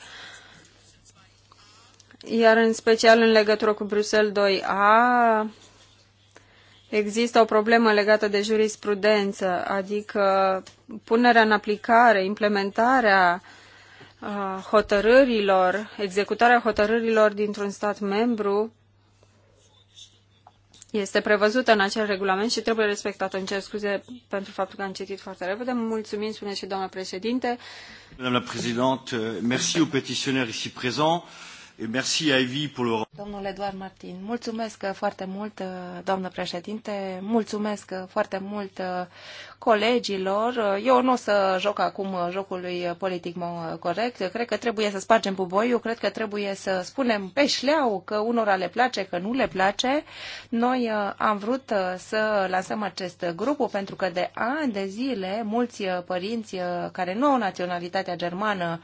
Iar în special în legătură cu Bruxelles 2A, există o problemă legată de jurisprudență, adică punerea în aplicare, implementarea uh, hotărârilor, executarea hotărârilor dintr-un stat membru este prevăzută în acel regulament și trebuie respectată. Îmi cer scuze pentru faptul că am citit foarte repede. Mulțumim, spune și doamna președinte. Doamna președinte, merci au petitionnaire ici le... Domnul Eduard Martin, mulțumesc foarte mult, doamnă președinte, mulțumesc foarte mult colegilor. Eu nu o să joc acum jocul lui politic corect. Cred că trebuie să spargem buboiul, cred că trebuie să spunem pe șleau că unora le place, că nu le place. Noi uh, am vrut uh, să lansăm acest grup pentru că de ani de zile mulți uh, părinți care nu au naționalitatea germană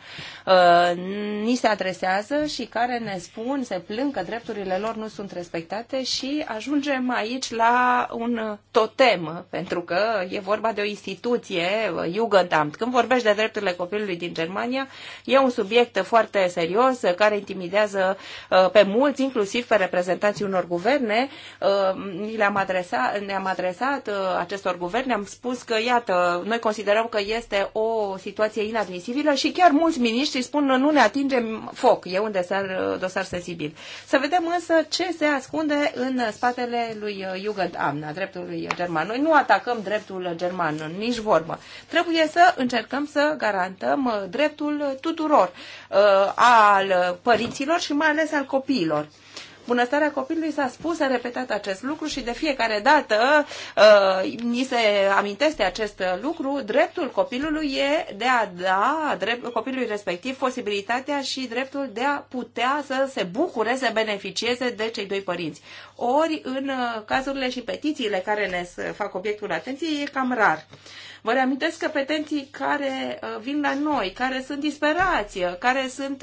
ni se adresează și care ne spun, se plâng că drepturile lor nu sunt respectate și ajungem aici la un totem, pentru că e vorba vorba de o instituție, Jugendamt. Când vorbești de drepturile copilului din Germania, e un subiect foarte serios care intimidează uh, pe mulți, inclusiv pe reprezentanții unor guverne. Uh, le-am adresat, ne-am adresat uh, acestor guverne, am spus că, iată, noi considerăm că este o situație inadmisibilă și chiar mulți miniștri spun că nu ne atingem foc, e un dosar, dosar sensibil. Să vedem însă ce se ascunde în spatele lui Jugendamt, a dreptului german. Noi nu atacăm dreptul german german, nici vorbă. Trebuie să încercăm să garantăm uh, dreptul tuturor, uh, al părinților și mai ales al copiilor bunăstarea copilului s-a spus, a repetat acest lucru și de fiecare dată uh, ni se amintește acest lucru. Dreptul copilului e de a da drept, copilului respectiv posibilitatea și dreptul de a putea să se bucure, să beneficieze de cei doi părinți. Ori în uh, cazurile și petițiile care ne fac obiectul atenției e cam rar. Vă reamintesc că petenții care uh, vin la noi, care sunt disperați, uh, care sunt,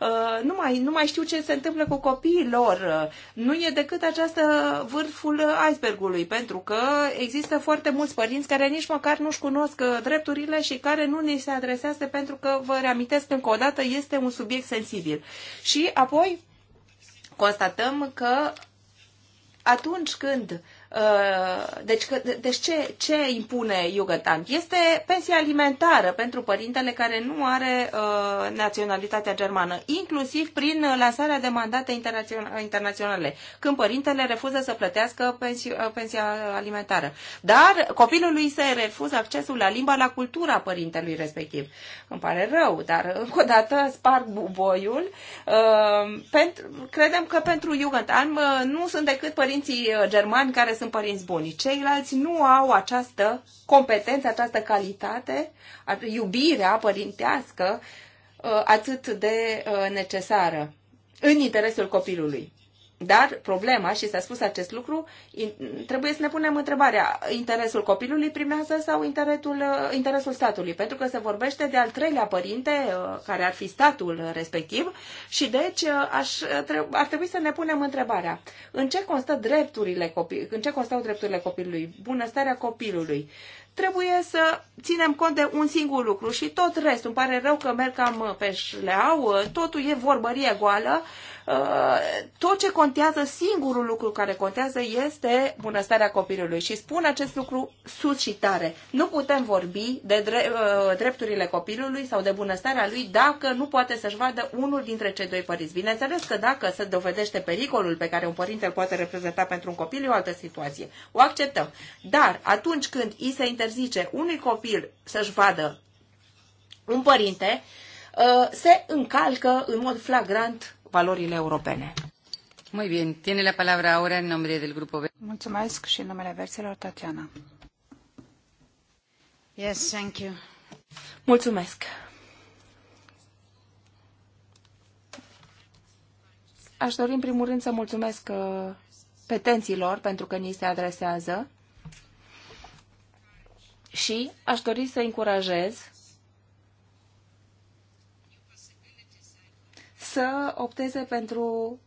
uh, nu mai, nu mai știu ce se întâmplă cu copiii lor, nu e decât această vârful icebergului, pentru că există foarte mulți părinți care nici măcar nu-și cunosc drepturile și care nu ni se adresează pentru că, vă reamintesc încă o dată, este un subiect sensibil. Și apoi constatăm că atunci când Uh, deci, deci ce, ce impune Jugendamt? Este pensia alimentară pentru părintele care nu are uh, naționalitatea germană, inclusiv prin lansarea de mandate internaționale, când părintele refuză să plătească pensi, uh, pensia alimentară. Dar copilului se refuză accesul la limba, la cultura părintelui respectiv. Îmi pare rău, dar încă o dată sparg buboiul. Uh, pentru, credem că pentru Jugendamt uh, nu sunt decât părinții uh, germani care sunt sunt părinți buni. Ceilalți nu au această competență, această calitate, iubirea părintească uh, atât de uh, necesară în interesul copilului. Dar problema, și s-a spus acest lucru, trebuie să ne punem întrebarea, interesul copilului primează sau interesul, uh, interesul statului? Pentru că se vorbește de al treilea părinte, uh, care ar fi statul respectiv, și deci uh, aș, ar trebui să ne punem întrebarea, în ce, constă drepturile copil, în ce constau drepturile copilului, bunăstarea copilului? Trebuie să ținem cont de un singur lucru și tot restul, îmi pare rău că merg cam pe șleau, totul e vorbărie goală, tot ce contează, singurul lucru care contează este bunăstarea copilului și spun acest lucru sus și tare. Nu putem vorbi de uh, drepturile copilului sau de bunăstarea lui dacă nu poate să-și vadă unul dintre cei doi părinți. Bineînțeles că dacă se dovedește pericolul pe care un părinte îl poate reprezenta pentru un copil, e o altă situație. O acceptăm. Dar atunci când îi se interzice unui copil să-și vadă un părinte, uh, se încalcă în mod flagrant valorile europene. Muy bien, tiene la palabra ahora en nombre del grupo B. Mulțumesc și în numele verselor Tatiana. Yes, thank you. Mulțumesc. Aș dori în primul rând să mulțumesc uh, petenților pentru că ni se adresează și aș dori să încurajez să opteze pentru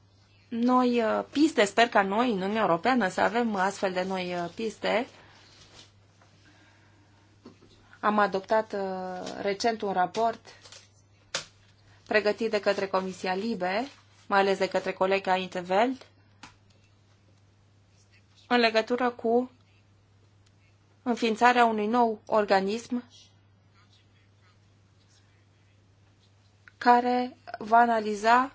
noi uh, piste. Sper ca noi, în Uniunea Europeană, să avem astfel de noi uh, piste. Am adoptat uh, recent un raport pregătit de către Comisia Libe, mai ales de către colega Interveld, în legătură cu înființarea unui nou organism care va analiza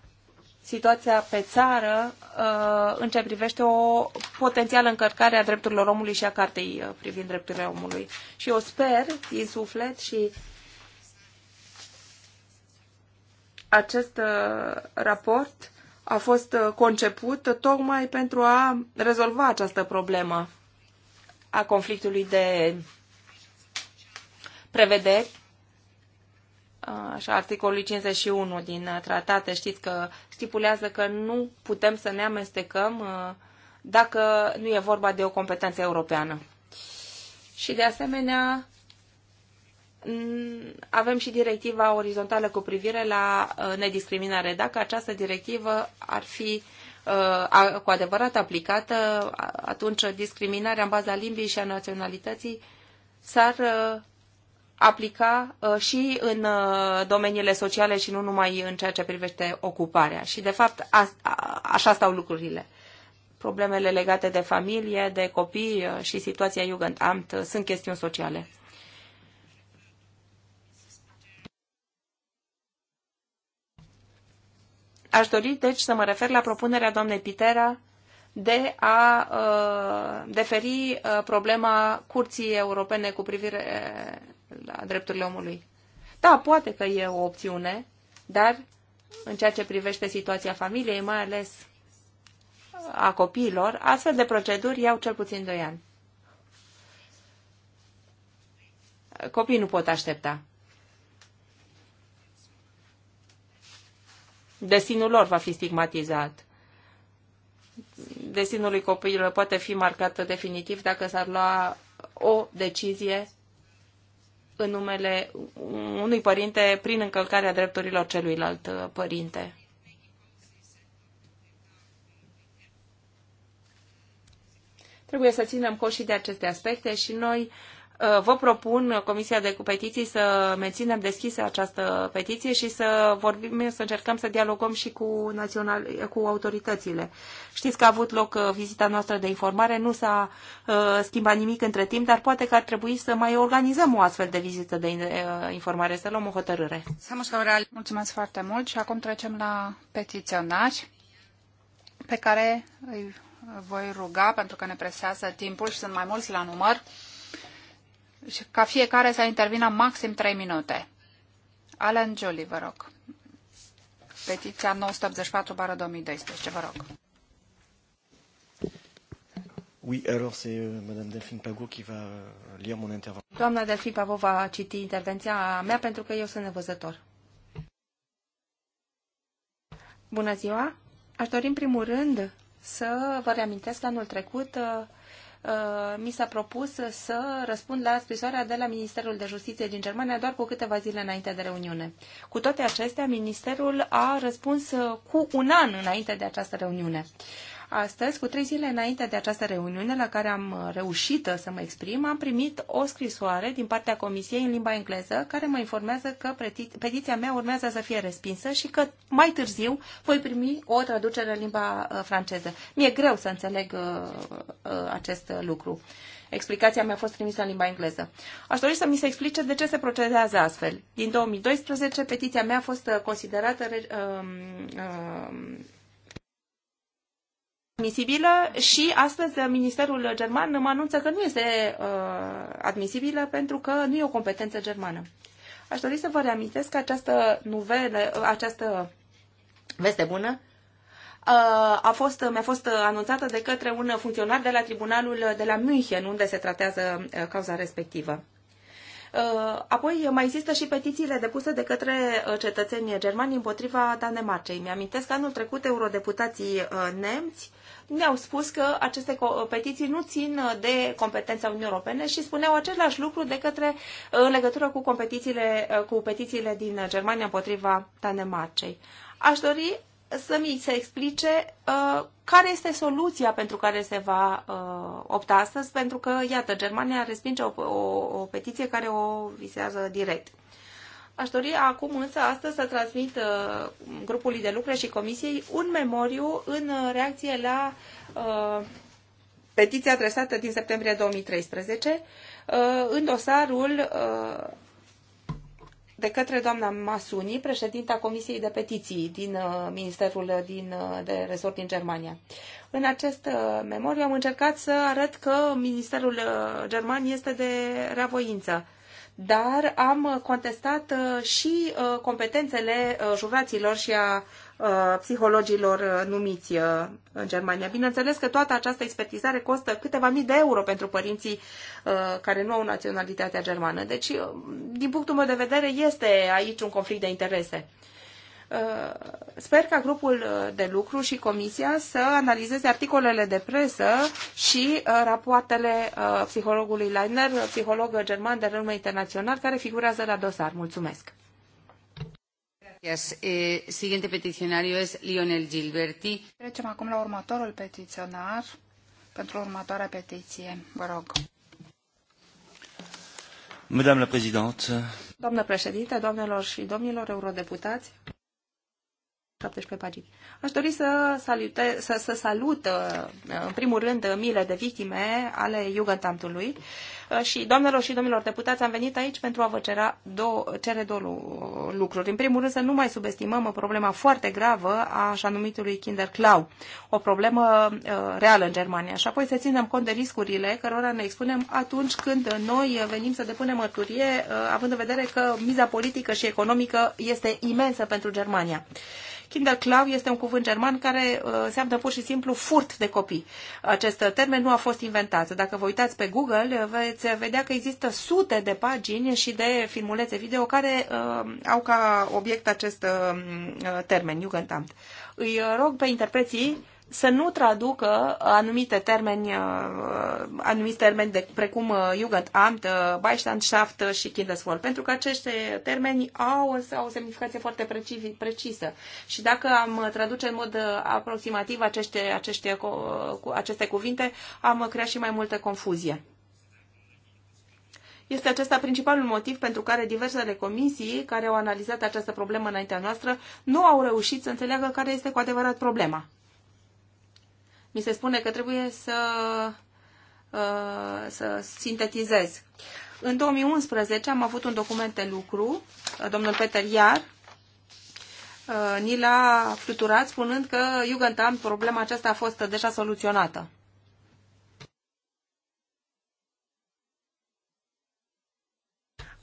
situația pe țară uh, în ce privește o potențială încărcare a drepturilor omului și a cartei uh, privind drepturile omului. Și eu sper din suflet și acest uh, raport a fost conceput tocmai pentru a rezolva această problemă a conflictului de prevederi așa, articolului 51 din uh, tratate, știți că stipulează că nu putem să ne amestecăm uh, dacă nu e vorba de o competență europeană. Și de asemenea, avem și directiva orizontală cu privire la uh, nediscriminare. Dacă această directivă ar fi cu adevărat aplicată, atunci discriminarea în baza limbii și a naționalității s-ar aplica uh, și în uh, domeniile sociale și nu numai în ceea ce privește ocuparea. Și, de fapt, așa stau lucrurile. Problemele legate de familie, de copii uh, și situația Jugendamt sunt chestiuni sociale. Aș dori, deci, să mă refer la propunerea doamnei Pitera de a uh, deferi uh, problema Curții Europene cu privire la drepturile omului. Da, poate că e o opțiune, dar în ceea ce privește situația familiei, mai ales a copiilor, astfel de proceduri iau cel puțin 2 ani. Copiii nu pot aștepta. Destinul lor va fi stigmatizat. Destinul lui copiilor poate fi marcat definitiv dacă s-ar lua o decizie în numele unui părinte prin încălcarea drepturilor celuilalt uh, părinte. Trebuie să ținem cont și de aceste aspecte și noi Uh, vă propun Comisia de Petiții să menținem deschisă această petiție și să vorbim, să încercăm să dialogăm și cu, național, cu autoritățile. Știți că a avut loc uh, vizita noastră de informare, nu s-a uh, schimbat nimic între timp, dar poate că ar trebui să mai organizăm o astfel de vizită de informare, să luăm o hotărâre. Mulțumesc foarte mult și acum trecem la petiționari pe care îi voi ruga, pentru că ne presează timpul și sunt mai mulți la număr, și ca fiecare să intervină maxim 3 minute. Alan Jolie, vă rog. Petiția 984 bară 2012, vă rog. Oui, alors c'est euh, Madame Delphine Pagot qui va euh, lire mon intervention. Doamna Delphine Pagot va citi intervenția mea pentru că eu sunt nevăzător. Bună ziua! Aș dori în primul rând să vă reamintesc că anul trecut uh, Uh, mi s-a propus să răspund la scrisoarea de la Ministerul de Justiție din Germania doar cu câteva zile înainte de reuniune. Cu toate acestea, Ministerul a răspuns uh, cu un an înainte de această reuniune. Uh, astăzi, cu trei zile înainte de această reuniune la care am uh, reușit uh, să mă exprim, am primit o scrisoare din partea Comisiei în limba engleză care mă informează că petiția mea urmează să fie respinsă și că mai târziu voi primi o traducere în limba uh, franceză. Mi-e greu să înțeleg acest lucru. Explicația mi-a fost trimisă în limba engleză. Aș dori să mi se explice de ce se procedează astfel. Din 2012, petiția mea a fost considerată uh, uh, admisibilă și astăzi Ministerul German mă anunță că nu este uh, admisibilă pentru că nu e o competență germană. Aș dori să vă reamintesc că această nuvele, această veste bună uh, a fost, mi-a fost anunțată de către un funcționar de la tribunalul de la München, unde se tratează uh, cauza respectivă. Uh, apoi mai există și petițiile depuse de către uh, cetățenii germani împotriva Danemarcei. Mi-amintesc că anul trecut eurodeputații uh, nemți ne-au spus că aceste petiții nu țin de competența Uniunii Europene și spuneau același lucru de către, în legătură cu, competițiile, cu petițiile din Germania împotriva Danemarcei. Aș dori să mi se explice uh, care este soluția pentru care se va uh, opta astăzi, pentru că, iată, Germania respinge o, o, o petiție care o visează direct. Aș dori acum însă astăzi să transmit uh, grupului de lucru și comisiei un memoriu în reacție la uh, petiția adresată din septembrie 2013 uh, în dosarul uh, de către doamna Masuni, președinta Comisiei de Petiții din uh, Ministerul uh, din, uh, de Resort din Germania. În acest memoriu am încercat să arăt că Ministerul German este de reavoință dar am contestat uh, și uh, competențele uh, juraților și a psihologilor numiți în Germania. Bineînțeles că toată această expertizare costă câteva mii de euro pentru părinții care nu au naționalitatea germană. Deci, din punctul meu de vedere, este aici un conflict de interese. Uh, sper ca grupul uh, de lucru și comisia să analizeze articolele de presă și uh, rapoartele psihologului Leiner, psiholog german de renume internațional, care figurează la dosar. Mulțumesc! Eh, siguiente peticionario es Lionel Gilberti. Trecem acum la următorul petiționar pentru următoarea petiție. Vă rog. Madame la Présidente. Doamnă președinte, doamnelor și domnilor eurodeputați, 17 pagini. Aș dori să, salute, să, să salut, uh, în primul rând, miile de victime ale Jugendamtului uh, și, doamnelor și domnilor deputați, am venit aici pentru a vă cera două, cere două lucruri. În primul rând, să nu mai subestimăm problema foarte gravă a așa numitului Kinderklau, o problemă uh, reală în Germania, și apoi să ținem cont de riscurile cărora ne expunem atunci când noi venim să depunem mărturie, având în vedere că miza politică și economică este imensă pentru Germania. Kinderklau este un cuvânt german care uh, înseamnă pur și simplu furt de copii. Acest termen nu a fost inventat. Dacă vă uitați pe Google, uh, veți vedea că există sute de pagini și de filmulețe video care uh, au ca obiect acest uh, termen, Jugendamt. Îi rog pe interpreții să nu traducă anumite termeni, uh, anumite termeni de, precum uh, Jugendamt, uh, Beistandschaft și Kindeswohl, pentru că aceste termeni au, au o semnificație foarte precisă. Și dacă am traduce în mod aproximativ aceste, aceste, aceste cuvinte, am creat și mai multă confuzie. Este acesta principalul motiv pentru care diversele comisii care au analizat această problemă înaintea noastră nu au reușit să înțeleagă care este cu adevărat problema mi se spune că trebuie să, uh, să sintetizez. În 2011 am avut un document de lucru, uh, domnul Peter Iar, uh, ni l-a fluturat spunând că Jugendamt, problema aceasta a fost deja soluționată.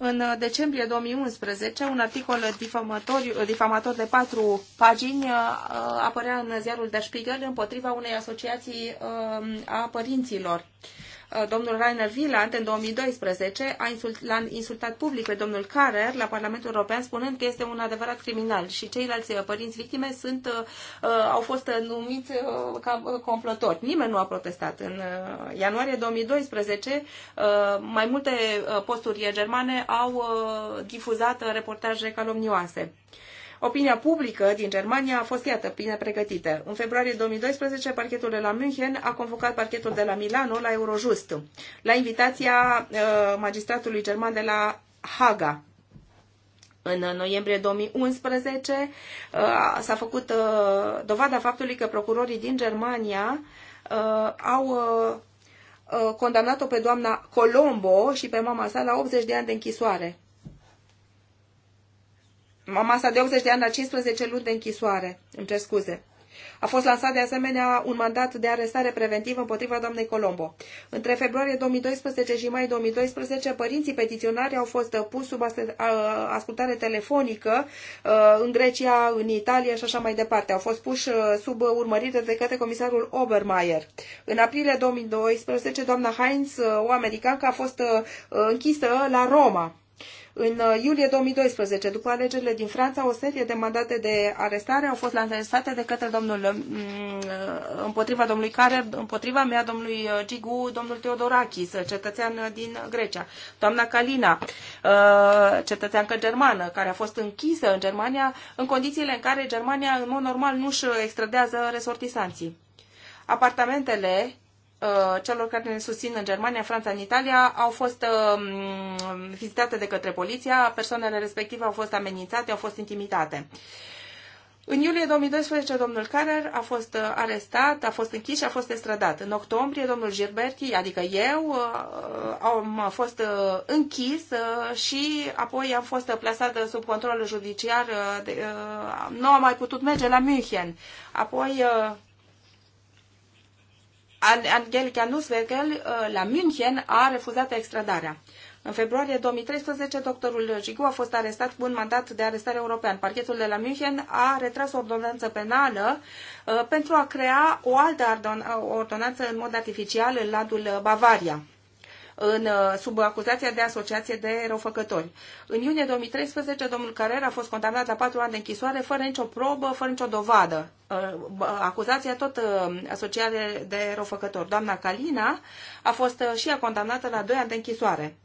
În decembrie 2011, un articol difamator, de patru pagini uh, apărea în ziarul Der Spiegel împotriva unei asociații uh, a părinților Uh, domnul Rainer Wieland în 2012 a insult, l-a insultat public pe domnul Carer la Parlamentul European spunând că este un adevărat criminal și ceilalți uh, părinți victime sunt, uh, uh au fost numiți uh, ca complotori. Nimeni nu a protestat. În uh, ianuarie 2012 mai multe posturi germane au difuzat reportaje calomnioase. Uh, Opinia publică din Germania a fost, iată, bine pregătită. În februarie 2012, parchetul de la München a convocat parchetul de la Milano la Eurojust, la invitația uh, magistratului german de la Haga. În noiembrie 2011 uh, s-a făcut uh, dovada faptului că procurorii din Germania uh, au condamnat-o pe doamna Colombo și pe mama sa la 80 de ani de închisoare sa de 80 de ani la 15 luni de închisoare. Îmi cer scuze. A fost lansat de asemenea un mandat de arestare preventivă împotriva doamnei Colombo. Între februarie 2012 și mai 2012, părinții petiționari au fost pus sub ascultare telefonică în Grecia, în Italia și așa mai departe. Au fost puși sub urmărire de către comisarul Obermeier. În aprilie 2012, doamna Heinz, o americană, a fost închisă la Roma în uh, iulie 2012, după alegerile din Franța, o serie de mandate de arestare au fost lansate de către domnul um, uh, împotriva domnului Care, împotriva mea, domnului uh, Gigu, domnul Teodorakis, cetățean din Grecia, doamna Kalina, cetățeancă germană, care a fost închisă în Germania în condițiile în care Germania, în mod normal, nu-și extradează resortisanții. Apartamentele Uh, celor care ne susțin în Germania, Franța, în Italia au fost um, vizitate de către poliția, persoanele respective au fost amenințate, au fost intimidate. În iulie 2012, domnul Carer a fost uh, arestat, a fost închis și a fost estradat. În octombrie, domnul Girberti, adică eu, uh, am fost închis și apoi am fost plasat sub controlul judiciar. Nu am mai putut merge la München. Apoi Angelica Nussbergel uh, la München a refuzat extradarea. În februarie 2013, doctorul Jigu a fost arestat cu un mandat de arestare european. Parchetul de la München a retras o ordonanță penală uh, pentru a crea o altă ordonanță în mod artificial în ladul Bavaria în, uh, sub acuzația de asociație de răufăcători. În iunie 2013, domnul Carrera a fost condamnat la patru ani de închisoare fără nicio probă, fără nicio dovadă. Uh, acuzația tot uh, asociație de răufăcători. Doamna Calina a fost și ea condamnată la doi ani de închisoare.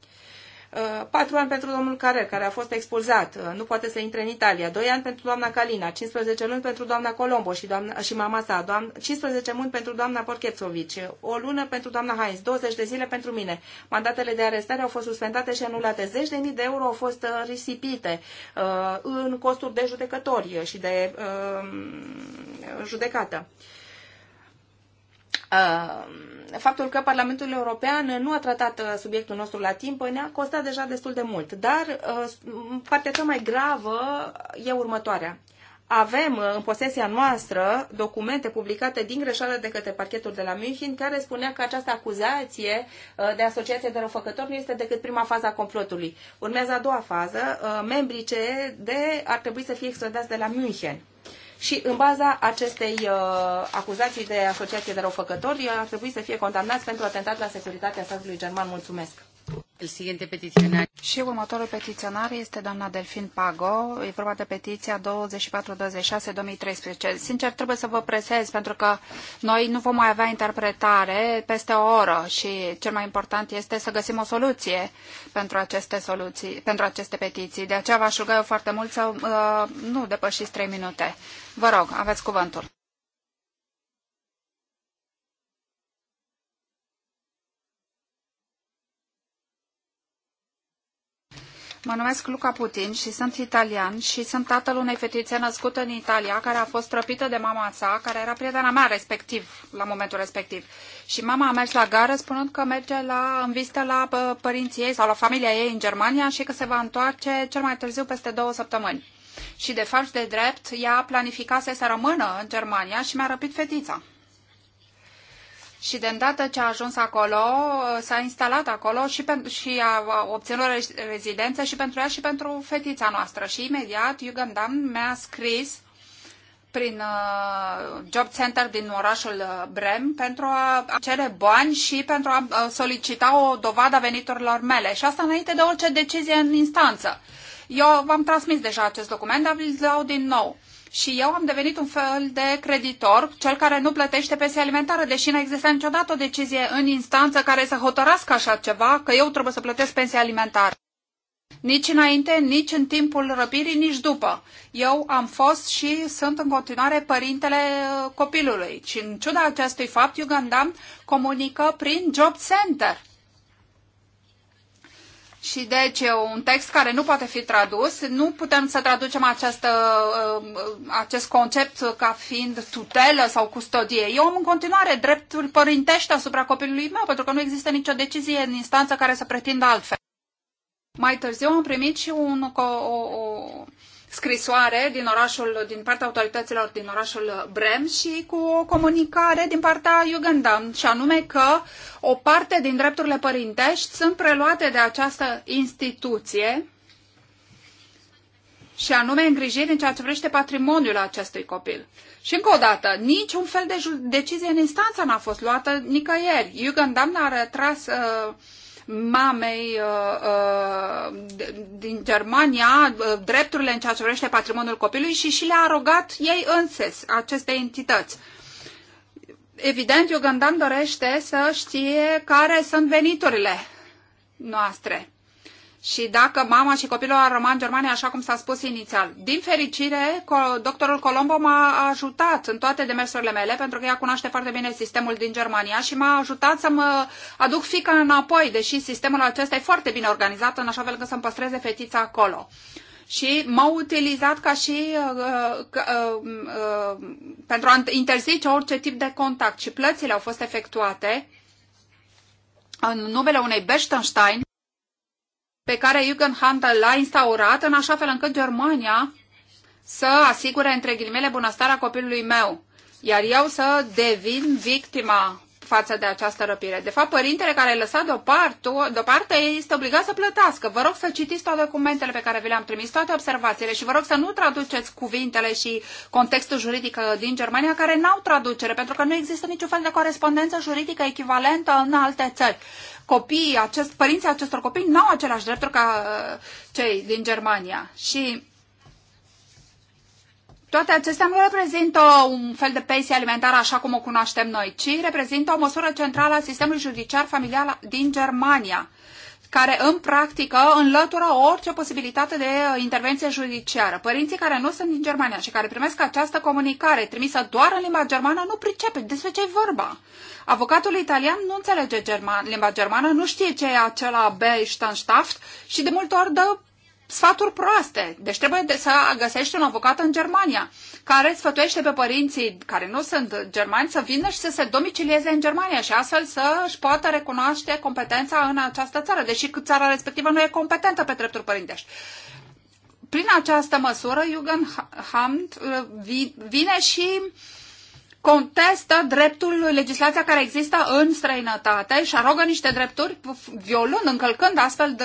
4 uh, ani pentru domnul Care, care a fost expulzat, uh, nu poate să intre în Italia, 2 ani pentru doamna Calina, 15 luni pentru doamna Colombo și, doamna, și mama sa, doamna, 15 luni pentru doamna Porchepsovici, o lună pentru doamna Heinz, 20 de zile pentru mine. Mandatele de arestare au fost suspendate și anulate, zeci de mii de euro au fost uh, risipite în costuri de judecători și de judecată. Uh, faptul că Parlamentul European nu a tratat uh, subiectul nostru la timp ne-a costat deja destul de mult. Dar uh, partea cea mai gravă e următoarea. Avem în posesia noastră documente publicate din greșeală de către parchetul de la München, care spunea că această acuzație de asociație de răufăcători nu este decât prima fază a complotului. Urmează a doua fază, membrii CD ar trebui să fie extradați de la München și în baza acestei uh, acuzații de asociație de răufăcători uh, ar trebui să fie condamnați pentru atentat la securitatea statului german. Mulțumesc! Și următorul petiționar este doamna Delfin Pago. E vorba de petiția 2426-2013. Sincer, trebuie să vă presez pentru că noi nu vom mai avea interpretare peste o oră și cel mai important este să găsim o soluție pentru aceste, soluții, pentru aceste petiții. De aceea v-aș ruga eu foarte mult să uh, nu depășiți 3 minute. Vă rog, aveți cuvântul. Mă numesc Luca Putin și sunt italian și sunt tatăl unei fetițe născută în Italia care a fost răpită de mama sa, care era prietena mea respectiv, la momentul respectiv. Și mama a mers la gară spunând că merge la, în vizită la părinții ei sau la familia ei în Germania și că se va întoarce cel mai târziu peste două săptămâni. Și de fapt de drept, ea planificase să rămână în Germania și mi-a răpit fetița și de îndată ce a ajuns acolo, s-a instalat acolo și, pentru, și a obținut rezidență și pentru ea și pentru fetița noastră. Și imediat Jugendam mi-a scris prin uh, job center din orașul uh, Brem pentru a cere bani și pentru a uh, solicita o dovadă a veniturilor mele. Și asta înainte de orice decizie în instanță. Eu v-am transmis deja acest document, dar vi-l dau din nou și eu am devenit un fel de creditor, cel care nu plătește pensia alimentară, deși n-a existat niciodată o decizie în instanță care să hotărască așa ceva, că eu trebuie să plătesc pensia alimentară. Nici înainte, nici în timpul răpirii, nici după. Eu am fost și sunt în continuare părintele uh, copilului. Și în ciuda acestui fapt, Ugandam comunică prin Job Center – și deci un text care nu poate fi tradus, nu putem să traducem această, um, acest concept ca fiind tutelă sau custodie. Eu am în continuare dreptul părintește asupra copilului meu, pentru că nu există nicio decizie în instanță care să pretindă altfel. Mai târziu am primit și un, o, o, scrisoare din orașul, din partea autorităților din orașul Brem și cu o comunicare din partea Uganda, și anume că o parte din drepturile părintești sunt preluate de această instituție și anume îngrijiri în ceea ce vrește patrimoniul acestui copil. Și încă o dată, niciun fel de decizie în instanță n-a fost luată nicăieri. n a retras uh, mamei uh, uh, din Germania uh, drepturile în ceea ce privește patrimoniul copilului și și le-a arogat ei înses aceste entități. Evident, Iugandan dorește să știe care sunt veniturile noastre și dacă mama și copilul ar rămâne în Germania, așa cum s-a spus inițial. Din fericire, doctorul Colombo m-a ajutat în toate demersurile mele, pentru că ea cunoaște foarte bine sistemul din Germania și m-a ajutat să mă aduc fica înapoi, deși sistemul acesta e foarte bine organizat, în așa fel că să-mi păstreze fetița acolo. Și m-au utilizat ca și uh, uh, uh, pentru a interzice orice tip de contact și plățile au fost efectuate în numele unei Bechtenstein, pe care Jugendhandel l-a instaurat în așa fel încât Germania să asigure, între ghilimele, bunăstarea copilului meu, iar eu să devin victima față de această răpire. De fapt, părintele care a lăsat deoparte, deoparte este obligat să plătească. Vă rog să citiți toate documentele pe care vi le-am trimis, toate observațiile și vă rog să nu traduceți cuvintele și contextul juridic uh, din Germania care n-au traducere, pentru că nu există niciun fel de corespondență juridică echivalentă în alte țări. Copiii, acest, părinții acestor copii n-au același drepturi ca uh, cei din Germania. Și toate acestea nu reprezintă un fel de pensie alimentară așa cum o cunoaștem noi, ci reprezintă o măsură centrală a sistemului judiciar familial din Germania, care în practică înlătură orice posibilitate de uh, intervenție judiciară. Părinții care nu sunt din Germania și care primesc această comunicare trimisă doar în limba germană nu pricepe despre ce e vorba. Avocatul italian nu înțelege german, limba germană, nu știe ce e acela Beichtenstaft și de multe ori dă sfaturi proaste. Deci trebuie de, să găsești un avocat în Germania care sfătuiește pe părinții care nu sunt germani să vină și să se domicilieze în Germania și astfel să își poată recunoaște competența în această țară, deși țara respectivă nu e competentă pe drepturi părintești. Prin această măsură, Jugendhamt uh, vine și contestă dreptul, legislația care există în străinătate și arogă niște drepturi, violând, încălcând astfel de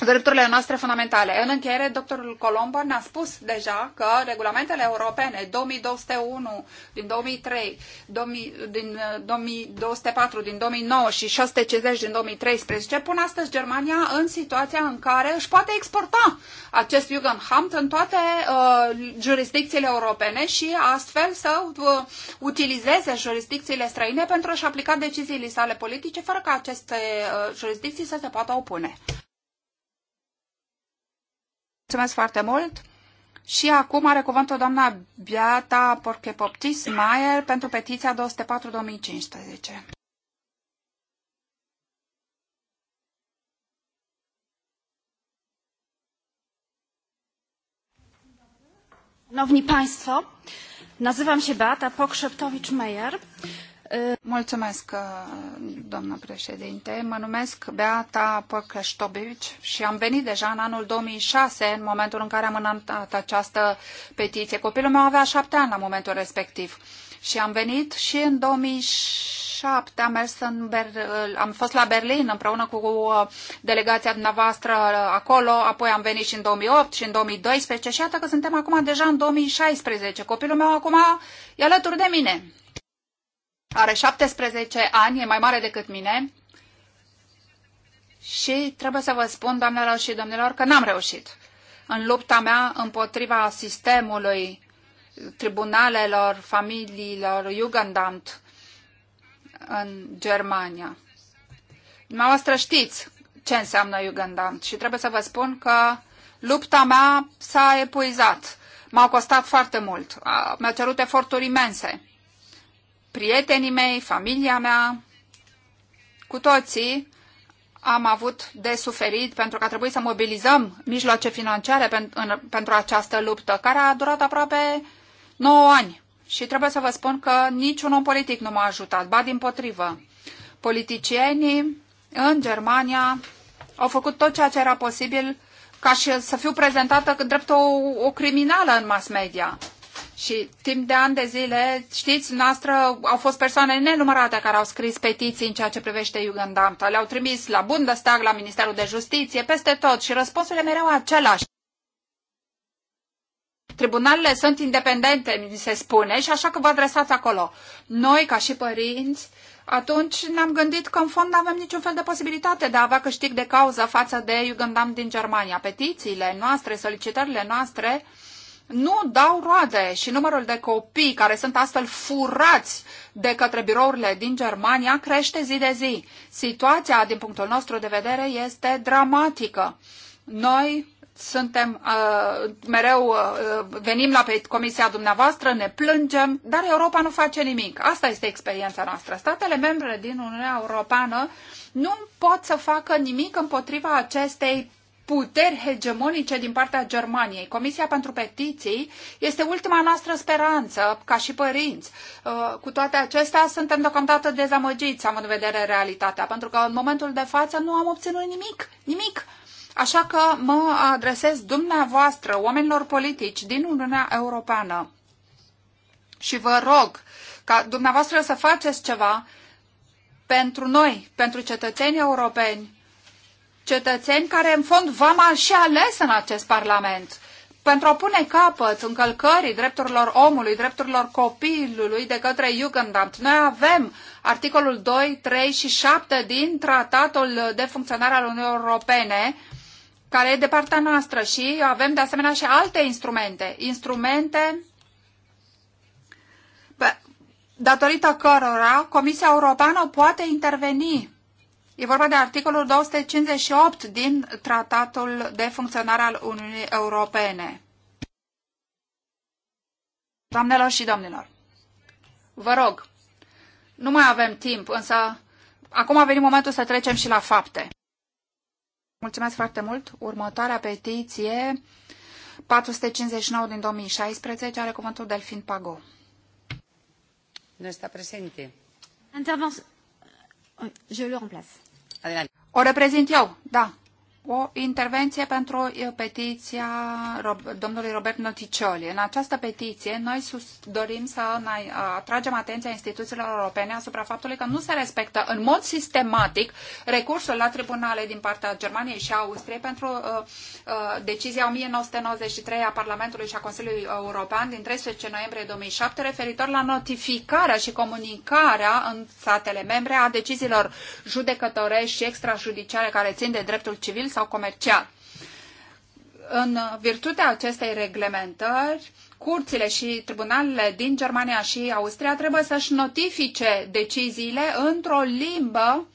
drepturile noastre fundamentale. În încheiere, doctorul Colombo ne-a spus deja că regulamentele europene 2201 din 2003, 2000, din 2204 uh, din 2009 și 650 din 2013 pun astăzi Germania în situația în care își poate exporta acest Jugendamt în toate uh, jurisdicțiile europene și astfel să uh, utilizeze jurisdicțiile străine pentru a-și aplica deciziile sale politice fără ca aceste uh, jurisdicții să se poată opune. Mulțumesc foarte mult! Și acum are cuvântul doamna Beata Porchepoptis Maier pentru petiția 204-2015. Szanowni Państwo, nazywam się Beata Pokrzeptowicz-Meyer. Mulțumesc, doamnă președinte. Mă numesc Beata Păcăștobici și am venit deja în anul 2006, în momentul în care am înaintat această petiție. Copilul meu avea șapte ani la momentul respectiv. Și am venit și în 2007 am, mers în Ber- am fost la Berlin împreună cu uh, delegația dumneavoastră acolo, apoi am venit și în 2008 și în 2012 și iată că suntem acum deja în 2016. Copilul meu acum e alături de mine are 17 ani, e mai mare decât mine și trebuie să vă spun, doamnelor și domnilor, că n-am reușit. În lupta mea împotriva sistemului, tribunalelor, familiilor, Jugendamt în Germania. Dumneavoastră știți ce înseamnă Jugendamt și trebuie să vă spun că lupta mea s-a epuizat. M-au costat foarte mult, mi-a cerut eforturi imense prietenii mei, familia mea, cu toții am avut de suferit pentru că a trebuit să mobilizăm mijloace financiare pentru această luptă, care a durat aproape 9 ani. Și trebuie să vă spun că niciun om politic nu m-a ajutat, ba din potrivă. Politicienii în Germania au făcut tot ceea ce era posibil ca și să fiu prezentată drept o, o criminală în mass media. Și timp de ani de zile, știți, noastră, au fost persoane nenumărate care au scris petiții în ceea ce privește Jugendamta. Le-au trimis la Bundestag, la Ministerul de Justiție, peste tot și răspunsurile mereu același. Tribunalele sunt independente, mi se spune, și așa că vă adresați acolo. Noi, ca și părinți, atunci ne-am gândit că în fond nu avem niciun fel de posibilitate de a avea câștig de cauză față de Jugendam din Germania. Petițiile noastre, solicitările noastre nu dau roade și numărul de copii care sunt astfel furați de către birourile din Germania crește zi de zi. Situația, din punctul nostru de vedere, este dramatică. Noi suntem uh, mereu, uh, venim la pe comisia dumneavoastră, ne plângem, dar Europa nu face nimic. Asta este experiența noastră. Statele membre din Uniunea Europeană nu pot să facă nimic împotriva acestei puteri hegemonice din partea Germaniei. Comisia pentru Petiții este ultima noastră speranță, ca și părinți. Uh, cu toate acestea, suntem deocamdată dezamăgiți, având în vedere realitatea, pentru că în momentul de față nu am obținut nimic, nimic. Așa că mă adresez dumneavoastră, oamenilor politici din Uniunea Europeană și vă rog ca dumneavoastră să faceți ceva pentru noi, pentru cetățenii europeni, cetățeni care în fond v-am și ales în acest Parlament pentru a pune capăt încălcării drepturilor omului, drepturilor copilului de către Jugendamt. Noi avem articolul 2, 3 și 7 din Tratatul de Funcționare al Uniunii Europene, care e de partea noastră și avem de asemenea și alte instrumente. Instrumente datorită cărora Comisia Europeană poate interveni E vorba de articolul 258 din Tratatul de Funcționare al Uniunii Europene. Doamnelor și domnilor, vă rog, nu mai avem timp, însă acum a venit momentul să trecem și la fapte. Mulțumesc foarte mult. Următoarea petiție, 459 din 2016, are cuvântul Delfin Pago. Nu este prezent. Intervenție. Je le remplace. O reprezint eu, da o intervenție pentru uh, petiția domnului Robert Noticioli. În această petiție, noi dorim să uh, atragem atenția instituțiilor europene asupra faptului că nu se respectă în mod sistematic recursul la tribunale din partea Germaniei și Austriei pentru uh, uh, decizia 1993 a Parlamentului și a Consiliului European din 13 noiembrie 2007 referitor la notificarea și comunicarea în statele membre a deciziilor judecătorești și extrajudiciare care țin de dreptul civil sau comercial. În virtutea acestei reglementări, curțile și tribunalele din Germania și Austria trebuie să-și notifice deciziile într-o limbă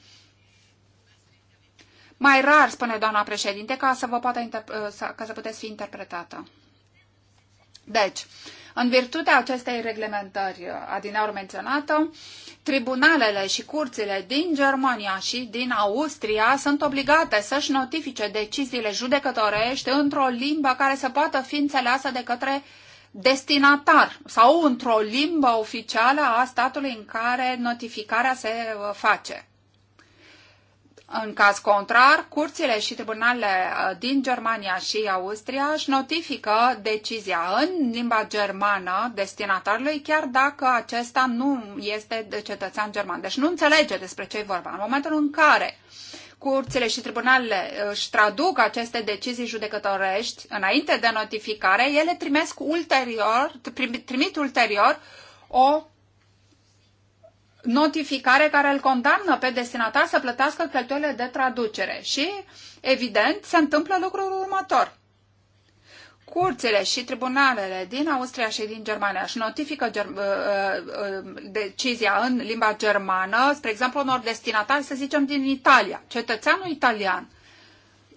mai rar, spune doamna președinte, ca să, vă poată ca să puteți fi interpretată. Deci, uh, în virtutea acestei reglementări uh, adineori menționată, tribunalele și curțile din Germania și din Austria sunt obligate să-și notifice deciziile judecătorești într-o limbă care să poată fi înțeleasă de către destinatar sau într-o limbă oficială a statului în care notificarea se uh, face. În caz contrar, curțile și tribunalele uh, din Germania și Austria își notifică decizia în limba germană destinatarului, chiar dacă acesta nu este de cetățean german. Deci nu înțelege despre ce e vorba. În momentul în care curțile și tribunalele uh, își traduc aceste decizii judecătorești înainte de notificare, ele trimesc ulterior, trimit ulterior o notificare care îl condamnă pe destinatar să plătească cheltuielile de traducere. Și, evident, se întâmplă lucrul următor. Curțile și tribunalele din Austria și din Germania își notifică ger- uh, uh, uh, decizia în limba germană, spre exemplu, unor destinatari, să zicem, din Italia. Cetățeanul italian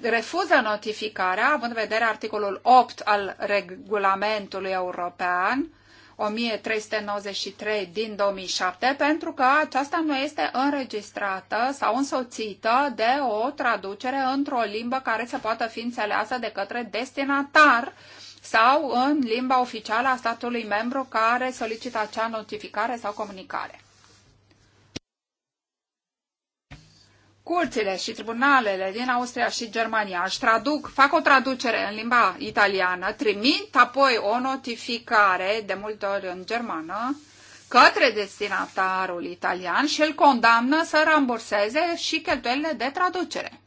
refuză notificarea, având în vedere articolul 8 al regulamentului european, 1393 din 2007 pentru că aceasta nu este înregistrată sau însoțită de o traducere într-o limbă care să poată fi înțeleasă de către destinatar sau în limba oficială a statului membru care solicită acea notificare sau comunicare. curțile și tribunalele din Austria și Germania își traduc, fac o traducere în limba italiană, trimit apoi o notificare, de multe ori în germană, către destinatarul italian și îl condamnă să ramburseze și cheltuielile de traducere.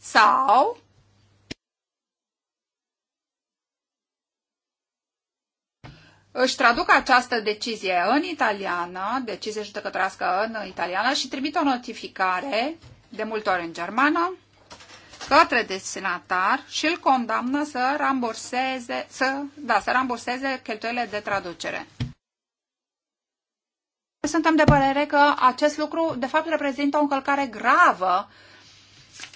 Sau își traduc această decizie în italiană, decizie judecătorească în italiană și trimit o notificare de multe ori în germană, către destinatar și îl condamnă să ramburseze, să, da, să ramburseze cheltuielile de traducere. Suntem de părere că acest lucru, de fapt, reprezintă o încălcare gravă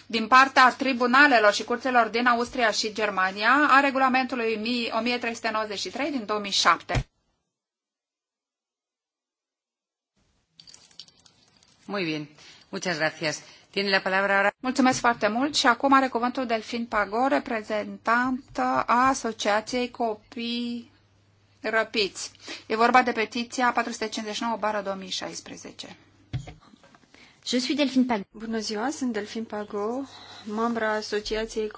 din partea tribunalelor și curțelor din Austria și Germania a regulamentului 1393 din 2007. Muy bien, muchas gracias. Tiene la palabra Mulțumesc foarte mult și acum are cuvântul Delfin Pago, reprezentantă a Asociației Copii Răpiți. E vorba de petiția 459-2016. Je suis Delphine Pago. Bună ziua, sunt Delphine Pago, membra Asociației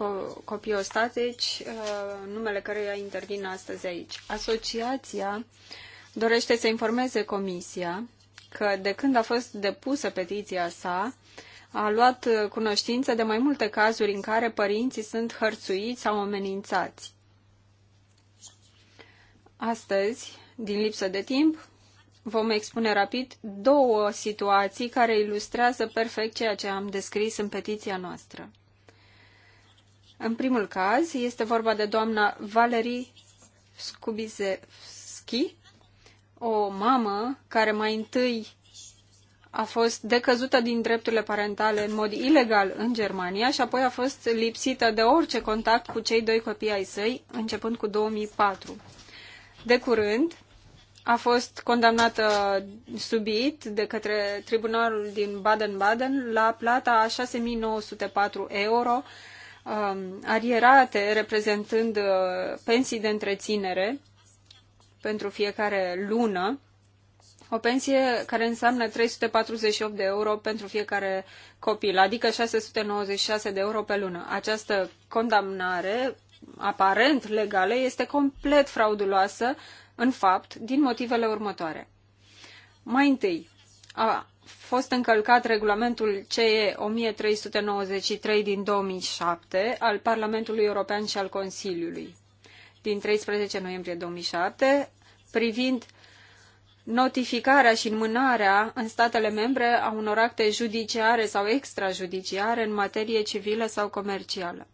Copii Ostateci, uh, numele i-a intervin astăzi aici. Asociația dorește să informeze Comisia că de când a fost depusă petiția sa, a luat uh, cunoștință de mai multe cazuri în care părinții sunt hărțuiți sau amenințați. Astăzi, din lipsă de timp, vom expune rapid două situații care ilustrează perfect ceea ce am descris în petiția noastră. În primul caz, este vorba de doamna Valerie Skubizevski, o mamă care mai întâi a fost decăzută din drepturile parentale în mod ilegal în Germania și apoi a fost lipsită de orice contact cu cei doi copii ai săi, începând cu 2004. De curând, a fost condamnată subit de către tribunalul din Baden-Baden la plata a 6904 euro um, arierate, reprezentând uh, pensii de întreținere pentru fiecare lună, o pensie care înseamnă 348 de euro pentru fiecare copil, adică 696 de euro pe lună. Această condamnare, aparent legală, este complet frauduloasă, în fapt, din motivele următoare. Mai întâi, a fost încălcat regulamentul CE 1393 din 2007 al Parlamentului European și al Consiliului din 13 noiembrie 2007 privind notificarea și înmânarea în statele membre a unor acte judiciare sau extrajudiciare în materie civilă sau comercială.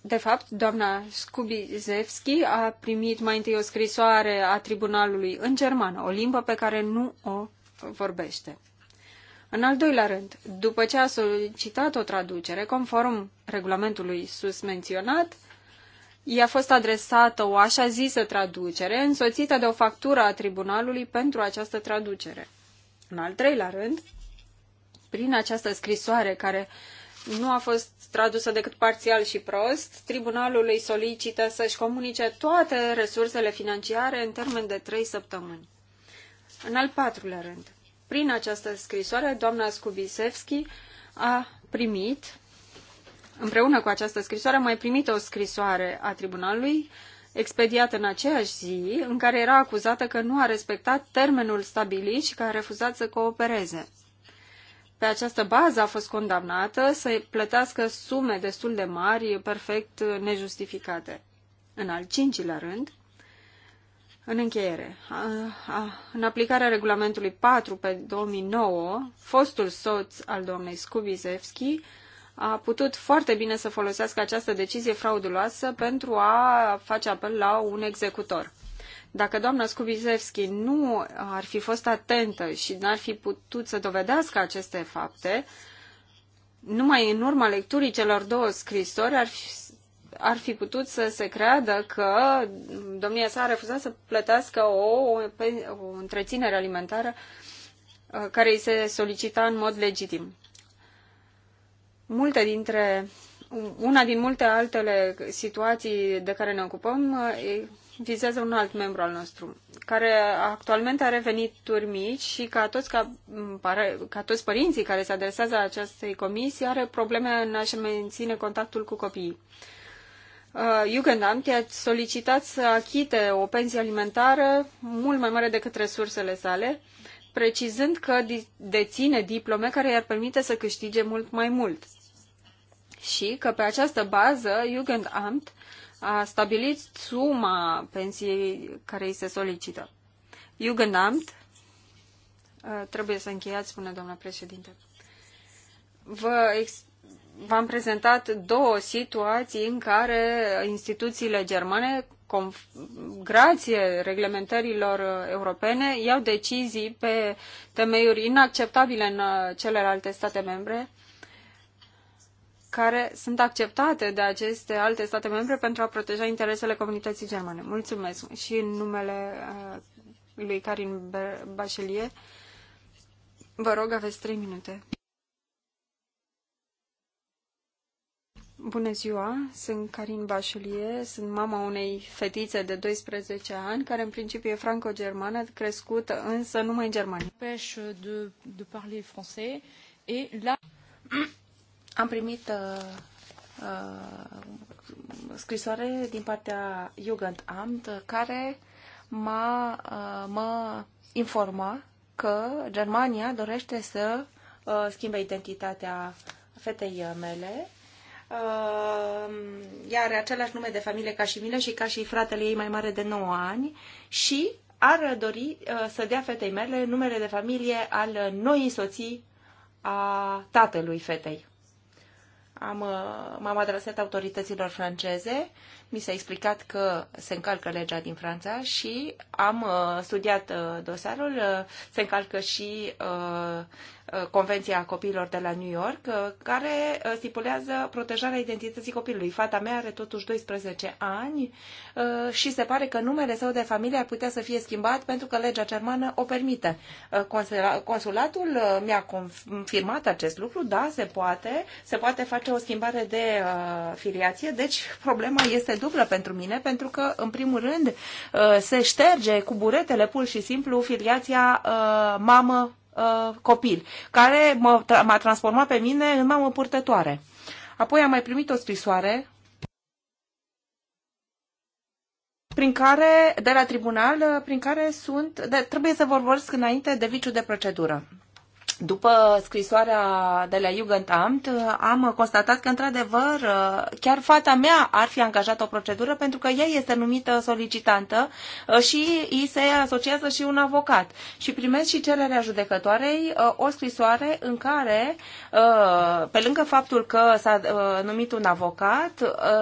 De fapt, doamna Skubizevski a primit mai întâi o scrisoare a tribunalului în germană, o limbă pe care nu o vorbește. În al doilea rând, după ce a solicitat o traducere conform regulamentului sus menționat, i-a fost adresată o așa zisă traducere, însoțită de o factură a tribunalului pentru această traducere. În al treilea rând, prin această scrisoare care nu a fost tradusă decât parțial și prost, tribunalul îi solicită să-și comunice toate resursele financiare în termen de trei săptămâni. În al patrulea rând, prin această scrisoare, doamna Skubisevski a primit împreună cu această scrisoare, am mai primit o scrisoare a tribunalului expediată în aceeași zi, în care era acuzată că nu a respectat termenul stabilit și că a refuzat să coopereze. Pe această bază a fost condamnată să plătească sume destul de mari, perfect nejustificate. În al cincilea rând, în încheiere, a, a, în aplicarea regulamentului 4 pe 2009, fostul soț al doamnei Skubizevski a putut foarte bine să folosească această decizie frauduloasă pentru a face apel la un executor. Dacă doamna Skubizevski nu ar fi fost atentă și n-ar fi putut să dovedească aceste fapte, numai în urma lecturii celor două scrisori ar fi, ar fi putut să se creadă că domnia sa a refuzat să plătească o, o, o întreținere alimentară uh, care îi se solicita în mod legitim multe dintre, una din multe altele situații de care ne ocupăm vizează un alt membru al nostru, care actualmente are venituri mici și ca toți, ca, ca toți părinții care se adresează acestei comisii are probleme în a-și menține contactul cu copiii. Uh, Jugendamt i-a solicitat să achite o pensie alimentară mult mai mare decât resursele sale, precizând că deține diplome care i-ar permite să câștige mult mai mult și că pe această bază Jugendamt a stabilit suma pensiei care îi se solicită. Jugendamt, ă, trebuie să încheiați, spune doamna președinte. Vă v-am prezentat două situații în care instituțiile germane, grație reglementărilor europene, iau decizii pe temeiuri inacceptabile în celelalte state membre care sunt acceptate de aceste alte state membre pentru a proteja interesele comunității germane. Mulțumesc și în numele uh, lui Karin Bachelier. Vă rog, aveți trei minute. Bună ziua, sunt Karin Bachelier, sunt mama unei fetițe de 12 ani, care în principiu e franco-germană, crescută însă numai în Germania. Peș de, de parler français et la am primit uh, uh, scrisoare din partea Jugendamt care m-a, uh, informa că Germania dorește să uh, schimbe identitatea fetei mele. Uh, iar același nume de familie ca și mine și ca și fratele ei mai mare de 9 ani și ar dori uh, să dea fetei mele numele de familie al noii soții a tatălui fetei am, uh, m-am adresat autorităților franceze, mi s-a explicat că se încalcă legea din Franța și am uh, studiat uh, dosarul, se încalcă și Uh, Convenția Copiilor de la New York, uh, care uh, stipulează protejarea identității copilului. Fata mea are totuși 12 ani și se pare că numele său de familie ar putea să fie schimbat pentru că legea germană o permite. Consulatul mi-a confirmat acest lucru, da, se poate, se poate face o schimbare de filiație, deci problema este dublă pentru mine, pentru că, în primul rând, se șterge cu buretele pur și simplu filiația mamă Uh, copil, care m-a, m-a transformat pe mine în mamă purtătoare. Apoi am mai primit o scrisoare prin care, de la tribunal, uh, prin care sunt, de, trebuie să vorbesc înainte de viciu de procedură. După scrisoarea de la Jugendamt, am constatat că, într-adevăr, chiar fata mea ar fi angajat o procedură pentru că ea este numită solicitantă uh, și îi se asociază și un avocat. Și primesc și cererea judecătoarei uh, o scrisoare în care, uh, pe lângă faptul că s-a numit un avocat,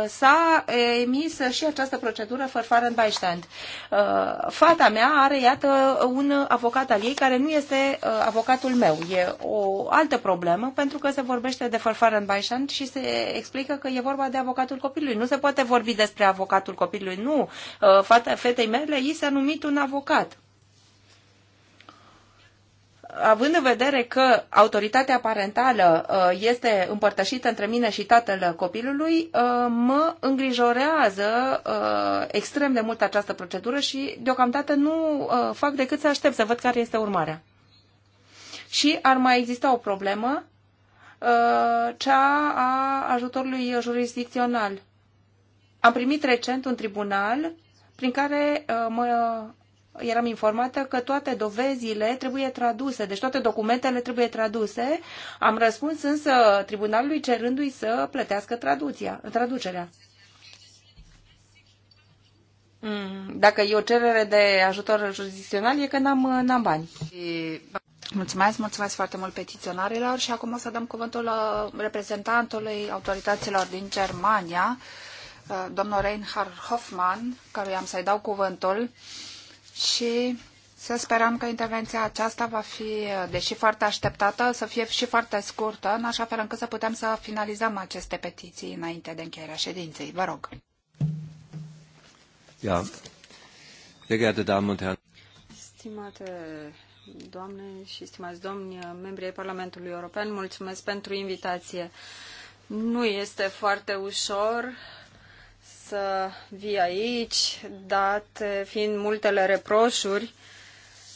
s-a emis și această procedură fără în Beistand. Fata mea are, iată, un avocat al ei care nu este avocatul meu e o altă problemă, pentru că se vorbește de fărfară în Baișan și se explică că e vorba de avocatul copilului. Nu se poate vorbi despre avocatul copilului, nu. Uh, fata, fetei mele i s-a numit un avocat. Având în vedere că autoritatea parentală uh, este împărtășită între mine și tatăl copilului, uh, mă îngrijorează extrem de mult această procedură și deocamdată nu fac decât să aștept să văd care este urmarea. Și ar mai exista o problemă, uh, cea a ajutorului jurisdicțional. Am primit recent un tribunal prin care uh, mă eram informată că toate dovezile trebuie traduse, deci toate documentele trebuie traduse. Am răspuns însă tribunalului cerându-i să plătească traduția, traducerea. Mm, dacă e o cerere de ajutor jurisdicțional, e că n-am, n-am bani. Mulțumesc, mulțumesc foarte mult petiționarilor și acum o să dăm cuvântul uh, reprezentantului autorităților din Germania, uh, domnul Reinhard Hoffmann, căruia am să-i dau cuvântul și să sperăm că intervenția aceasta va fi, uh, deși foarte așteptată, să fie și foarte scurtă, în așa fel încât să putem să finalizăm aceste petiții înainte de încheierea ședinței. Vă rog. Ja. Sehr geehrte Damen und Herren. Stimate doamne și stimați domni, membrii Parlamentului European, mulțumesc pentru invitație. Nu este foarte ușor să vii aici, dat fiind multele reproșuri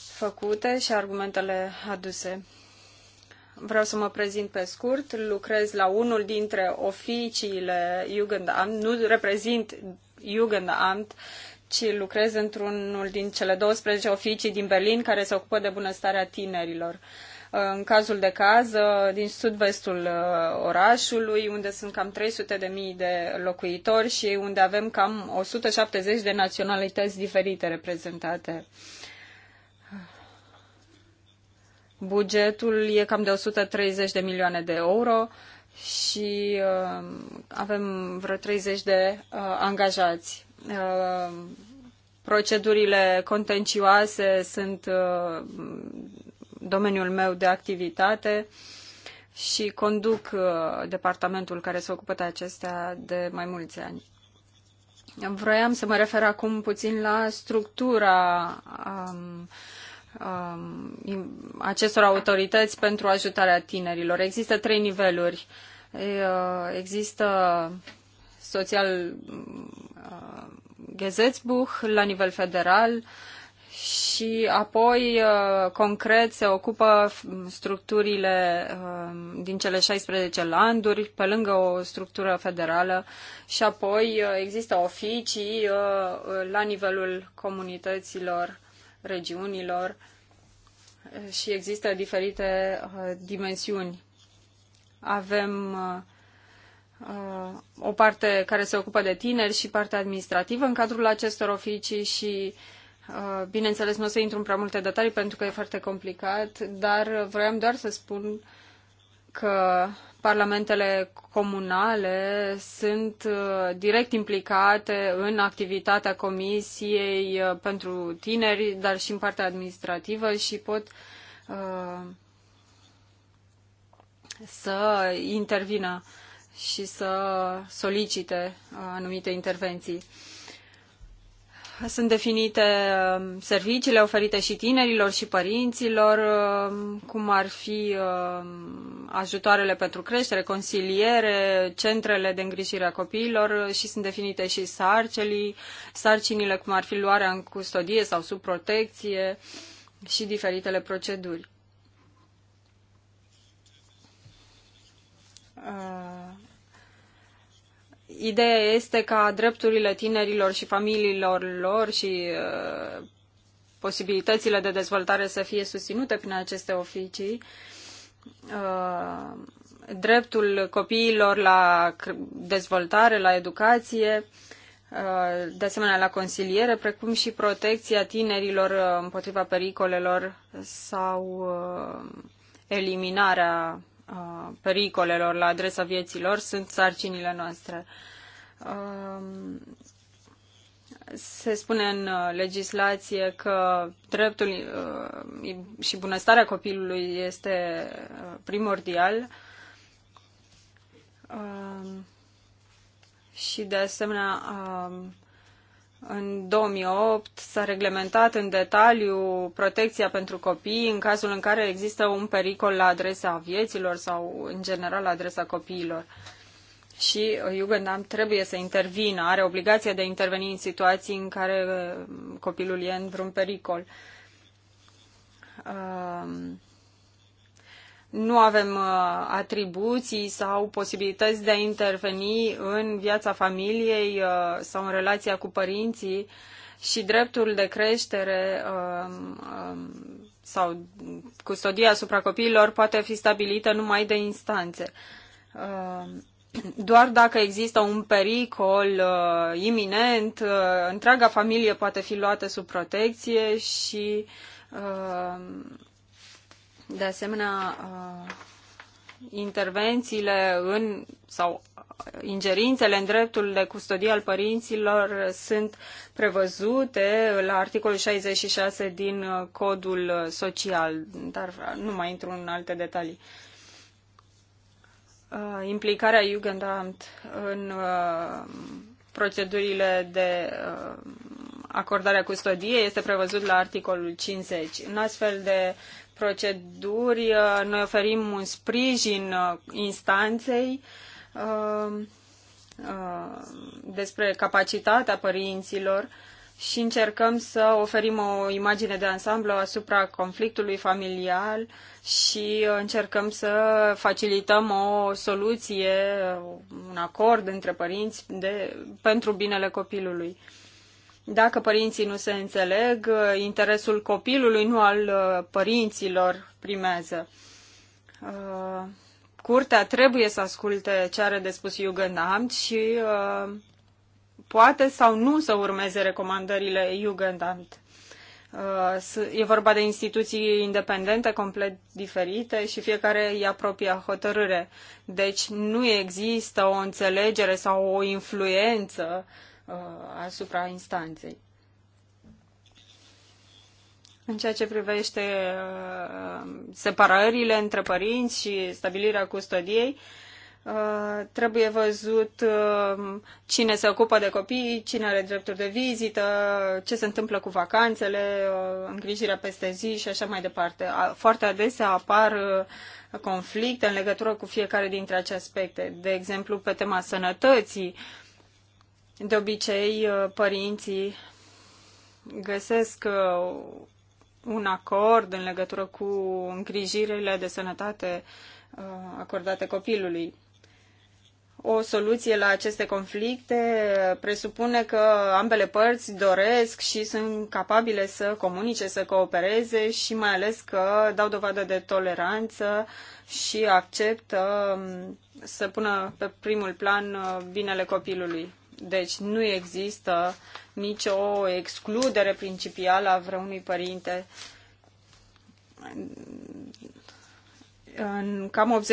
făcute și argumentele aduse. Vreau să mă prezint pe scurt. Lucrez la unul dintre oficiile Jugendamt. Nu reprezint Jugendamt, ci lucrez într-unul din cele 12 oficii din Berlin care se ocupă de bunăstarea tinerilor. În cazul de caz, din sud-vestul uh, orașului, unde sunt cam 300 de mii de locuitori și unde avem cam 170 de naționalități diferite reprezentate. Bugetul e cam de 130 de milioane de euro și uh, avem vreo 30 de uh, angajați Uh, procedurile contencioase sunt uh, domeniul meu de activitate și conduc uh, departamentul care se ocupă de acestea de mai mulți ani. Vroiam să mă refer acum puțin la structura um, um, acestor autorități pentru ajutarea tinerilor. Există trei niveluri. Există social Gesetzbuch la nivel federal și apoi uh, concret se ocupă structurile uh, din cele 16 landuri pe lângă o structură federală și apoi uh, există oficii la nivelul comunităților, regiunilor și există diferite dimensiuni. Avem uh, Uh, o parte care se ocupă de tineri și partea administrativă în cadrul acestor oficii și uh, bineînțeles nu o să intru în prea multe detalii pentru că e foarte complicat, dar vroiam doar să spun că parlamentele comunale sunt uh, direct implicate în activitatea comisiei pentru tineri, dar și în partea administrativă și pot uh, să intervină și să solicite uh, anumite intervenții. Sunt definite uh, serviciile oferite și tinerilor și părinților, uh, cum ar fi ajutoarele pentru creștere, consiliere, centrele de îngrijire a copiilor și sunt definite și sarcelii, sarcinile, cum ar fi luarea în custodie sau sub protecție și diferitele proceduri ideea este ca drepturile tinerilor și familiilor lor și uh, posibilitățile de dezvoltare să fie susținute prin aceste oficii. Uh, dreptul copiilor la dezvoltare, la educație, uh, de asemenea la consiliere, precum și protecția tinerilor împotriva pericolelor sau eliminarea uh, pericolelor la adresa vieților sunt sarcinile noastre. Uh, se spune în uh, legislație că dreptul uh, și bunăstarea copilului este uh, primordial um, și de asemenea um, în 2008 s-a reglementat în detaliu protecția pentru copii în cazul în care există un pericol la adresa vieților sau, în general, la adresa copiilor. Și uh, Jugendamt trebuie să intervină, are obligația de a interveni în situații în care uh, copilul e în vreun pericol. Uh, nu avem uh, atribuții sau posibilități de a interveni în viața familiei uh, sau în relația cu părinții și dreptul de creștere um, um, sau custodia asupra copiilor poate fi stabilită numai de instanțe. Um, doar dacă există un pericol uh, iminent, întreaga familie poate fi luată sub protecție și de asemenea, uh, intervențiile în sau uh, ingerințele în dreptul de custodie al părinților sunt prevăzute la articolul 66 din uh, codul social, dar nu mai intru în alte detalii. Implicarea Jugendamt în procedurile de acordare a custodiei este prevăzut la articolul 50. În astfel de uh, proceduri, uh, noi oferim un sprijin uh, instanței uh, despre capacitatea părinților și încercăm să oferim o imagine de ansamblu asupra conflictului familial și încercăm să facilităm o soluție, un acord între părinți de, pentru binele copilului. Dacă părinții nu se înțeleg, interesul copilului, nu al uh, părinților, primează. Uh, curtea trebuie să asculte ce are de spus Jugendamt și uh, poate sau nu să urmeze recomandările Jugendamt. E vorba de instituții independente, complet diferite și fiecare ia propria hotărâre. Deci nu există o înțelegere sau o influență uh, Uh, asupra instanței. În ceea ce privește uh, separările între părinți și stabilirea custodiei, uh, trebuie văzut cine se ocupă de copii, cine are drepturi de vizită, ce se întâmplă cu vacanțele, îngrijirea peste zi și așa mai departe. Foarte adesea apar conflicte în legătură cu fiecare dintre aceste aspecte. De exemplu, pe tema sănătății, de obicei, uh, părinții găsesc uh, un acord în legătură cu îngrijirile de sănătate uh, acordate copilului. O soluție la aceste conflicte presupune că ambele părți doresc și sunt capabile să comunice, să coopereze și mai ales că dau dovadă de toleranță și acceptă um, să pună pe primul plan binele copilului. Deci nu există nicio excludere principială a vreunui părinte. În cam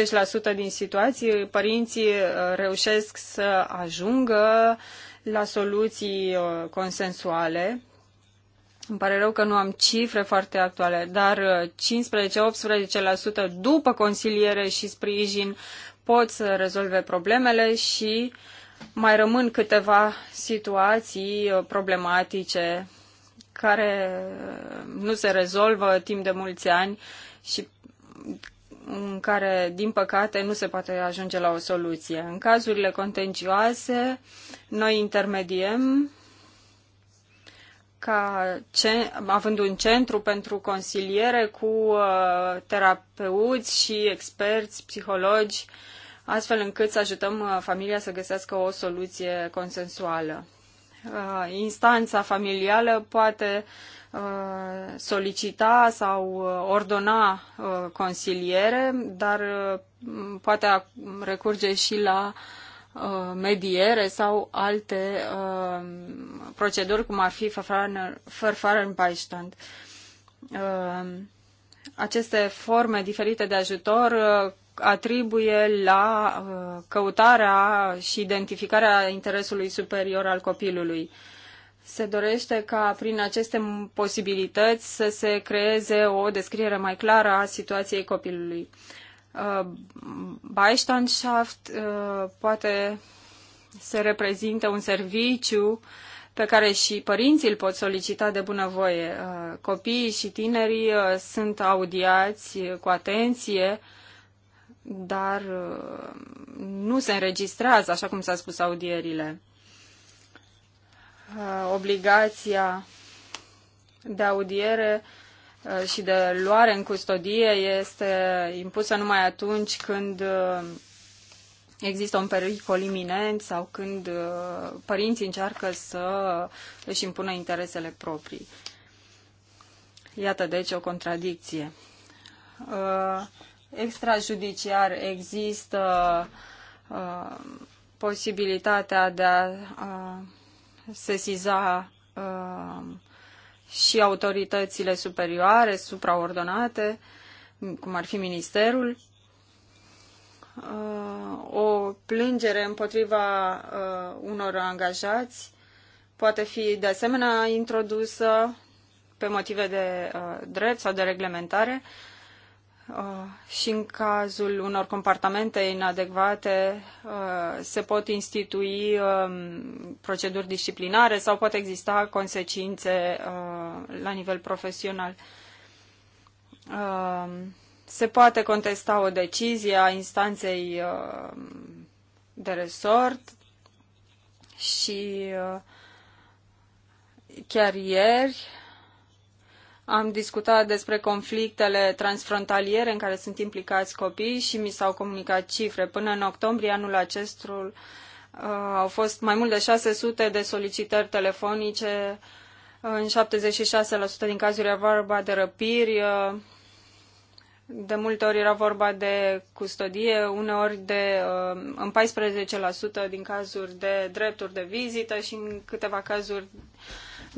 80% din situații, părinții uh, reușesc să ajungă la soluții uh, consensuale. Îmi pare rău că nu am cifre foarte actuale, dar 15-18% uh, după consiliere și sprijin pot să rezolve problemele și uh, mai rămân câteva situații uh, problematice care uh, nu se rezolvă timp de mulți ani și în mm, care, din păcate, nu se poate ajunge la o soluție. În cazurile contencioase, noi intermediem ca ce, având un centru pentru consiliere cu uh, terapeuți și experți, psihologi uh, astfel încât să ajutăm uh, familia să găsească o soluție consensuală. Uh, instanța familială poate uh, solicita sau ordona consiliere, dar poate recurge și la mediere sau alte proceduri, cum ar fi Verfahren Aceste forme diferite de ajutor atribuie la uh, căutarea și identificarea interesului superior al copilului. Se dorește ca prin aceste posibilități să se creeze o descriere mai clară a situației copilului. Uh, Beistandschaft uh, poate să reprezinte un serviciu pe care și părinții îl pot solicita de bunăvoie. Copiii și tinerii sunt audiați cu atenție dar uh, nu se înregistrează, așa cum s-a spus, audierile. Uh, obligația de audiere uh, și de luare în custodie este impusă numai atunci când există un pericol iminent sau când părinții încearcă să își impună interesele proprii. Iată, deci, o contradicție extrajudiciar există uh, posibilitatea de a uh, sesiza uh, și autoritățile superioare, supraordonate, cum ar fi ministerul, uh, o plângere împotriva uh, unor angajați poate fi de asemenea introdusă pe motive de uh, drept sau de reglementare. Uh, Ah, și în cazul unor comportamente inadecvate ah, se pot institui ah, proceduri disciplinare sau pot exista consecințe la nivel profesional. Se poate contesta o decizie a instanței de resort și chiar ieri am discutat despre conflictele transfrontaliere în care sunt implicați copii și mi s-au comunicat cifre. Până în octombrie anul acestul uh, au fost mai mult de 600 de solicitări telefonice, în 76% din cazuri era vorba de răpiri, uh, de multe ori era vorba de custodie, uneori de, uh, în 14% din cazuri de drepturi de vizită și în câteva cazuri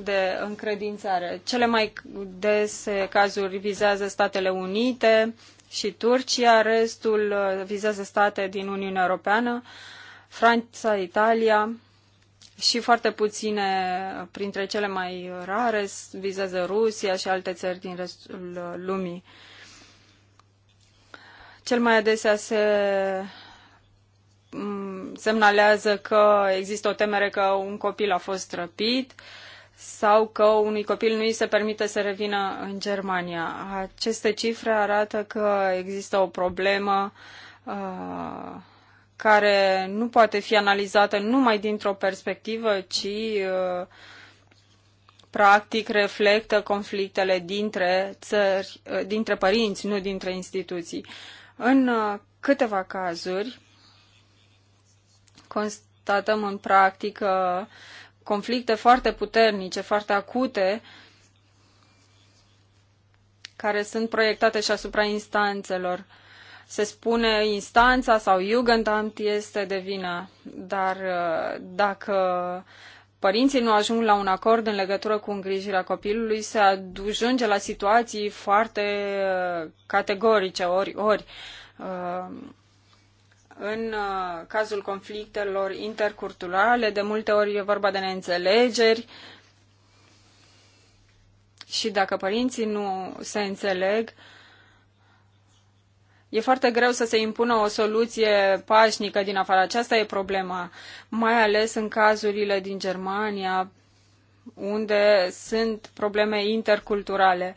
de încredințare. Cele mai dese cazuri vizează Statele Unite și Turcia, restul uh, vizează state din Uniunea Europeană, Franța, Italia și foarte puține printre cele mai rare vizează Rusia și alte țări din restul uh, lumii. Cel mai adesea se mm, semnalează că există o temere că un copil a fost răpit, sau că unui copil nu îi se permite să revină în Germania. Aceste cifre arată că există o problemă uh, care nu poate fi analizată numai dintr-o perspectivă, ci uh, practic reflectă conflictele dintre țări, uh, dintre părinți, nu dintre instituții. În uh, câteva cazuri constatăm în practică uh, conflicte foarte puternice, foarte acute, care sunt proiectate și asupra instanțelor. Se spune instanța sau Jugendamt este de vină, dar uh, dacă părinții nu ajung la un acord în legătură cu îngrijirea copilului, se ajunge la situații foarte uh, categorice, ori, ori uh, în uh, cazul conflictelor interculturale, de multe ori e vorba de neînțelegeri și dacă părinții nu se înțeleg, E foarte greu să se impună o soluție pașnică din afară. Aceasta e problema, mai ales în cazurile din Germania, unde sunt probleme interculturale.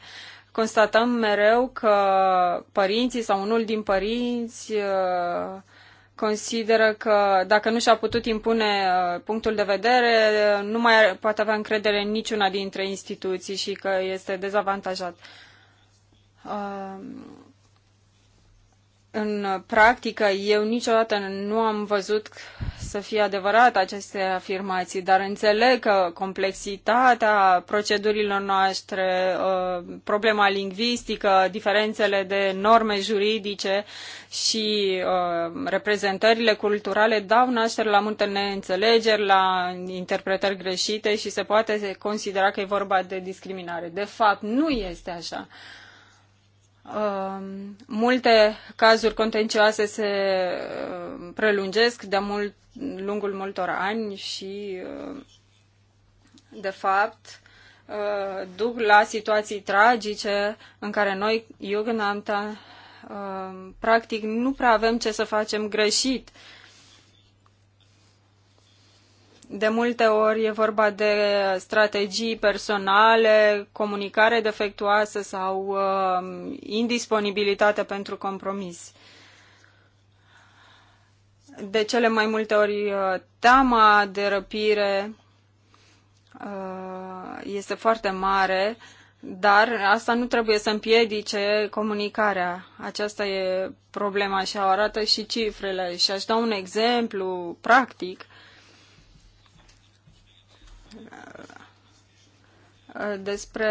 Constatăm mereu că părinții sau unul din părinți uh, consideră că dacă nu și-a putut impune uh, punctul de vedere, uh, nu mai poate avea încredere în niciuna dintre instituții și că este dezavantajat. Uh, în practică, eu niciodată nu am văzut să fie adevărat aceste afirmații, dar înțeleg că complexitatea procedurilor noastre, uh, problema lingvistică, diferențele de norme juridice și uh, reprezentările culturale dau naștere la multe neînțelegeri, la interpretări greșite și se poate considera că e vorba de discriminare. De fapt, nu este așa. Um, multe cazuri contencioase se um, prelungesc de mult, lungul multor ani și, um, de fapt, uh, duc la situații tragice în care noi, Jugendamta, practic nu prea avem ce să facem greșit de multe ori e vorba de strategii personale, comunicare defectuoasă sau uh, indisponibilitate pentru compromis. De cele mai multe ori uh, teama de răpire uh, este foarte mare, dar asta nu trebuie să împiedice comunicarea. Aceasta e problema și arată și cifrele. Și aș da un exemplu practic despre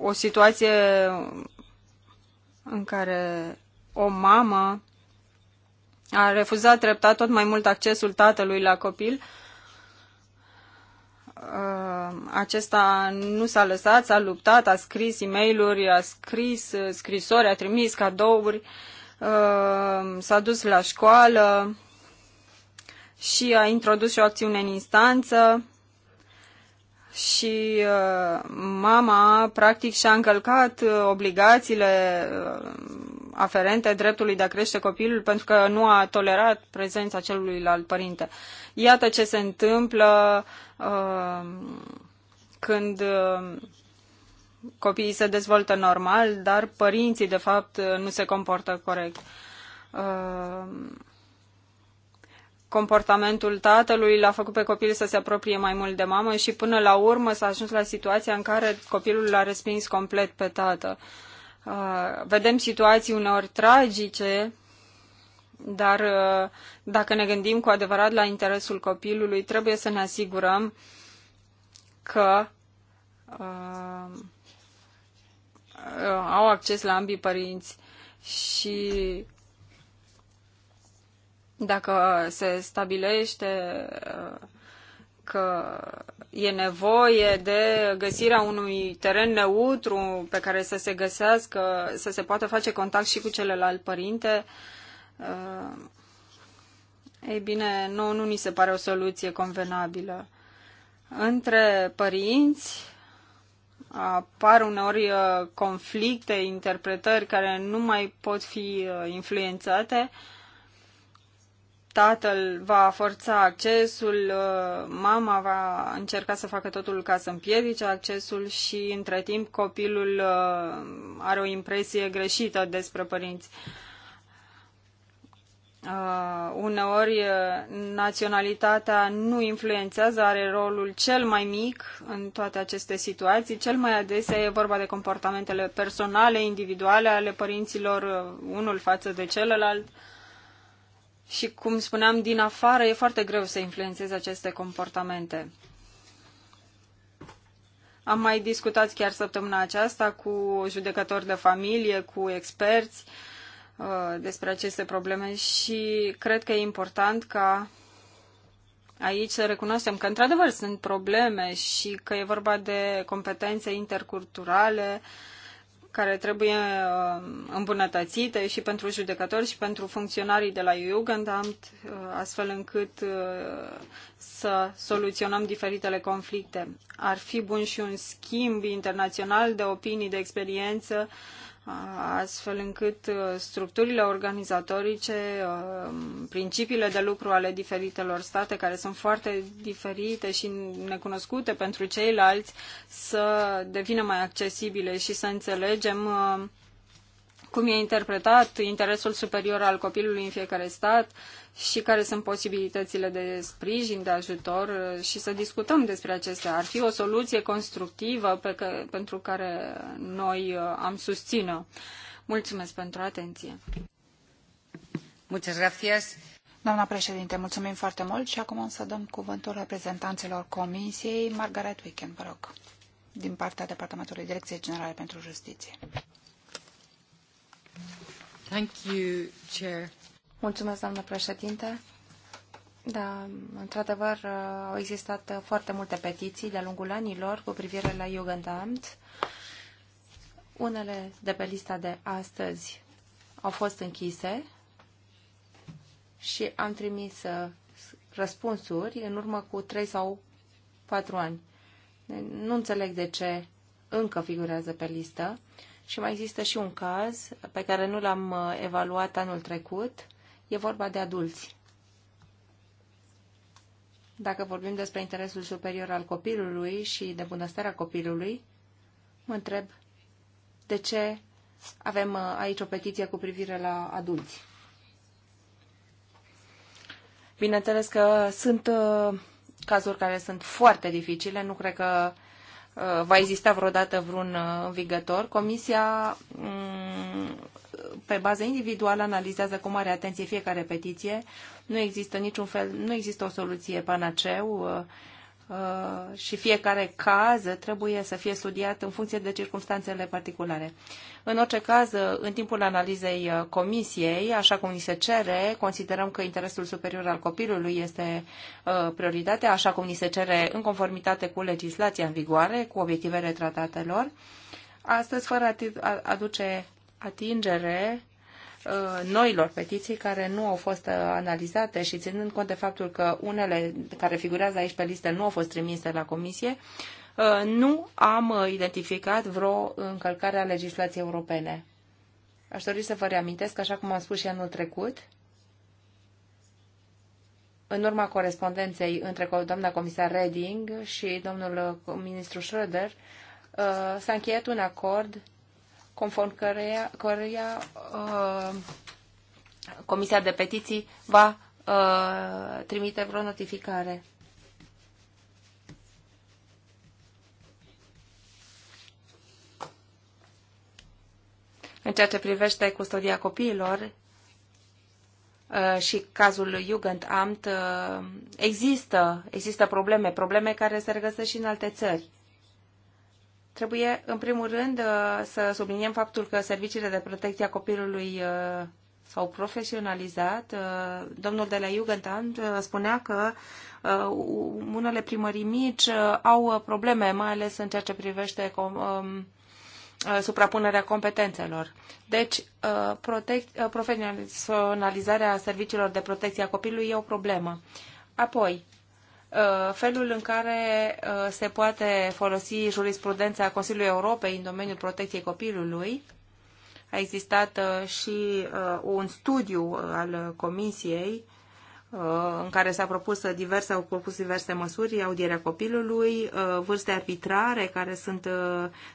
o situație în care o mamă a refuzat treptat tot mai mult accesul tatălui la copil. Uh, acesta nu s-a lăsat, s-a luptat, a scris e mail a scris scrisori, a trimis cadouri, uh, s-a dus la școală, și a introdus și o acțiune în instanță și uh, mama practic și-a încălcat uh, obligațiile uh, aferente dreptului de a crește copilul pentru că nu a tolerat prezența celuilalt părinte. Iată ce se întâmplă când copiii se dezvoltă normal, dar părinții de fapt nu se comportă corect. Uh, comportamentul tatălui l-a făcut pe copil să se apropie mai mult de mamă și până la urmă s-a ajuns la situația în care copilul l-a respins complet pe tată. Uh, vedem situații uneori tragice, dar uh, dacă ne gândim cu adevărat la interesul copilului, trebuie să ne asigurăm că uh, uh au acces la ambii părinți și dacă se stabilește uh, că e nevoie de găsirea unui teren neutru pe care să se găsească, să se poată face contact și cu celălalt părinte, uh, ei bine, Nu nu ni se pare o soluție convenabilă. Între părinți apar uneori uh, conflicte, interpretări care nu mai pot fi influențate tatăl va forța accesul, uh, mama va încerca să facă totul ca să împiedice accesul și între timp copilul uh, are o impresie greșită despre părinți. Uh, uneori uh, naționalitatea nu influențează, are rolul cel mai mic în toate aceste situații. Cel mai adesea e vorba de comportamentele personale, individuale ale părinților, unul față de celălalt. Și cum spuneam, din afară e foarte greu să influențezi aceste comportamente. Am mai discutat chiar săptămâna aceasta cu judecători de familie, cu experți uh, despre aceste probleme și cred că e important ca aici să recunoaștem că într-adevăr sunt probleme și că e vorba de competențe interculturale uh, care trebuie uh, îmbunătățite și pentru judecători și pentru funcționarii de la Jugendamt, uh, astfel încât uh, să soluționăm diferitele conflicte. Ar fi bun și un schimb internațional de opinii, de experiență uh, astfel încât uh, structurile organizatorice, uh, principiile de lucru ale diferitelor state, care sunt foarte diferite și necunoscute pentru ceilalți, să devină mai accesibile și să înțelegem uh, cum e interpretat interesul superior al copilului în fiecare stat și care sunt posibilitățile de sprijin, de ajutor uh, și să discutăm despre acestea. Ar fi o soluție constructivă pe că, pentru care noi uh, am susțină. Mulțumesc pentru atenție. Muchas gracias. Doamna președinte, mulțumim foarte mult și acum să dăm cuvântul reprezentanților Comisiei. Margaret Weekend, vă rog, din partea Departamentului Direcției Generale pentru Justiție. Mulțumesc, doamnă președinte. Da, într-adevăr, uh, au existat uh, foarte multe petiții de-a lungul anilor cu privire la Jugendamt. Unele de pe lista de astăzi au fost închise și am trimis uh, răspunsuri în urmă cu 3 sau 4 ani. Nu înțeleg de ce încă figurează pe listă. Și mai există și un caz pe care nu l-am uh, evaluat anul trecut. E vorba de adulți. Dacă vorbim despre interesul superior al copilului și de bunăstarea copilului, mă întreb de ce avem uh, aici o petiție cu privire la adulți. Bineînțeles că sunt uh, cazuri care sunt foarte dificile, nu cred că Uh, va exista vreodată vreun uh, învigător. Comisia, mm, pe bază individuală, analizează cu mare atenție fiecare petiție. Nu există niciun fel, nu există o soluție panaceu. Uh, Uh, și fiecare caz trebuie să fie studiat în funcție de circunstanțele particulare. În orice caz, uh, în timpul analizei uh, comisiei, așa cum ni se cere, considerăm că interesul superior al copilului este prioritatea, așa cum ni se cere în conformitate cu legislația în vigoare, cu obiectivele tratatelor. Astăzi, fără a aduce atingere Uh, noilor petiții care nu au fost uh, analizate și ținând cont de faptul că unele care figurează aici pe listă nu au fost trimise la comisie, uh, nu am identificat vreo încălcare a legislației europene. Aș dori să vă reamintesc, așa cum am spus și anul trecut, în urma corespondenței între doamna comisar Reding și domnul ministru Schröder, s-a încheiat un acord conform căreia, căreia uh, Comisia de Petiții va uh, trimite vreo notificare. În ceea ce privește custodia copiilor uh, și cazul Jugendamt, uh, există, există probleme, probleme care se regăsesc și în alte țări. Trebuie, în primul rând, uh, să subliniem faptul că serviciile de protecție a copilului uh, s-au profesionalizat. Uh, domnul de la Jugendamt spunea că unele primării mici au probleme, mai ales în ceea ce privește um, suprapunerea competențelor. Deci, profesionalizarea serviciilor de protecție a copilului e o problemă. Apoi, Uh, felul în care uh, se poate folosi jurisprudența Consiliului Europei în domeniul protecției copilului. A existat uh, și un studiu al Comisiei în care s-a propus diverse, au propus diverse măsuri, audierea copilului, vârste arbitrare care sunt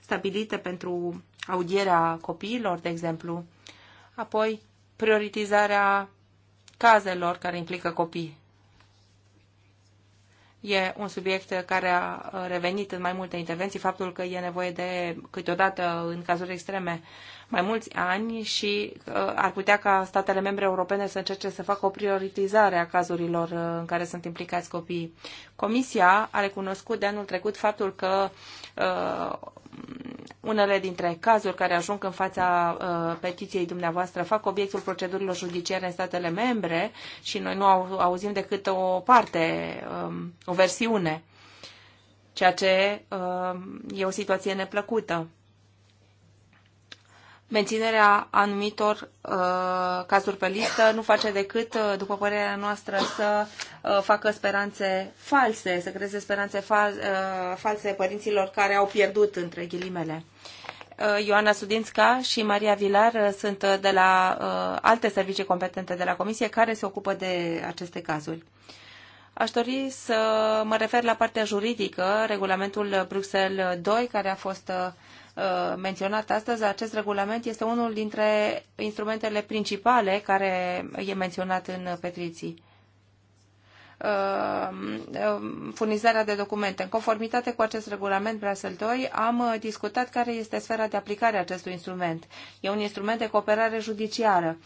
stabilite pentru audierea copiilor, de exemplu. Apoi, prioritizarea cazelor care implică copii. E un subiect care a revenit în mai multe intervenții, faptul că e nevoie de câteodată, în cazuri extreme, mai mulți ani și uh, ar putea ca statele membre europene să încerce să facă o prioritizare a cazurilor uh, în care sunt implicați copiii. Comisia a recunoscut de anul trecut faptul că uh, unele dintre cazuri care ajung în fața uh, petiției dumneavoastră fac obiectul procedurilor judiciare în statele membre și noi nu au, auzim decât o parte, um, o versiune, ceea ce um, e o situație neplăcută menținerea anumitor uh, cazuri pe listă nu face decât, uh, după părerea noastră, să Uh, facă speranțe false, să creeze speranțe uh, false părinților care au pierdut între ghilimele. Uh, Ioana Sudinska și Maria Vilar sunt de la alte servicii competente de la Comisie care se ocupă de aceste cazuri. Aș dori să mă refer la partea juridică, regulamentul Bruxelles 2, care a fost menționat astăzi. Acest regulament este unul dintre instrumentele principale care e menționat în petiții. Uh, furnizarea de documente. În conformitate cu acest regulament Brasel 2, am uh, discutat care este sfera de aplicare a acestui instrument. E un instrument de cooperare judiciară.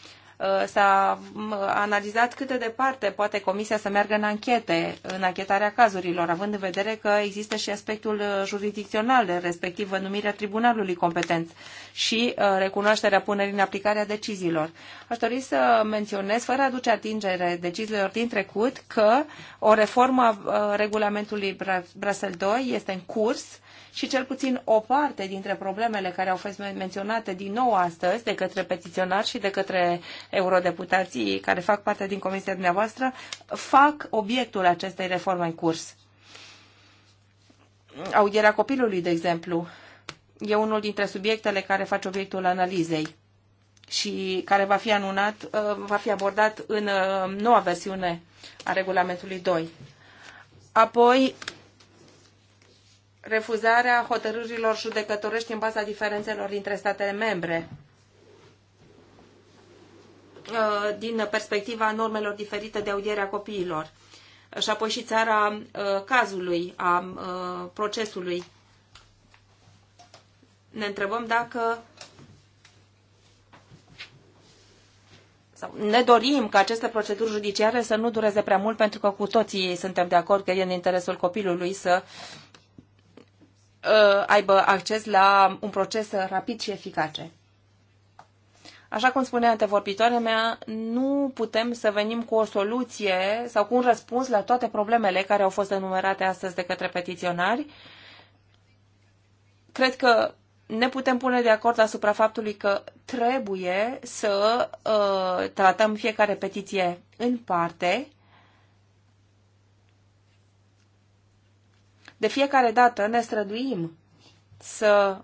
Uh, s-a analizat cât de departe poate Comisia să meargă în anchete, în anchetarea cazurilor, având în vedere că există și aspectul uh, jurisdicțional, respectiv numirea tribunalului competent și uh, recunoașterea punerii în aplicare a deciziilor. Aș dori să menționez, fără a duce atingere deciziilor din trecut, că o reformă a regulamentului Brasel 2 este în curs și cel puțin o parte dintre problemele care au fost menționate din nou astăzi de către petiționari și de către eurodeputații care fac parte din comisia dumneavoastră fac obiectul acestei reforme în curs. Audierea copilului, de exemplu, e unul dintre subiectele care face obiectul analizei și care va fi anunat, uh, va fi abordat în uh, noua versiune a regulamentului 2. Apoi, refuzarea hotărârilor judecătorești în baza diferențelor dintre statele membre uh, din perspectiva normelor diferite de audiere a copiilor și apoi și țara uh, cazului, a uh, procesului. Ne întrebăm dacă sau ne dorim ca aceste proceduri judiciare să nu dureze prea mult pentru că cu toții suntem de acord că e în interesul copilului să Uh, aibă acces la un proces rapid și eficace. Așa cum spunea antevorbitoarea mea, nu putem să venim cu o soluție sau cu un răspuns la toate problemele care au fost enumerate astăzi de către petiționari. Cred că ne putem pune de acord asupra faptului că trebuie să uh, tratăm fiecare petiție în parte De fiecare dată ne străduim să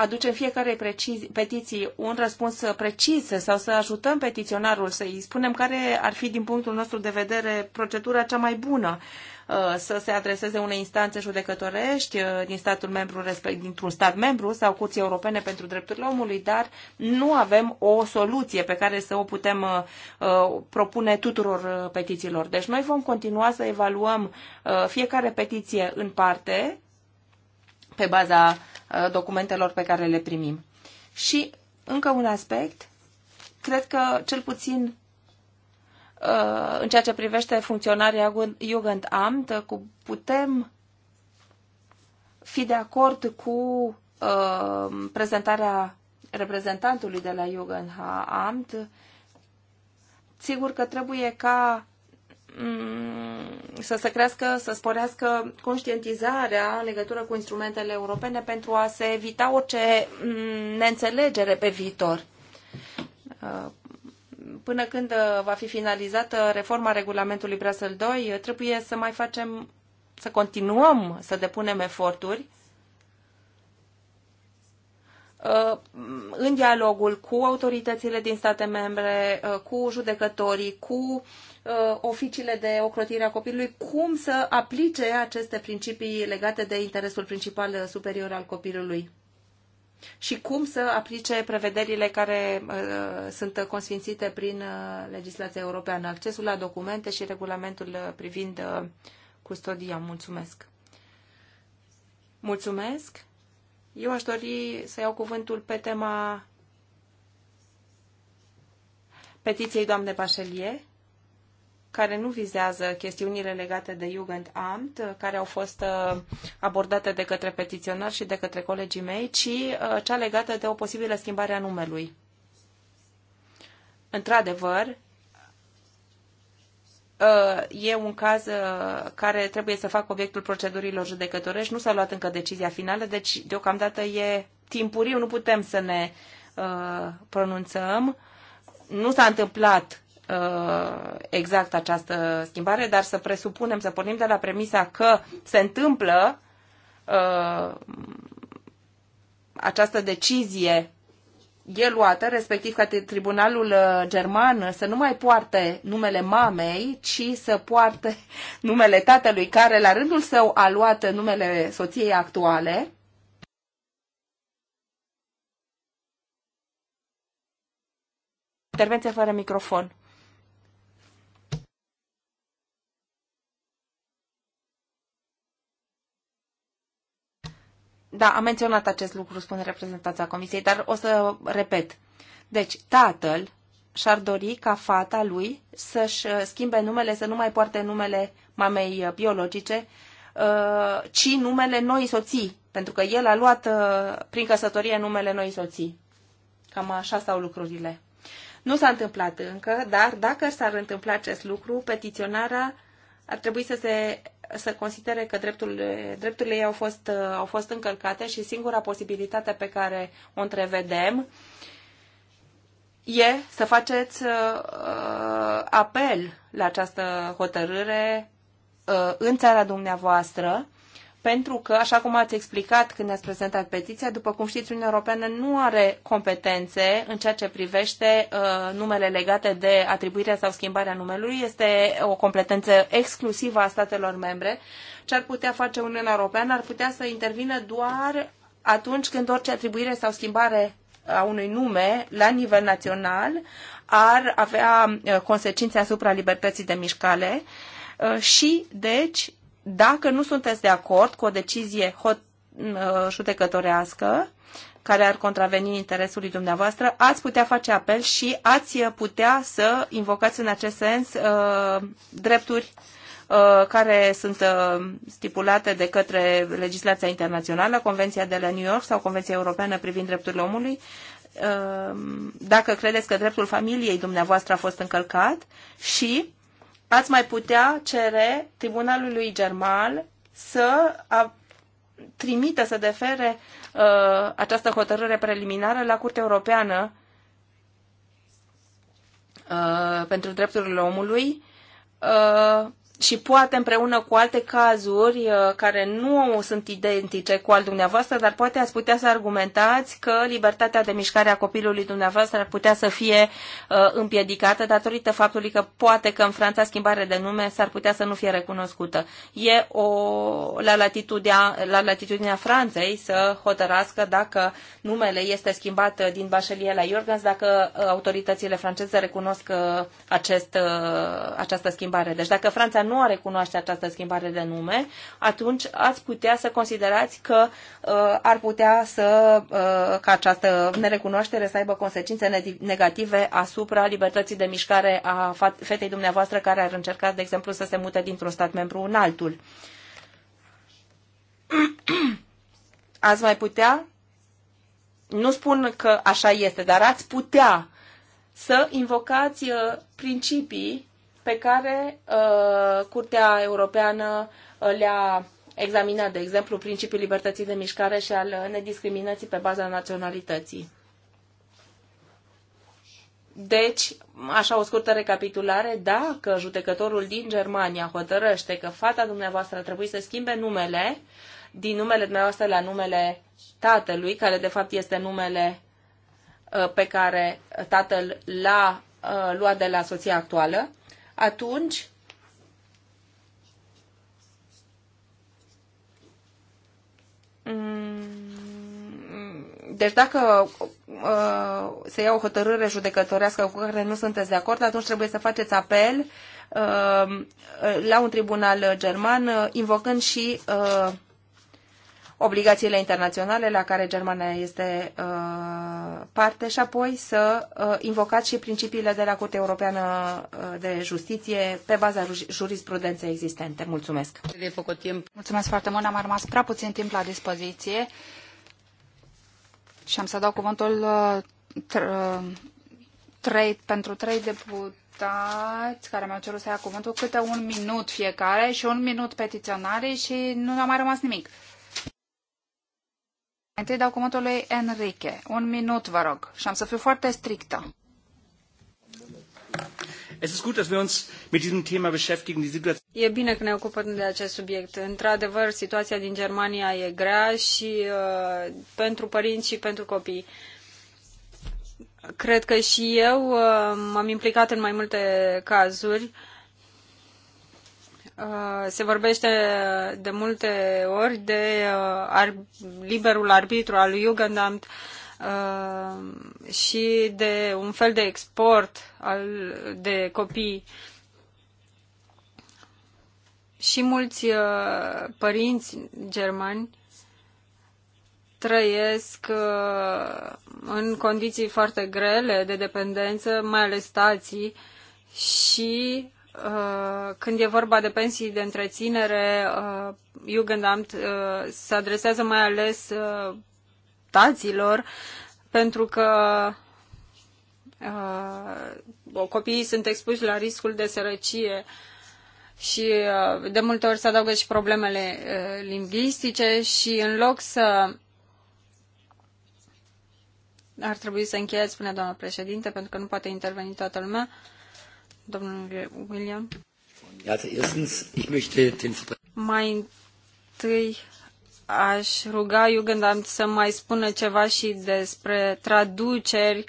aducem fiecare precizi, petiții un răspuns precis sau să ajutăm petiționarul să-i spunem care ar fi, din punctul nostru de vedere, procedura cea mai bună uh, să se adreseze unei instanțe judecătorești uh, din statul membru, dintr-un stat membru sau curții europene pentru drepturile omului, dar nu avem o soluție pe care să o putem uh, propune tuturor petițiilor. Deci noi vom continua să evaluăm fiecare petiție în parte pe baza Uh, documentelor pe care le primim. Și încă un aspect, cred că cel puțin uh, în ceea ce privește funcționarii Jugendamt, uh, cu putem fi de acord cu prezentarea reprezentantului de la Jugendamt. Sigur că trebuie ca Mm, să se crească, să sporească conștientizarea în legătură cu instrumentele europene pentru a se evita orice mm, neînțelegere pe viitor. Uh, până când uh, va fi finalizată reforma regulamentului Brasel 2, uh, trebuie să mai facem, să continuăm să depunem eforturi Uh, în dialogul cu autoritățile din state membre, uh, cu judecătorii, cu uh, oficiile de ocrotire a copilului, cum să aplice aceste principii legate de interesul principal superior al copilului și cum să aplice prevederile care sunt consfințite prin legislația europeană, accesul la documente și regulamentul privind custodia. Mulțumesc! Mulțumesc! Eu aș dori să iau cuvântul pe tema petiției doamne Pașelie, care nu vizează chestiunile legate de Jugendamt, care au fost uh, abordate de către petiționari și de către colegii mei, ci uh, cea legată de o posibilă schimbare a numelui. Într-adevăr, Uh, e un caz uh, care trebuie să facă obiectul procedurilor judecătorești. Nu s-a luat încă decizia finală, deci deocamdată e timpuriu, nu putem să ne uh, pronunțăm. Nu s-a întâmplat exact această schimbare, dar să presupunem, să pornim de la premisa că se întâmplă această decizie e luată, respectiv ca tribunalul uh, german să nu mai poarte numele mamei, ci să poarte numele tatălui care la rândul său a luat numele soției actuale. Intervenție fără microfon. Da, am menționat acest lucru, spune reprezentanța comisiei, dar o să repet. Deci, tatăl și-ar dori ca fata lui să-și uh, schimbe numele, să nu mai poarte numele mamei uh, biologice, uh, ci numele noi soții, pentru că el a luat prin căsătorie numele noi soții. Cam așa stau lucrurile. Nu s-a întâmplat încă, dar dacă s-ar întâmpla acest lucru, petiționarea ar trebui să se să considere că drepturile, drepturile ei au fost, au fost încălcate și singura posibilitate pe care o întrevedem e să faceți uh, uh apel la această hotărâre uh, în țara dumneavoastră pentru că, așa cum ați explicat când ne-ați prezentat petiția, după cum știți, Uniunea Europeană nu are competențe în ceea ce privește uh, numele legate de atribuirea sau schimbarea numelui. Este o competență exclusivă a statelor membre. Ce ar putea face Uniunea Europeană ar putea să intervină doar atunci când orice atribuire sau schimbare uh, a unui nume la nivel național ar avea uh, consecințe asupra libertății de mișcare uh, și, deci, dacă nu sunteți de acord cu o decizie hot, uh, judecătorească care ar contraveni interesului dumneavoastră, ați putea face apel și ați putea să invocați în acest sens uh, drepturi uh, care sunt uh, stipulate de către legislația internațională, Convenția de la New York sau Convenția Europeană privind drepturile omului, dacă credeți că dreptul familiei dumneavoastră a fost încălcat și ați mai putea cere tribunalului german să a, trimită, să defere uh, această hotărâre preliminară la Curtea Europeană uh, pentru drepturile omului uh, și poate împreună cu alte cazuri uh, care nu sunt identice cu al dumneavoastră, dar poate ați putea să argumentați că libertatea de mișcare a copilului dumneavoastră ar putea să fie uh, împiedicată datorită faptului că poate că în Franța schimbarea de nume s-ar putea să nu fie recunoscută. E o, la, latitudinea, la latitudinea Franței să hotărască dacă numele este schimbat uh, din Bașelie la Jorgens, dacă autoritățile franceze recunosc acest, această schimbare. Deci dacă Franța nu a recunoaște această schimbare de nume, atunci ați putea să considerați că uh, ar putea să, uh, ca această nerecunoaștere să aibă consecințe negative asupra libertății de mișcare a fetei dumneavoastră care ar încerca, de exemplu, să se mute dintr-un stat membru în altul. Ați mai putea? Nu spun că așa este, dar ați putea să invocați uh, principii pe care uh, Curtea Europeană uh, le-a examinat, de exemplu, principiul libertății de mișcare și al nediscriminației pe baza naționalității. Deci, așa o scurtă recapitulare, dacă judecătorul din Germania hotărăște că fata dumneavoastră ar trebui să schimbe numele din numele dumneavoastră la numele tatălui, care de fapt este numele uh, pe care tatăl l-a uh, luat de la soția actuală, atunci mm, deci dacă uh, se ia o hotărâre judecătorească cu care nu sunteți de acord, atunci trebuie să faceți apel uh, la un tribunal german, uh, invocând și uh, obligațiile internaționale la care Germania este uh, parte și apoi să uh, invocați și principiile de la Curtea Europeană uh, de Justiție pe baza jurisprudenței existente. Mulțumesc! De făcut timp. Mulțumesc foarte mult! Am rămas prea puțin timp la dispoziție și am să dau cuvântul uh, uh, trei, pentru trei deputați care mi-au cerut să ia cuvântul, câte un minut fiecare și un minut petiționare și nu a mai rămas nimic. Întâi dau cuvântul lui Enrique. Un minut, vă rog. Și am să fiu foarte strictă. E bine că ne ocupăm de acest subiect. Într-adevăr, situația din Germania e grea și uh, pentru părinți și pentru copii. Cred că și eu uh, m-am implicat în mai multe cazuri Uh, se vorbește de multe ori de uh, ar, liberul arbitru al lui Jugendamt uh, și de un fel de export al, de copii. Și mulți părinți germani trăiesc în condiții foarte grele de dependență, mai ales tații, și Uh, când e vorba de pensii de întreținere, uh, Jugendamt uh, se adresează mai ales taților, pentru că copiii sunt expuși la riscul de sărăcie și de multe ori se adaugă și problemele lingvistice și în loc să ar trebui să încheiați, spune doamna președinte, pentru că nu poate interveni toată lumea. Uh, domnule William. Mai întâi aș ruga Jugendamt să mai spună ceva și despre traduceri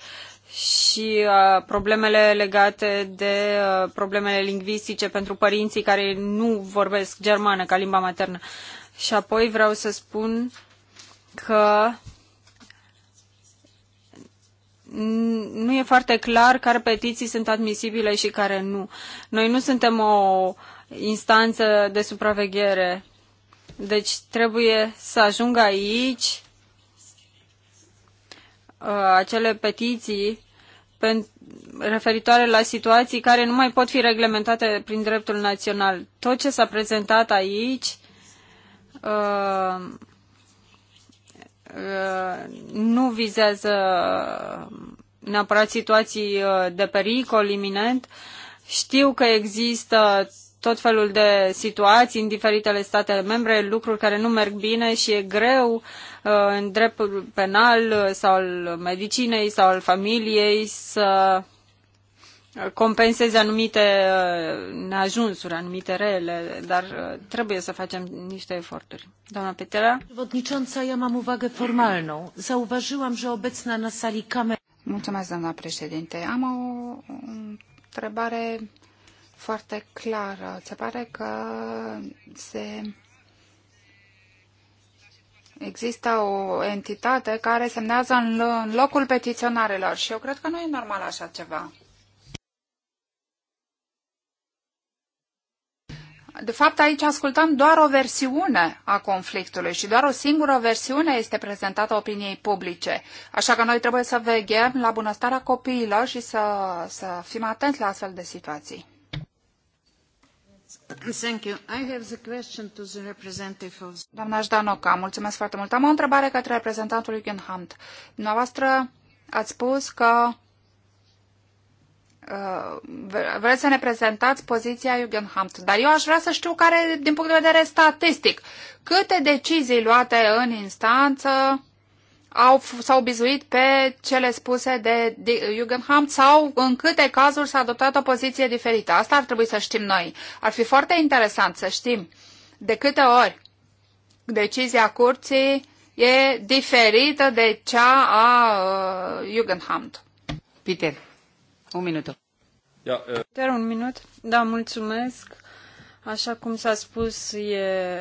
și uh, problemele legate de uh, problemele lingvistice pentru părinții care nu vorbesc germană ca limba maternă. Și apoi vreau să spun că nu e foarte clar care petiții sunt admisibile și care nu. Noi nu suntem o instanță de supraveghere. Deci trebuie să ajungă aici uh, acele petiții referitoare la situații care nu mai pot fi reglementate prin dreptul național. Tot ce s-a prezentat aici uh, Uh, nu vizează neapărat situații uh, de pericol iminent. Știu că există tot felul de situații în diferitele state membre, lucruri care nu merg bine și e greu uh, în dreptul penal sau al medicinei sau al familiei să compenseze anumite uh, neajunsuri, anumite rele, dar uh, trebuie să facem niște eforturi. Doamna Petera? Przewodnicząca, ja mam uwagę formalną. Zauważyłam, że obecna na sali kamera... Mulțumesc, doamna președinte. Am o întrebare foarte clară. Se pare că se Există o entitate care semnează în locul petiționarilor și eu cred că nu e normal așa ceva. De fapt, aici ascultăm doar o versiune a conflictului și doar o singură versiune este prezentată opiniei publice. Așa că noi trebuie să veghem la bunăstarea copiilor și să, să fim atenți la astfel de situații. Thank you. I have the question to the representative of... Doamna Ždanoca, mulțumesc foarte mult. Am o întrebare către reprezentantul Hunt. Dumneavoastră ați spus că Uh, vreți să ne prezentați poziția Jugendhamt, dar eu aș vrea să știu care, din punct de vedere statistic, câte decizii luate în instanță au, s-au bizuit pe cele spuse de, de Jugendhamt sau în câte cazuri s-a adoptat o poziție diferită. Asta ar trebui să știm noi. Ar fi foarte interesant să știm de câte ori decizia curții e diferită de cea a uh, Jugendhamt. Peter. Un minut. Da, uh... Dar un minut. Da, mulțumesc. Așa cum s-a spus, e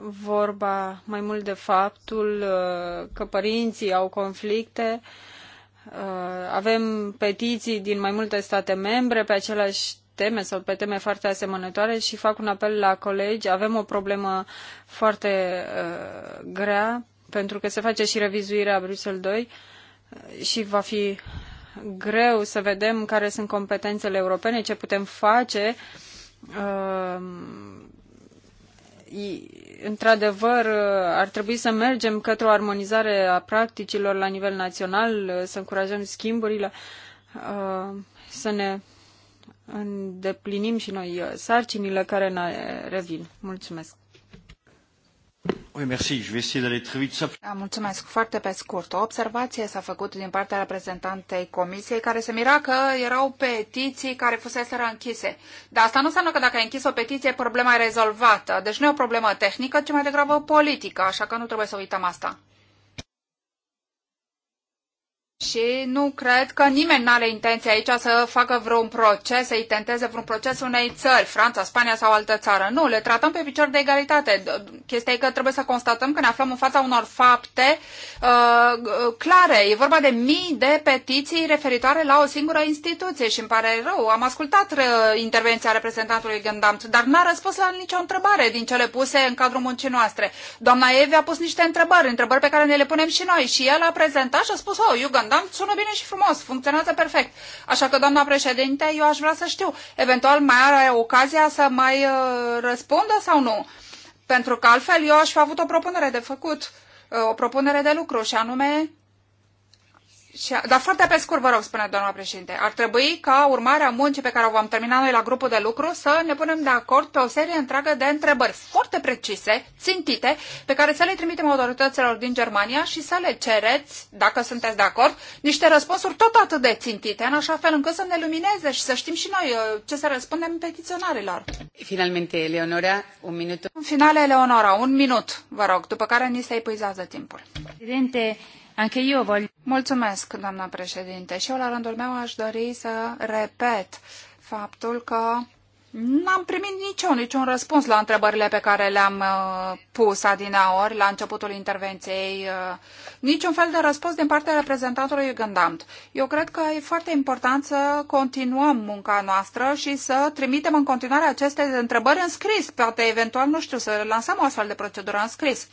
vorba mai mult de faptul uh, că părinții au conflicte. Uh, avem petiții din mai multe state membre pe aceleași teme sau pe teme foarte asemănătoare și fac un apel la colegi. Avem o problemă foarte uh, grea pentru că se face și revizuirea Bruxelles 2 și va fi greu să vedem care sunt competențele europene, ce putem face. Ehm, într-adevăr, ar trebui să mergem către o armonizare a practicilor la nivel național, să încurajăm schimburile, ehm, să ne îndeplinim și noi eh, sarcinile care ne revin. Mulțumesc! Da, mulțumesc. Foarte pe scurt. O observație s-a făcut din partea reprezentantei comisiei care se mira că erau petiții care fusese închise. Dar asta nu înseamnă că dacă ai închis o petiție, problema e rezolvată. Deci nu e o problemă tehnică, ci mai degrabă politică, așa că nu trebuie să uităm asta. Și nu cred că nimeni nu are intenția aici să facă vreun proces, să-i tenteze vreun proces unei țări, Franța, Spania sau altă țară. Nu, le tratăm pe picior de egalitate. Chestia e că trebuie să constatăm că ne aflăm în fața unor fapte uh, clare. E vorba de mii de petiții referitoare la o singură instituție și îmi pare rău. Am ascultat uh, intervenția reprezentantului Gândamț, dar n-a răspuns la nicio întrebare din cele puse în cadrul muncii noastre. Doamna Evi a pus niște întrebări, întrebări pe care ne le punem și noi și el a prezentat și a spus, oh, Iugan, comandăm, da? sună bine și frumos, funcționează perfect. Așa că, doamna președinte, eu aș vrea să știu, eventual mai are ocazia să mai uh, răspundă sau nu? Pentru că altfel eu aș fi avut o propunere de făcut, uh, o propunere de lucru și anume și, dar foarte pe scurt, vă rog, spune doamna președinte, ar trebui ca urmarea muncii pe care o vom termina noi la grupul de lucru să ne punem de acord pe o serie întreagă de întrebări foarte precise, țintite, pe care să le trimitem autorităților din Germania și să le cereți, dacă sunteți de acord, niște răspunsuri tot atât de țintite, în așa fel încât să ne lumineze și să știm și noi uh, ce să răspundem petiționarilor. Finalmente, Eleonora, un minut. În finale, Eleonora, un minut, vă rog, după care ni se epuizează timpul. Presidente, Anche eu vă... Mulțumesc, doamna președinte. Și eu, la rândul meu, aș dori să repet faptul că N-am primit niciun, niciun răspuns la întrebările pe care le-am uh, pus adineori la începutul intervenției. Uh, niciun fel de răspuns din partea reprezentantului Gândamt. Eu cred că e foarte important să continuăm munca noastră și să trimitem în continuare aceste întrebări în scris. Poate eventual, nu știu, să lansăm o astfel de procedură în scris.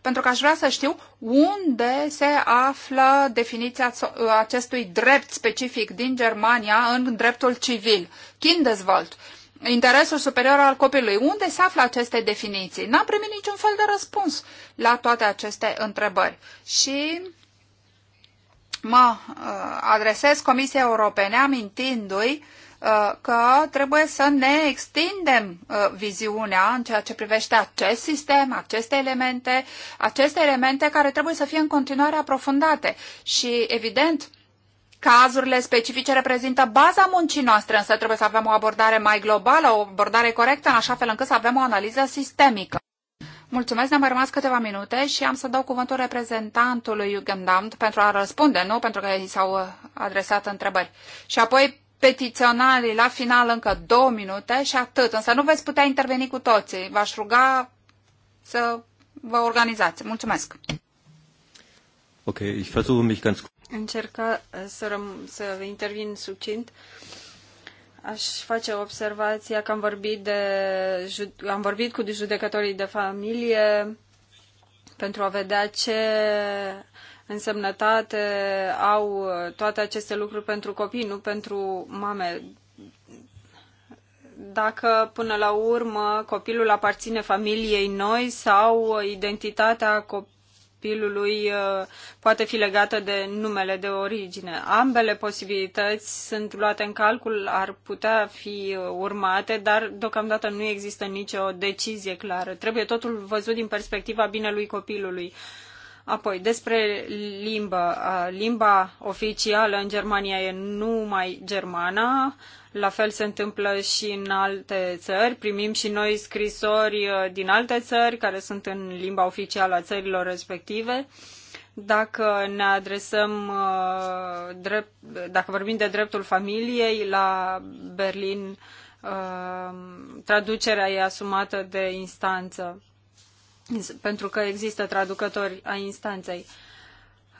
Pentru că aș vrea să știu unde se află definiția uh, acestui drept specific din Germania în dreptul civil. Kindeswald interesul superior al copilului. Unde se află aceste definiții? N-am primit niciun fel de răspuns la toate aceste întrebări. Și mă uh, adresez Comisiei Europene amintindu-i uh, că trebuie să ne extindem uh, viziunea în ceea ce privește acest sistem, aceste elemente, aceste elemente care trebuie să fie în continuare aprofundate. Și, evident, Cazurile specifice reprezintă baza muncii noastre, însă trebuie să avem o abordare mai globală, o abordare corectă, în așa fel încât să avem o analiză sistemică. Mulțumesc, ne-am rămas câteva minute și am să dau cuvântul reprezentantului Jugendamt pentru a răspunde, nu? Pentru că i s-au uh, adresat întrebări. Și apoi petiționarii la final încă două minute și atât. Însă nu veți putea interveni cu toții. V-aș ruga să vă organizați. Mulțumesc. Ok, ich versuche mich ganz încerca eh, să, răm- să intervin sucint, Aș face observația că am vorbit, de, am vorbit cu judecătorii de familie pentru a vedea ce însemnătate au eh, toate aceste lucruri pentru copii, nu pentru mame. Dacă până la urmă copilul aparține familiei noi sau identitatea copilului copilului uh, poate fi legată de numele de origine. Ambele posibilități sunt luate în calcul, ar putea fi uh, urmate, dar deocamdată nu există nicio decizie clară. Trebuie totul văzut din perspectiva binelui copilului. Apoi, despre limbă. Uh, limba oficială în Germania e numai germana, la fel se întâmplă și în alte țări. Primim și noi scrisori uh, din alte țări care sunt în limba oficială a țărilor respective. Dacă ne adresăm, uh, dacă vorbim de dreptul familiei, la Berlin uh, traducerea e asumată de instanță, pentru că există traducători a instanței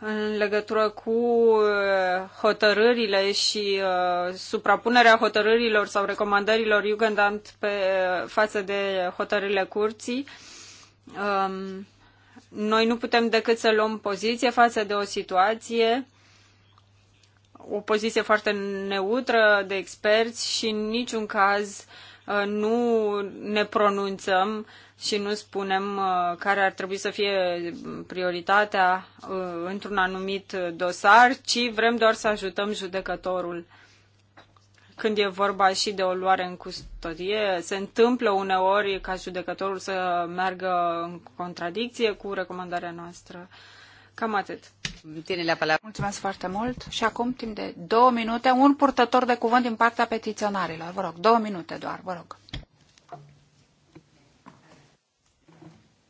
în legătură cu uh, hotărârile și uh, suprapunerea hotărârilor sau recomandărilor Jugendamt pe, uh, față de hotărârile curții. Um, noi nu putem decât să luăm poziție față de o situație, o poziție foarte neutră de experți și în niciun caz uh, nu ne pronunțăm uh, și nu spunem uh, care ar trebui să fie prioritatea uh, într-un anumit dosar, ci vrem doar să ajutăm judecătorul. Când e vorba și de o luare în custodie, se întâmplă uneori ca judecătorul să meargă în contradicție cu recomandarea noastră. Cam atât. Tine la Mulțumesc foarte mult. Și acum, timp de două minute, un purtător de cuvânt din partea petiționarilor. Vă rog, două minute doar, vă rog.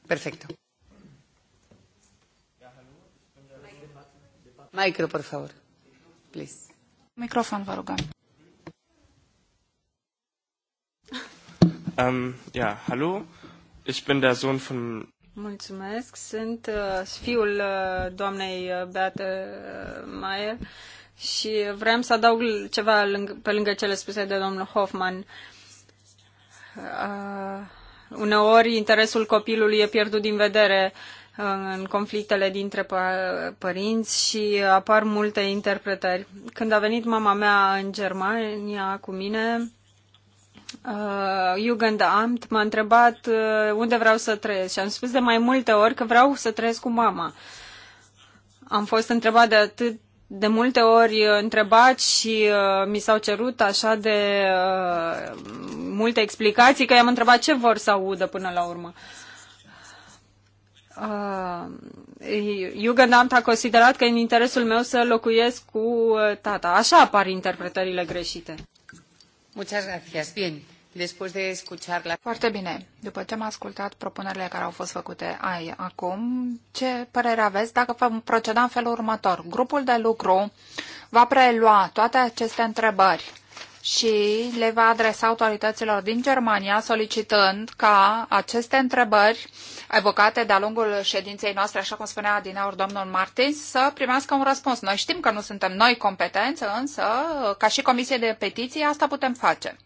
Perfecto. Micro, por favor. Please. Microfon, vă rugăm. Um, ja, hallo. Ich bin der Sohn von Mulțumesc. Sunt uh, fiul uh, doamnei uh, Beate uh, Maier și vreau să adaug ceva lângă, pe lângă cele spuse de domnul Hoffman. Uh, Uneori interesul copilului e pierdut din vedere uh, în conflictele dintre părinți și apar multe interpretări. Când a venit mama mea în Germania cu mine, uh, Jugendamt m-a întrebat uh, unde vreau să trăiesc și am spus de mai multe ori că vreau să trăiesc cu mama. Am fost întrebat de atât de multe ori uh, întrebat și uh, mi s-au cerut așa de uh, multe explicații că i-am întrebat ce vor să audă până la urmă. Uh, Jugendamt a considerat că în interesul meu să locuiesc cu uh, tata. Așa apar interpretările greșite. Muchas gracias. Bien. Después de Foarte bine. După ce am ascultat propunerile care au fost făcute ai acum, ce părere aveți dacă vom proceda în felul următor? Grupul de lucru va prelua toate aceste întrebări și le va adresa autorităților din Germania solicitând ca aceste întrebări evocate de-a lungul ședinței noastre, așa cum spunea din aur domnul Martins, să primească un răspuns. Noi știm că nu suntem noi competenți, însă, ca și Comisie de Petiții, asta putem face.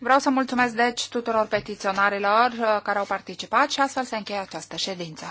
Vreau să mulțumesc deci tuturor petiționarilor uh, care au participat și astfel se încheie această ședință.